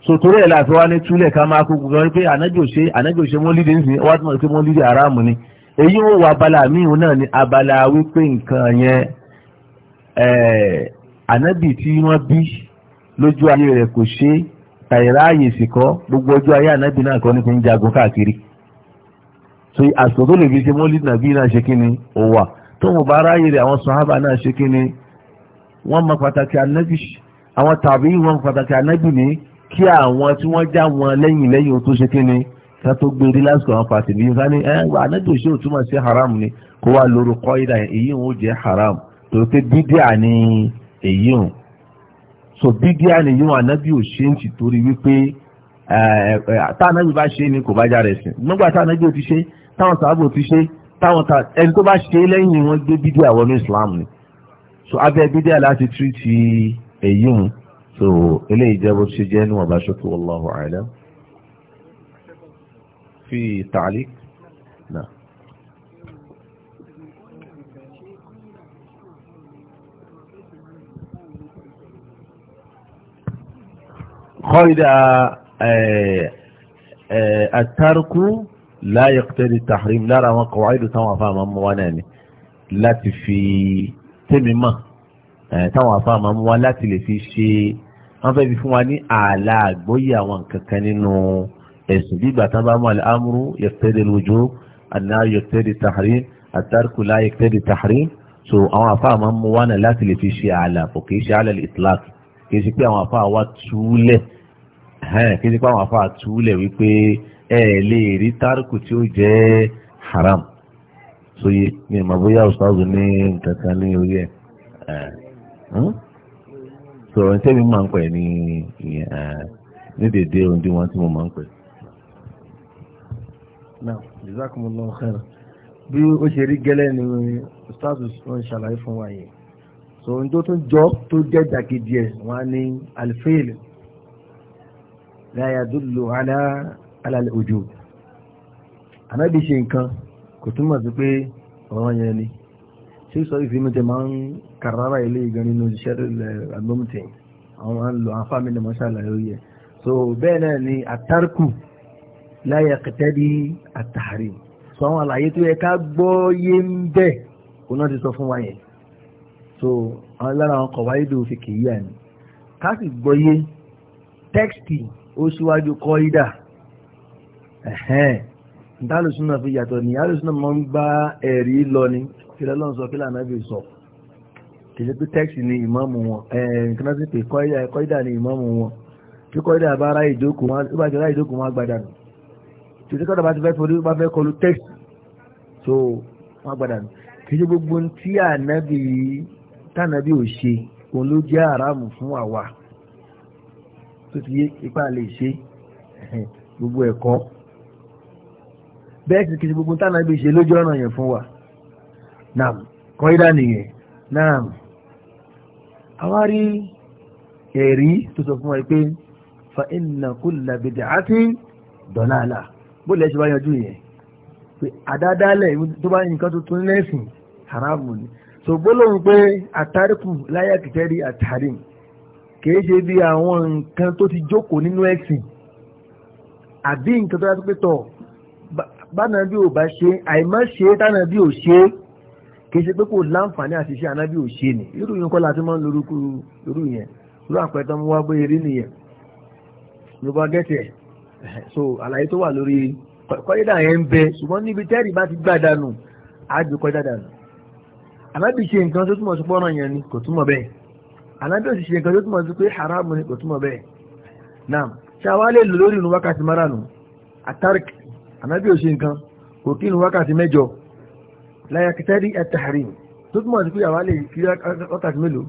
sotori ẹ̀ láti wá ní túlẹ̀ ká máa kó gbogbo wọn pé ànájò ṣe ànájò ṣe wọ́n lídìí nísìnyí wọ́n ni èyí ó wọ abala míhun náà ni abala wípé nǹkan yẹn ànábì tí wọ́n bí lójú ayé rẹ̀ kò ṣe tàìrá àyè sì kọ́ gbogbo ọjọ́ ayé ànábì náà kọ́ ní fi ń jagun káàkiri so àsìkò tó lè fi ṣe mọ́lì nàbí náà ṣe kí ni ó wà tó mo bá ráyè rẹ̀ àwọn sàhábà náà ṣe kí ni wọ́n mọ pàtàkì ànábì àwọn tàbí wọ́n pàtàkì ànábì ní kí àwọn tí wọ́n já wọn lẹ́yìn lẹ́yìn tó ṣe kí ni ká tó gbé rí lásìkò àwọn pàtì ní ìfá ẹ wà anájò ṣé òtúmọ̀ sí haram ni kó wá lórúkọ ìdá èyí ò jẹ́ haram tó pé bídíà ni èyí ò so bídíà ni yíwọ̀n anábì ò ṣe ń ti torí wípé tá anábì bá ṣe ni kò bá jáde sìn nígbà tá anábì ò ti ṣe táwọn sábà ò ti ṣe táwọn ta ẹni tó bá ṣe lẹ́yìn wọn gbé bídíà wọnú Islam ni so abẹ́ bídíà láti tú ti èyí ò so eléyìí jẹ́ bó ṣe jẹ́ níwọ̀n bá ṣokò في تعليق لا نعم. خالد آه، آه، آه، الترك لا يقتضي التحريم نرى وقواعد توافا موانان لا في تمما توافا موانات في شيء ان في فواني على غويا وان كان نو ẹ̀sìn bí ìgbà tán bá mú al-amru yaqtadi al-wujub an-nahy yaqtadi at-tahrim at-tarku la yaqtadi at-tahrim so àwọn àfáà máa ń mú wánà láti lè fi ṣe ààlà kò kì í ṣe ààlà al-itlaq kì í ṣe pé àwọn àfáà wá túlẹ̀ kì í ṣe pé àwọn àfáà túlẹ̀ wípé ẹ lè rí tárùkù tí ó jẹ́ haram so yé mi ìmọ̀ bóyá ọ̀sáàzù ní nǹkan ní orí ẹ̀ hmm? so ọ̀rọ̀ tẹ́mi máa ń pẹ̀ ní ní dédé ohun tí wọ́n ti mo máa ń pẹ̀ náà jazakumullahu khairan bí ó ṣe rí gẹ́lẹ́ ni status wọn ṣàlàyé fún wa yìí so n tó tún jọ tó jẹ́ dàkejì ẹ̀ wọ́n á ní alifeel la yadullu ala ala al-wujub ànábì ṣe nǹkan kò túmọ̀ sí pé ọ̀rọ̀ yẹn ni ṣé sọ ìfìmù tẹ máa ń kàrárà ilé ìgan nínú iṣẹ́ àgbọ̀mùtẹ̀ àwọn máa ń lo àfáàmì ní mọ́ṣáláyé ó yẹ so bẹ́ẹ̀ náà ni àtàrkù la yaqtadi at-tahrim so àwọn àlàyé tó yẹ ká gbọ́ yé ń bẹ̀ kó náà ti sọ yẹn so àwọn lára àwọn kọ̀wá yìí ló fi kìí yà ni ká sì gbọ́ yé tẹ́kìtì ó síwájú kọ́ ìdà ẹ̀hẹ́n fi yàtọ̀ ní máa ń gba lọ ni kílẹ̀ lọ́n sọ kílẹ̀ sọ pé ni wọn nǹkan náà sì pé kọ́ ni wọn kí kọ́ ìdà bá wọn tòtí kọ́dà bá ti fẹ́ forí bá fẹ́ kọlu text so wọ́n gbọ́dà nù kí ṣe gbogbo tí ànábì tànábì ò ṣe òun ló jẹ́ àràmù fún àwa tó ti yé ipá lè ṣe gbogbo ẹ̀kọ́ bẹ́ẹ̀ sì kí gbogbo tànábì ṣe lójú ọ̀nà yẹn fún wa naam kọ́ídà nìyẹn naam àwa rí ẹ̀rí tó sọ fún wa pé fa inna kulla bid'atin dalala bó lẹ́ ṣe bá yanjú yẹn pé àdádálẹ̀ tó bá nǹkan tuntun lẹ́sìn haramu ni so gbólóhùn pé àtàríkù láyà kìtẹ́rí àtàrím kìí ṣe bí àwọn nǹkan tó ti jókòó nínú ẹ̀sìn àbí nǹkan tó yàtọ̀ pé tọ̀ bánàbí ò bá ṣe àìmọ́ ṣe tánàbí ò ṣe kìí ṣe pé kò láǹfààní àṣìṣe ànábì ò ṣe ni irú yẹn kọ́ la ti máa ń lorúkú irú yẹn irú àpẹẹtọ́ mú wá pé eré nìyẹn yorùbá gẹ́tì ẹ̀ so àlàyé tó wà lórí kọ́lídà yẹn ń bẹ ṣùgbọ́n níbi tẹ́rì bá ti gbà dànù àjò kọjá dànù ànábì ṣe nǹkan tó túmọ̀ sí pọ́nrán yẹn ni kò túmọ̀ bẹ́ẹ̀ ànábì ò sì ṣe nǹkan tó túmọ̀ sí pé haramu ni kò túmọ̀ bẹ́ẹ̀ náà ṣé àwa lè lò lórí ìrun wákàtí márùn atarik ànábì ò ṣe nǹkan kò kí ìrun wákàtí mẹ́jọ láyàkítẹ́rì ẹ̀tàrí tó túmọ̀ sí pé àwa lè kí wákàtí mélòó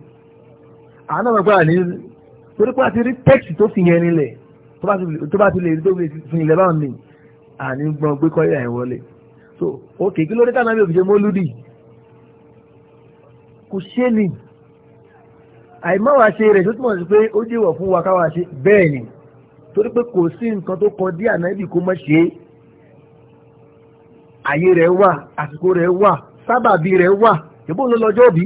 àwọn náà gbà ní torí pé rí tẹ́kì tó fi yẹn nílẹ̀ tó bá ti lè rí tó fi fún ilẹ̀ báwọn ni àní gbọ́n gbé kọ́lé àyìn wọlé so ok kí ló dé tánà bí òfìṣe mọ́lúdì kò ṣe ni àìmáwá ṣe rẹ̀ tó túmọ̀ sí pé ó jẹ́wọ̀ fún wa káwa ṣe bẹ́ẹ̀ ni torí pé kò sí nǹkan tó kọ dí ànábì kó mọ̀ ṣe àyè rẹ̀ wà àsìkò rẹ̀ wà sábàbí rẹ̀ wà ìbò ló lọ́jọ́ bí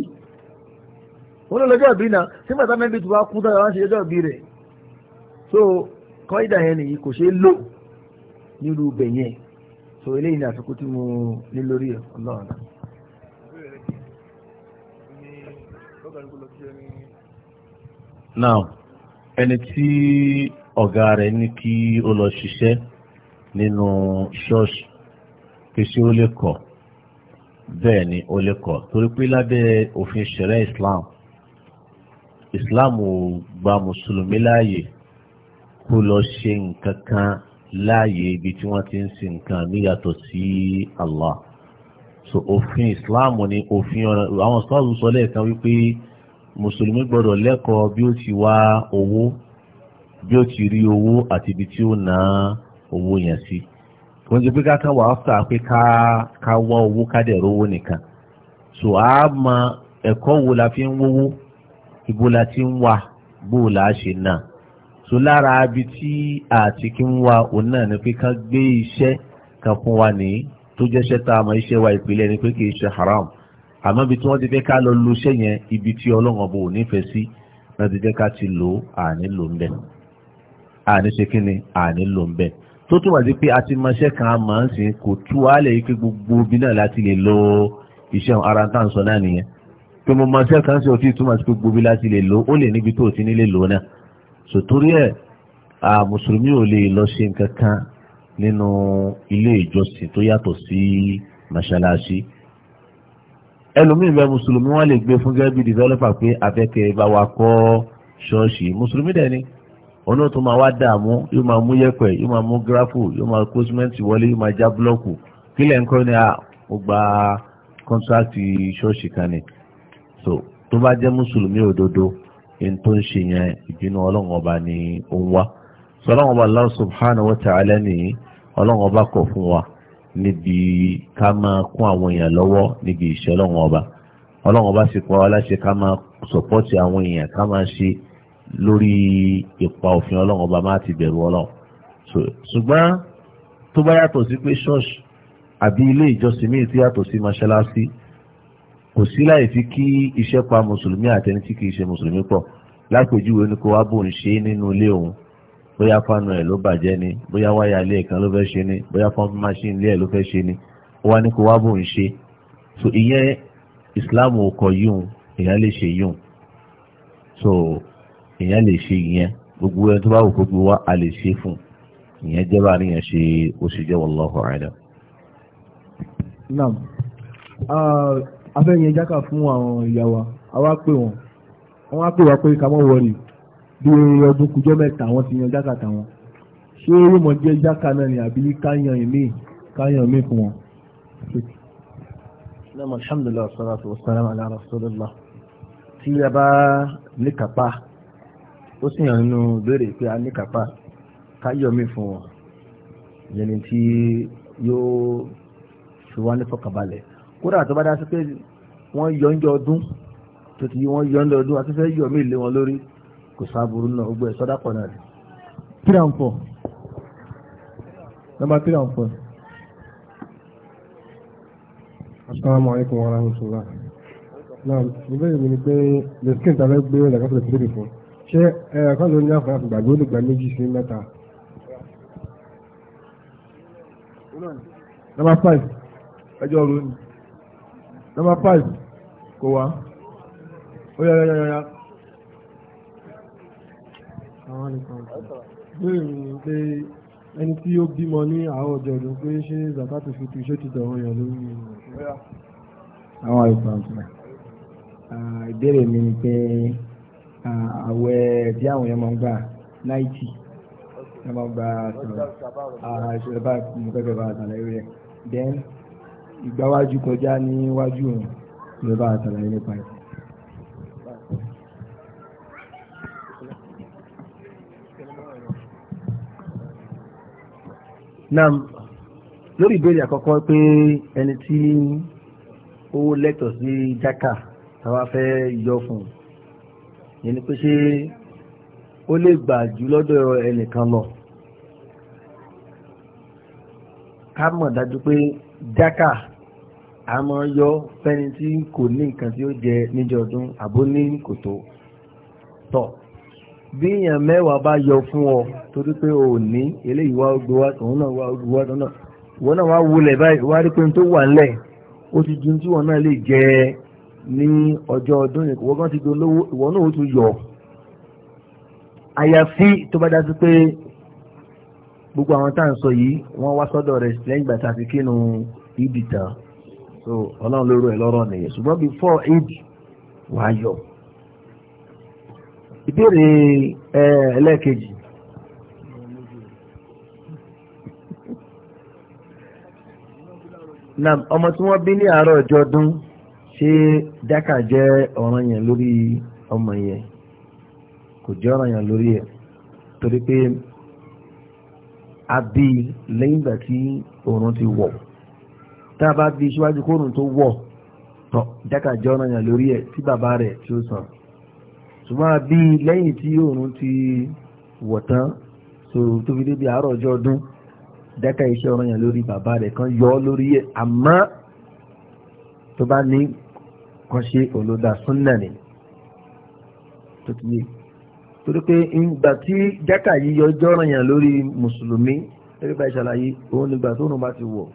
wọ́n ló lọ́jọ́ bí náà sígbà táwọn so kọ́ídà yẹn nìyí kò ṣeé lò nílùú bẹ̀yẹn so eléyìí ni àfikún tí mo ní lórí ẹ̀ ọlọ́run náà. now ẹni tí ọ̀gá rẹ̀ ní kí ó lọ ṣiṣẹ́ nínú ṣọ́ọ̀ṣì pé ṣé ó lè kọ̀ bẹ́ẹ̀ ni ó lè kọ̀ torí pé lábẹ́ òfin ṣẹ̀rẹ́ Islam Islam ò gba mùsùlùmí láàyè kó lọ ṣe nǹkan kan láàyè ibi tí wọ́n ti ń sin nǹkan níyàtọ̀ sí Allah so òfin Islam ni òfin ọ̀nà àwọn sọ́ọ̀lù sọ lẹ́ẹ̀kan wípé mùsùlùmí gbọ́dọ̀ lẹ́kọ̀ọ́ bí ó ti wá owó bí ó ti rí owó àti ibi tí ó ná owó yẹn sí kò ń ṣe pé kákan wà áfà pé ká wá owó ká dẹ̀ rówó nìkan so a mọ ẹ̀kọ́ wo la fi ń wówó ibo la ti ń wà bó se ṣe náà so lára abi tí àti kí ń wa òun náà ni pé ká gbé iṣẹ́ kan fún wa ní tó jẹ́ṣẹ́ tá a mọ̀ iṣẹ́ wa ìpìlẹ̀ ni pé kì í ṣe haram àmọ́ ibi tí wọ́n ti fẹ́ ká lọ lo iṣẹ́ yẹn ibi tí ọlọ́run ọba ò nífẹ̀ẹ́ sí náà ti jẹ́ ká ti lò ó àní lò ń bẹ̀ àní ṣe kí ni àní lò ń bẹ̀ tó túmọ̀ sí pé a ti mọ iṣẹ́ kan máa ń sìn kò tú wàhálẹ̀ yìí pé gbogbo obì náà láti lè lo iṣẹ́ ara tá à ń sọ náà nìyẹn pé mo mọ iṣẹ́ kan sí òtí túmọ̀ sí pé gbogbo obì láti lè lò ó lè níbi tó ò ti nílé lò náà sòtórí ẹ̀ mùsùlùmí ò lè lọ ṣe nǹkan kan nínú ilé ìjọsìn tó yàtọ̀ sí mọ́ṣáláṣí ẹlòmíì bẹ mùsùlùmí wọn lè gbé fún gẹ́gẹ́ bí developer pé afẹ́kẹ́ bá wa kọ́ ṣọ́ọ̀ṣì mùsùlùmí dẹ̀ ni ọ̀nà tó máa wá dààmú yóò máa mú yẹ̀pẹ̀ yóò máa mú gíráfù yóò máa kó símẹ́ǹtì wọlé yóò máa já búlọ́ọ̀kù kílẹ̀ ń kọ́ ni a ó gba kọ́ńtrákì ṣọ́ọ̀ṣì kan ni so tó bá jẹ́ mùsùlùmí òdodo in tó ń ṣe yẹn ìbínú ọlọ́run ọba ni ó ń wá sọlọ́run ọba Allah subhanahu wa ta'ala ni ọlọ́run ọba kọ̀ fún wa níbi ká máa kún àwọn èèyàn lọ́wọ́ níbi ìṣẹ́ ọlọ́run ọba ọlọ́run ọba sì pa wá láṣẹ ká máa sọ̀pọ́tì àwọn èèyàn ká máa ṣe lórí ipa òfin ọlọ́run ọba má ti bẹ̀rù ọlọ́run ṣùgbọ́n tó bá yàtọ̀ sí pé ṣọ́ọ̀ṣì àbí ilé ìjọsìn míì tí yàtọ̀ sí mọ́ṣáláṣí kò sí láì fi kí iṣẹ́ pa mùsùlùmí àtẹni tí kìí ṣe mùsùlùmí pọ̀ lápèjúwe ní kó wá bò ń ṣe nínú ilé òun bóyá fánù ẹ̀ ló bàjẹ́ ni bóyá wáyà ilé ẹ̀kan ló fẹ́ ṣe ni bóyá pọ́ńpì máṣíìnì ilé ẹ̀ ló fẹ́ ṣe ni ó wá ní kó wá bò ń ṣe so ìyẹn islam ò kọ yíùn èèyàn lè ṣe yíùn so èèyàn lè ṣe ìyẹn gbogbo ẹni tó bá wù gbogbo wa a lè ṣe fún ìyẹn jẹ́ bá níyàn ṣe oṣù jẹ́ wallahu a'lam afẹ́yìn jákà fún àwọn ìyàwó àwa pè wọ́n wọ́n wá pè wá pé ká mọ́ wọlé bí ọdún kùjọ́ mẹ́ta wọ́n ti yan jákà tàwọn ṣé yóò mọ̀ jẹ́ jákà náà ni àbí káyàn ìmí káyàn ìmí fún wọn. Nam alhamdulillah wa salatu wa salam ala rasulillah tí a bá níkàpá ó sì hàn nínú béèrè pé a níkàpá káyọ̀ mí fún wọn yẹni tí yóò fi wá ní fọkànbalẹ̀ kódà tó bá dá sí pé wọ́n yọ oúnjẹ ọdún tó ti yí wọ́n yọ oúnjẹ ọdún àti fẹ́ yọ mí lé wọn lórí kò sáàbùrú náà gbogbo ẹ̀ sọ́dá pọ̀ náà rẹ̀. three and four number three and four. asalaamu alaykum wa rahmatulah. náà ìbéèrè mi ni pé the skin ta ló gbé ẹ̀ka tó lè fi fún ṣé ẹ̀ka kan ló ní àfọwọ́ àti gbàgbé ó lè gba méjì sí mẹ́ta. number five ẹjọ́ ronú number five kò wá ó yára yára yára. àwọn nìkan bẹ́ẹ̀ ni pé ẹni tí ó bímọ ní àárọ̀ ọjọ́ ọdún pé ṣé zakatu fi tu iṣẹ́ ti dọ̀rọ̀ yàn lórí rẹ̀. àwọn àìsàn tó ah, ìbéèrè mi ni pé ah, àwẹ̀ tí àwọn èèyàn máa ń gbà náìtì wọ́n máa ń gba ṣùgbọ́n ṣùgbọ́n ah, mo fẹ́ fẹ́ bá àtàlẹ́ rẹ̀ then ìgbáwájú kọjá níwájú òun ló bá àtàlàyé nípa ẹ̀. nam lórí ìbéèrè àkọ́kọ́ pé ẹni tí ó lẹ́tọ̀ sí jákà táwa fẹ́ yọ fún un yẹn ni pé ṣé ó lè gbà jù lọ́dọ̀ ẹnìkan lọ ká mọ̀ dájú pé jákà àmọ́ yọ fẹ́ni tí kò ní nǹkan tí ó jẹ níjọ ọdún àbó ní kò tó tọ̀ bí èèyàn mẹ́wàá bá yọ fún ọ torí pé o ò ní eléyìí wá ogbó wá tòun náà wá ogbó wá tòun náà ìwọ náà wá wulẹ̀ báyìí wá rí pé tó wà ńlẹ̀ ó ti ju tí wọn náà lè jẹ ní ọjọ́ ọdún yìí wọ́n kàn ti dolówó ìwọ náà ó tún yọ àyàfi tó bá dá sí pé gbogbo àwọn tá à ń sọ yìí wọ́n wá sọ́dọ̀ rẹ̀ lẹ́yìn ìgbà tá a ti kínú ìdì tán so ọlọ́run lóru ẹ̀ lọ́rọ̀ nìyẹn ṣùgbọ́n before eid wàá yọ. ìbéèrè ẹlẹ́ẹ̀kejì nam ọmọ tí wọ́n bí ní àárọ̀ ọjọ́ ọdún ṣé dákà jẹ́ ọ̀ràn yẹn lórí ọmọ yẹn kò jẹ́ ọ̀ràn yẹn lórí ẹ̀ torí pé Abi, lẹ́yìn ìgbà tí oòrùn ti wọ̀ tá a bá bí síwájú kóòrùn tó wọ̀ tọ̀ jákàjọ́ ọ̀nà yàn lórí ẹ̀ tí bàbá rẹ̀ tí ó sàn ṣùgbọ́n àbí lẹ́yìn tí oòrùn ti wọ̀ tán so tó fi débi àárọ̀ ọjọ́ ọdún dáka iṣẹ́ ọ̀rọ̀ yẹn lórí bàbá rẹ̀ kan yọ ọ́ lórí ẹ̀ àmọ́ tó bá ní kan ṣe olódà súnnà ni tó ti yé torí pé ìgbà tí jákà yíyọ jọ́ràn yàn lórí mùsùlùmí ẹgbẹ́ bá ìṣàlàyé òun nígbà tó òun bá ti wọ̀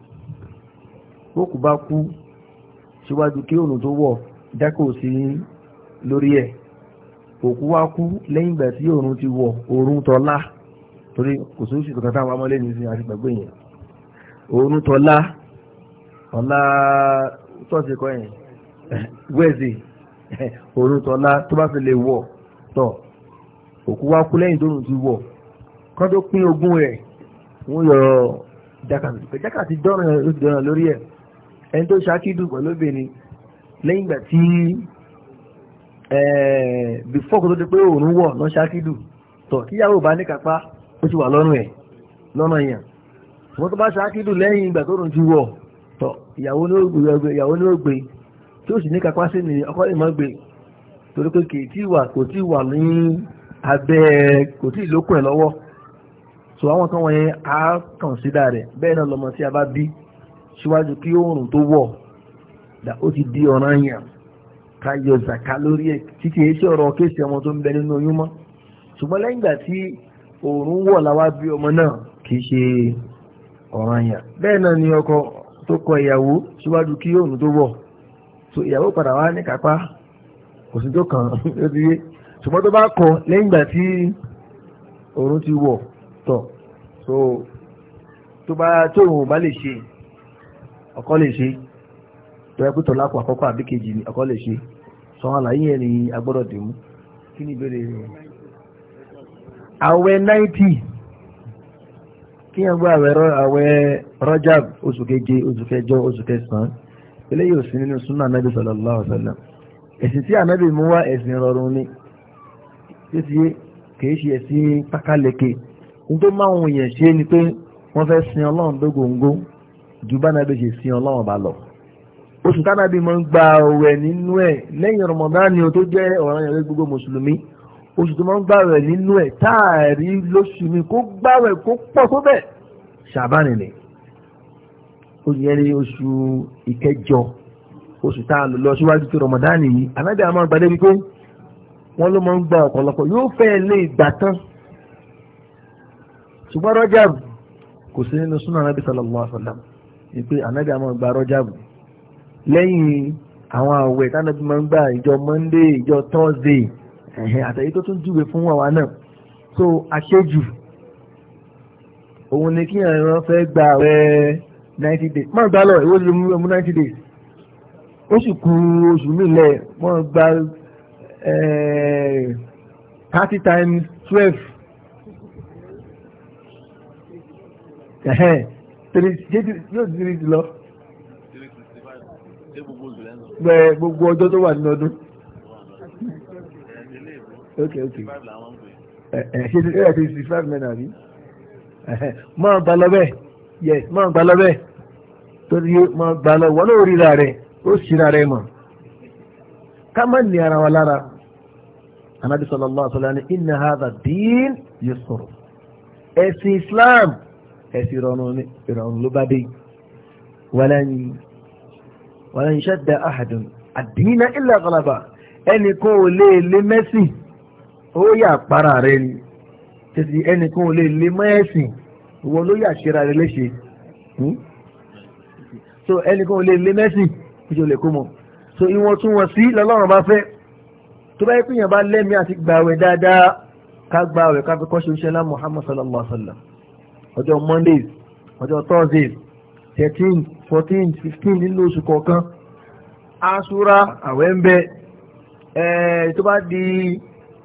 ó kù bá kú síwájú kí òun tó wọ̀ jákà ò sí lórí ẹ̀ òkú wá kú lẹ́yìn ìgbà tí òun ti wọ̀ òun tọ́lá torí kò sí oṣù kankan táwọn amọ́lé nìyí àti gbàgbé yẹn òun tọ́lá ọ̀lá tọ́sí kọ́ yẹn wẹ́ẹ̀sì òun tọ́lá tó bá fi lè wọ̀ tọ̀ òkú wá kú lẹ́yìn tóun ti wọ̀ kọ́ tó pín ogún rẹ̀ wọ́n yọ jákà jákà ti dọ́ràn oṣù dọ́ràn lórí ẹ̀ ẹni tó ṣàkídù pẹ̀lú obìnrin lẹ́yìn ìgbà tí eh, bífọ́ kò tó pé wọ̀ tọ̀ kíyàwó bá ní kápá ó ti wà lọ́rùn ẹ̀ lọ́nà yẹn wọ́n tó bá lẹ́yìn ìgbà ti wọ̀ tọ̀ ìyàwó ní pé kì í tí wà kò tí abẹ́ kò tí ì lókun ẹ̀ lọ́wọ́ so àwọn kan wọ̀nyẹn á kọ̀nsídà rẹ̀ bẹ́ẹ̀ náà lọ́mọ tí a bí síwájú kí oòrùn tó wọ̀ dà ó ti di ọ̀ràn yàn ká yọ zàká lórí ẹ̀ tí kì í ṣe ọ̀rọ̀ kéèsì ọmọ tó ń bẹ nínú oyún mọ́ ṣùgbọ́n lẹ́yìn ìgbà tí oòrùn wọ̀ làwa bí ọmọ náà kì í ṣe ọ̀ràn yàn bẹ́ẹ̀ náà ni ọkọ tó kọ ìyàwó síwájú kí oòrùn tó wọ̀ so ìyàwó padà wá ní kápá kò sí tó kàn án lórí ṣùgbọ́n tó bá kọ lẹ́yìn ìgbà tí oòrùn ti wọ̀ tọ̀ so tó bá tóòrùn ò bá lè ṣe ọkọ lè ṣe tó yẹ pé tọ́lá kọ àkọ́kọ́ àbí kejì ni ọkọ lè ṣe sọ wọn àlàyé yẹn ni agbọ́dọ̀ dì mú kí ni ìbéèrè rẹ̀ àwẹ̀ 90 kí yẹn gbọ́ àwẹ̀ Rajab oṣù keje oṣù kẹjọ oṣù kẹsàn-án eléyìí ò sí nínú súnà anábì sallallahu alaihi wasallam ẹ̀sìn tí anábì mú títí kìí ṣe ẹ̀sìn pákáleke ní tó máa ń yẹn ṣe ni pé wọ́n fẹ́ sin ọlọ́run tó gòǹgó ju bánábì ṣe sin ọlọ́run bá lọ oṣù tánábì máa ń gba ọ̀wẹ̀ nínú ẹ̀ lẹ́yìn rọmọdánì tó jẹ́ ọ̀ràn yẹn gbogbo mùsùlùmí oṣù tó máa ń gbàwẹ̀ nínú ẹ̀ táàrí lóṣù mi kó gbàwẹ̀ kó pọ̀ tó bẹ̀ ṣàbánì ni oṣù yẹn ni oṣù ìkẹjọ wọ́n ló máa ń gba ọ̀pọ̀lọpọ̀ yóò fẹ́ lé ìgbà tán ṣùgbọ́n rọ́jàbù kò sí nínú súnà anábì sallallahu alaihi wasallam ìpè anábì àmọ́ gba rọ́jàbù lẹ́yìn àwọn àwẹ̀ tánàbí máa ń gba ìjọ monday ìjọ thursday àtẹ̀yí tó tún júwe fún àwa náà so àṣejù òun ni kí ẹ̀rọ fẹ́ gba àwẹ̀ ninety days máa gbá lọ ìwé ìlú ninety days ó sì kù oṣù mílẹ̀ wọ́n gba Eh, thirty times twelve yóò ti rí lọ bẹ́ẹ̀ gbogbo ọjọ́ tó wà nínú ọdún ok ok eh, eh, ṣe ti ẹ̀ ti sixty five naira rí máa gba lọ bẹ́ẹ̀ yes máa gba lọ bẹ́ẹ̀ torí máa gba lọ wọ́n ló rí ra rẹ̀ ó sì ra rẹ̀ mọ̀ ká má ní ara wa lára anabi sallallahu alaihi wasallam ní inna hadha dín yusur ẹ̀sìn islam ẹ̀sìn ìrọ̀rùn ló bá dé walan walan shadda ahadun àdínà illa ghalaba ẹnìkan ò lè lé mẹ́sìn ó yà para rẹ ni tẹ̀sí ẹnìkan ò lè lé mẹ́sìn ìwọ ló yà ṣera rẹ léṣe hmm? so ẹnìkan ò lè lé mẹ́sìn kí o lè kó mọ́ so ìwọ̀ntúnwọ̀nsí lọ́lọ́run bá fẹ́ tó bá yẹ pé èèyàn bá lẹ́mí àti gbàwẹ̀ dáadáa ká gbàwẹ̀ ká fi kọ́ṣe oṣù lá Muhammad sallallahu alaihi wa sallam ọjọ́ Mondays ọjọ́ Thursdays thirteen fourteen fifteen nínú oṣù kọ̀ọ̀kan asura àwẹ̀ ń bẹ eh, tó bá di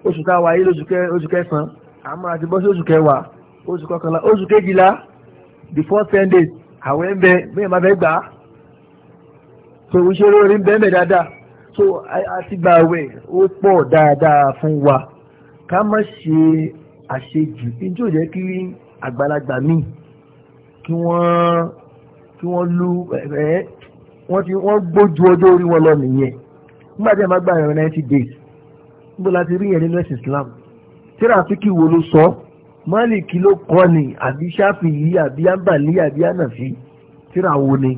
oṣù táwa yìí lóṣù kẹsàn-án àmọ́ àti bọ́sí oṣù kẹwàá oṣù kọkànlá oṣù kejìlá before ten days àwẹ̀ bẹ́ẹ̀ máa fẹ́ gbà so ìṣòro orí bẹ́ẹ̀ dáadáa so àtìgbà àwẹ̀ ó pọ̀ dáadáa fún wa ká má ṣe àṣejù níjó jẹ́ kí àgbàlagbà míì kí wọ́n kí wọ́n lu ẹ̀ wọ́n ti wọ́n gbójú ọjọ́ orí wọn lọ nìyẹn nígbà tí a máa gbà ẹ̀rọ ninety days níbo la ti rí yẹn nínú ẹ̀sìn Islam tírafíkì wo ló sọ Málìkì ló kọ́ ni àbí Ṣáfì yìí àbí ábàlí àbí ànàfí tíra ni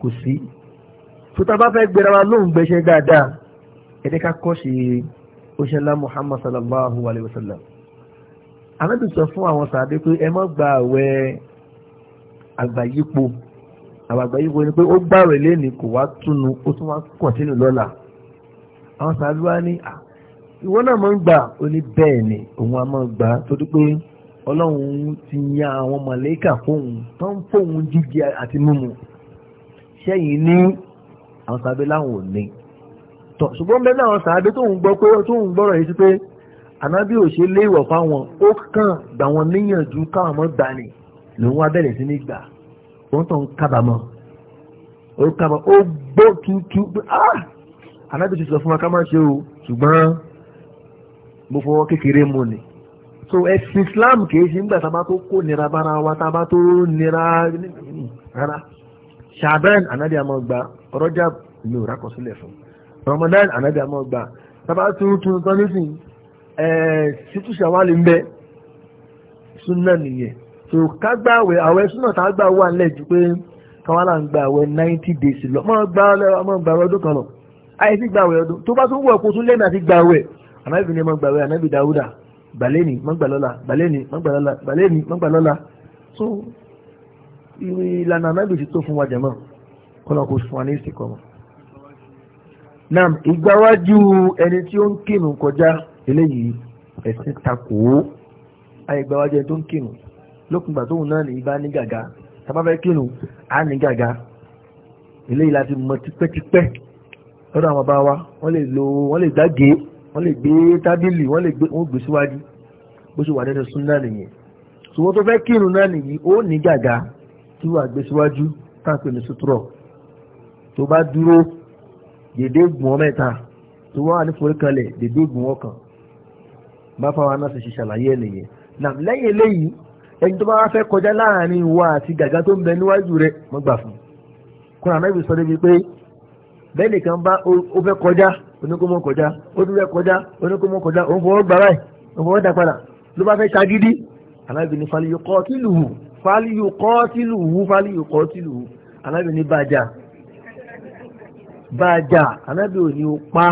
kò sí sọta bá fẹ́ gbéra wa lóhùn gbẹ̀ṣẹ̀ dáadáa ẹni ká muhammad sallallahu alayhi wa sallam anábì sọ fún àwọn sàbí pé ẹ gba àwẹ̀ àgbáyípo àwọn àgbáyípo ni pé ó gbàwẹ̀ lẹ́nìí kò wá túnu ó tún wá kọ̀tínù lọ́la àwọn sàbí wa ní ìwọ náà máa ń gbà ó ní bẹ́ẹ̀ ni òun á máa gbà torí pé ọlọ́run ti yan àwọn màlẹ́kà fóun tó ń fóun jíjẹ àti mímu sẹ́yìn ní àwọn sàbẹ̀ láwọn ò ní tọ̀ ṣùgbọ́n bẹ́ẹ̀ náà àwọn sàbẹ̀ tó ń gbọ́ pé tó ń gbọ́rọ̀ yìí sí pé ànábì ò ṣe léèwọ̀ fáwọn ó kàn gbà wọn níyànjú káwọn mọ́ gbà lòun wá bẹ̀rẹ̀ sí ní gbà ó tàn kábàámọ̀ ó kábàámọ̀ ó gbó tuntun pé ah ànábì ti sọ fún wa ká má ṣe o ṣùgbọ́n mo fọwọ́ kékeré mu ni so ẹ̀sìn Islam kì í ṣe nígbà tá a bá tó kó nira bára wa tá a bá tó nira rárá ṣàbẹ́n ànábì àmọ́ gba rọ́jà mi ò rákọsílẹ̀ fún ramadan ànábì àmọ́ gba tábà tún tún tán nísìn ṣètò ṣàwálì ń bẹ súnà nìyẹn tó ká àwẹ̀ àwẹ̀ súnà tá a gbà wà nílẹ̀ ju pé káwọn là àwẹ̀ ninety days lọ mọ́ gba mọ́ gba ọdún kan lọ àìsí gba àwẹ̀ ọdún tó bá tún wọ̀ ẹ̀kọ́ tún lẹ́nu àti gba àwẹ̀ ànábì ni mọ́ gba àwẹ̀ ànábì dáúdà gbàlẹ́ni mọ́ gbàlẹ́ni mọ́ gbàlẹ́ni mọ́ gbà so ìlànà anábì ti tó fún wa jẹ̀mọ́ kọ́nà kò sùn àní ìsìnkọ́ mọ́. nam ìgbáwájú ẹni tí ó ń kírun kọjá eléyìí ẹ̀sìn takò ó àìgbáwájú ẹni tó ń kírun lókun ìgbà tóun náà nìyí bá ní gàga tàbá fẹ́ kírun á ní gàga eléyìí láti mọ tipẹ́tipẹ́ lọ́dọ̀ àwọn bá wa wọ́n lè lo wọ́n lè dágé wọ́n lè gbé tábìlì wọ́n lè gbé síwájú bó ṣe wà nínú súnnà nìyẹn ṣùgbọ́n tó fẹ́ kírun náà nìyí ó ní gàga tí wà gbé síwájú táàpẹ̀ ní sutura tó bá dúró dèdé gùn mẹ́ta tó wà ní foríkalẹ̀ dèdé gùn ọkàn bá fáwọn náà sì ṣe ṣàlàyé ẹ̀ nìyẹn nà lẹ́yìn eléyìí ẹni tó bá wá fẹ́ kọjá láàrin wa àti gàgá tó ń bẹ níwájú rẹ̀ mọ́ gbà fún un kó àná ibi sọ débi pé bẹ́ẹ̀ nìkan bá ó fẹ́ kọjá oníkómọ kọjá ó tún fẹ́ kọjá oníkómọ kọjá òun fọwọ́ gbà báyìí òun fọwọ́ dà padà ló bá fẹ́ ṣagídí àná ibi ní falẹ̀ yóò kọ́ kí lù hù fáliyù kọ́tìlù wú fáliyù kọ́tìlù wú anábì ní bàjá bàjá anábì ò ní o pa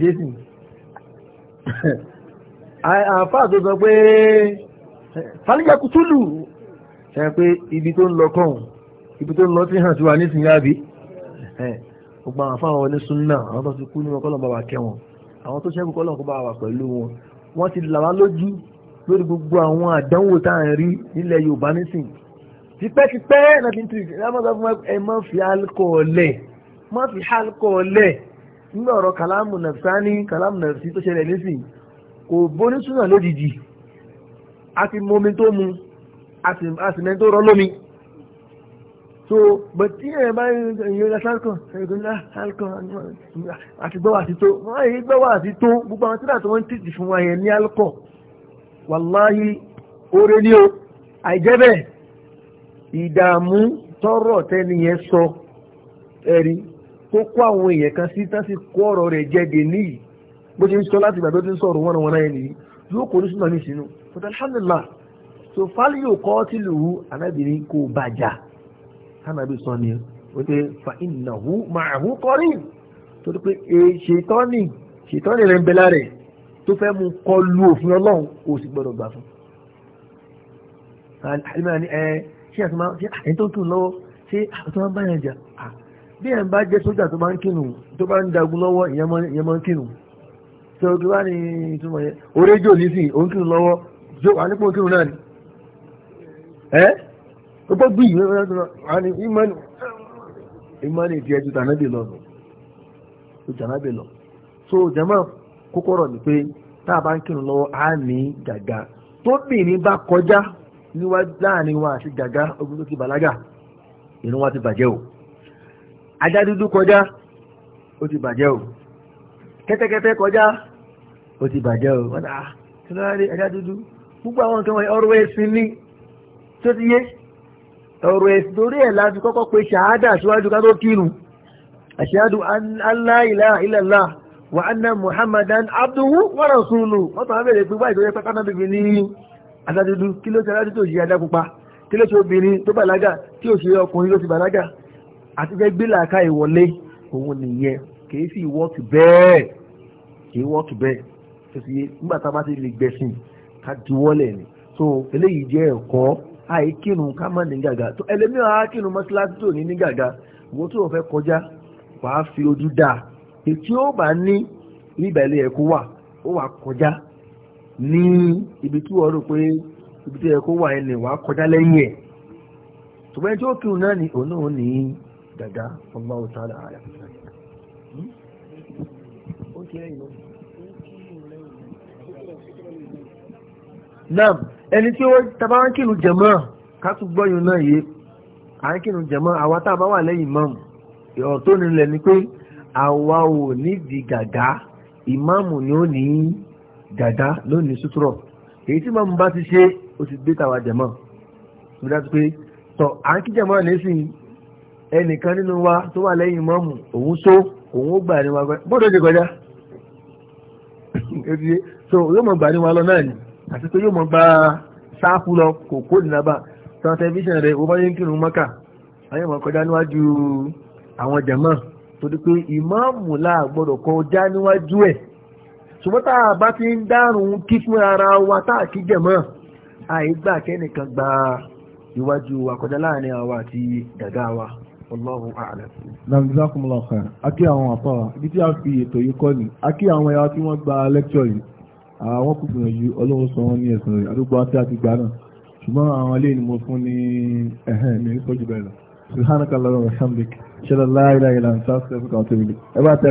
jésù àfáà tó sọ pé fáliyà kùtùlù ṣe pé ibi tó ń lọ kàn ibi tó ń lọ sí hàn sí wa nísìnyí àbí gbogbo àwọn afáwọn ní súnà àwọn tó ti kú ní wọn kọ́ lọ́n bá wa kẹ́ àwọn tó ṣẹ́kù kọ́ kó bá wa pẹ̀lú wọn wọ́n ti là lójú lórí gbogbo àwọn àdánwò tá à ń rí nílẹ̀ Yorùbá nísìn tipẹ́tipẹ́ nineteen three lámọ́sá fún ẹ má fi alkọọ̀lẹ̀ má fi alkọọ̀lẹ̀ nígbà ọ̀rọ̀ kàlámù nàfsání kàlámù nàfsí tó ṣẹlẹ̀ nísìn kò bóní súnà lójijì a ti mọ omi tó mu a sì mẹ́ni tó rọ́ lómi so but tí ẹ bá yẹn lọ sálkàn ẹgbẹ́ ńlá alkan àti gbọ́wọ́ àti tó wọ́n yìí gbọ́wọ́ àti tó gbogbo àwọn tí wọ́n ti fún wa yẹn ní alkọ̀ọ́ wàláhí oore ní o àìjẹ́bẹ̀ ìdààmú tọrọ tẹniyẹn sọ ẹ̀rí tó kó àwọn èèyàn kan sí tán sí kó ọ̀rọ̀ rẹ̀ jẹ́gẹ̀ níyì bó ṣe ń sọ láti ìgbàgbọ́ tí ń sọ̀rọ̀ wọn wọn ẹni yóò kó oníṣúná mi sínú but alhamdulillah so fali yóò kọ́ tí lùú anábìrin kò bàjá hanabi sọ ni ó pé fa innahu ma'ahu qarin torí pé ṣètọ́nì ṣètọ́nì rẹ̀ ń bẹ lára ẹ̀ tó fẹ́ mú kọ lu òfin ọlọ́run kò sì gbọ́dọ̀ gbà fún. àlìmọ́ ni ẹ ṣé àti máa ṣe àyẹ̀ tó ń kírun lọ́wọ́ ṣé àti máa ń báyàn jà bí ẹ̀ ń bá jẹ́ sójà tó máa ń kírun tó bá ń dagun lọ́wọ́ ìyẹn máa ń kírun. ṣé o kí wá ní ìtumọ̀ yẹn orí jò nísìnyí òun kírun lọ́wọ́ jò ànípò kírun náà ni. ẹ gbogbo gbì yìí wọn ìmọ̀ni ìmọ̀ni ìdí ẹ̀jú tànábì lọ so jama kókóró ni pé tá a bá ń kírun lọ́wọ́ á ní gàgà tóbìnrin bá kọjá níwájú láàrin wọn àti gàgà ogun tó ti bàlágà ìrun ti bàjẹ́ o ajá dúdú kọjá ó ti bàjẹ́ o kẹ́tẹ́kẹ́tẹ́ kọjá ó ti bàjẹ́ o wọ́n náà ah, kí ló rí ajá dúdú gbogbo àwọn nǹkan wọn ọ̀rọ̀ ẹ̀sìn ni tó ti yé ọ̀rọ̀ ẹ̀sìn torí ẹ̀ láti kọ́kọ́ pé ṣàádà síwájú ká tó kírun wa anna muhammadan abduhu wa rasuluhu wọ́n tàn án bèèrè pé báyìí tó yẹ pẹ́ káná bíbi ní adájúdú kí ló ṣe adájú ada pupa kí ló ṣe obìnrin tó bàlágà tí ò ṣe ọkùnrin ti ti a bá ti lè gbẹ̀sìn ká diwọ́lẹ̀ ni so eléyìí jẹ́ ẹ̀kọ́ àìkírun ká má ní gàgà tó ẹlẹ́mìíràn á ètí ó bá ní ìbẹ̀lẹ̀ ẹ̀kọ́ wà ó wà kọjá ní ibi tí wọ́n rò pé ibi tí ẹ̀kọ́ wà ẹni wà kọjá lẹ́yìn ẹ̀ ṣùgbọ́n tí ó kírun náà ni òun náà ní dàda ọmọ ọ̀tá ààrẹ. náà ẹni tí ó tàbá ń kírun jẹ̀mọ́ ká tún gbọ́yìn náà yé à ń kírun jẹ̀mọ́ àwa tá a bá wà lẹ́yìn mọ́ọ̀mù ọ̀rọ̀ tó nílẹ̀ ni pé àwa ò nídìí gàgá ìmáàmù ni ó ní gàgá lónìí sútúrọ̀ èyí tí màmú bá ti ṣe ó ti gbé tàwa jẹ̀mọ́ tó dájú pé tọ̀ à ń kí jẹ̀mọ́ nísìn ẹnìkan nínú wa tó wà lẹ́yìn ìmáàmù òun só òun ó gbà ní wa gbọ́dọ̀ ṣe kọjá so yóò mọ̀ gbà ní wa lọ náà ni àti pé yóò mọ̀ gba sáàfù lọ kò kó nìlábà tán tẹlifíṣàn rẹ̀ wọ́n bá yẹn kírun mọ́kà ayé kọjá níwájú àwọn jẹ̀mọ́ torí pé ìmáàmù la gbọ́dọ̀ kọjá níwájú ẹ̀ ṣùgbọ́n tá a bá ti ń dárùn kí fún ara wa tá a kí jẹ̀mọ́ àìgbà kẹ́nìkan gba iwájú wa kọjá láàrin àwa àti dàgá wa Allahu a'lam. Jazakumullahu khairan a kí àwọn àpá ibi tí a fi ètò yìí kọ́ ni a àwọn ẹ̀yà tí wọ́n gba lẹ́kṣọ̀ yìí àwọn kò gbìyànjú ọlọ́run sọ wọn ní ẹ̀sìn rẹ̀ àdúgbò àti àti gbà náà ṣùgbọ́n àwọn ilé ni mo fún ní ẹ̀hẹ́n mi ní sọ́jú bẹ́ẹ̀ lọ subhanaka Allahumma wa hamdika ṣẹlẹ̀ láìláìlà ìsáàsì ẹ̀fọ́ kan tó nílé ẹ bá tẹ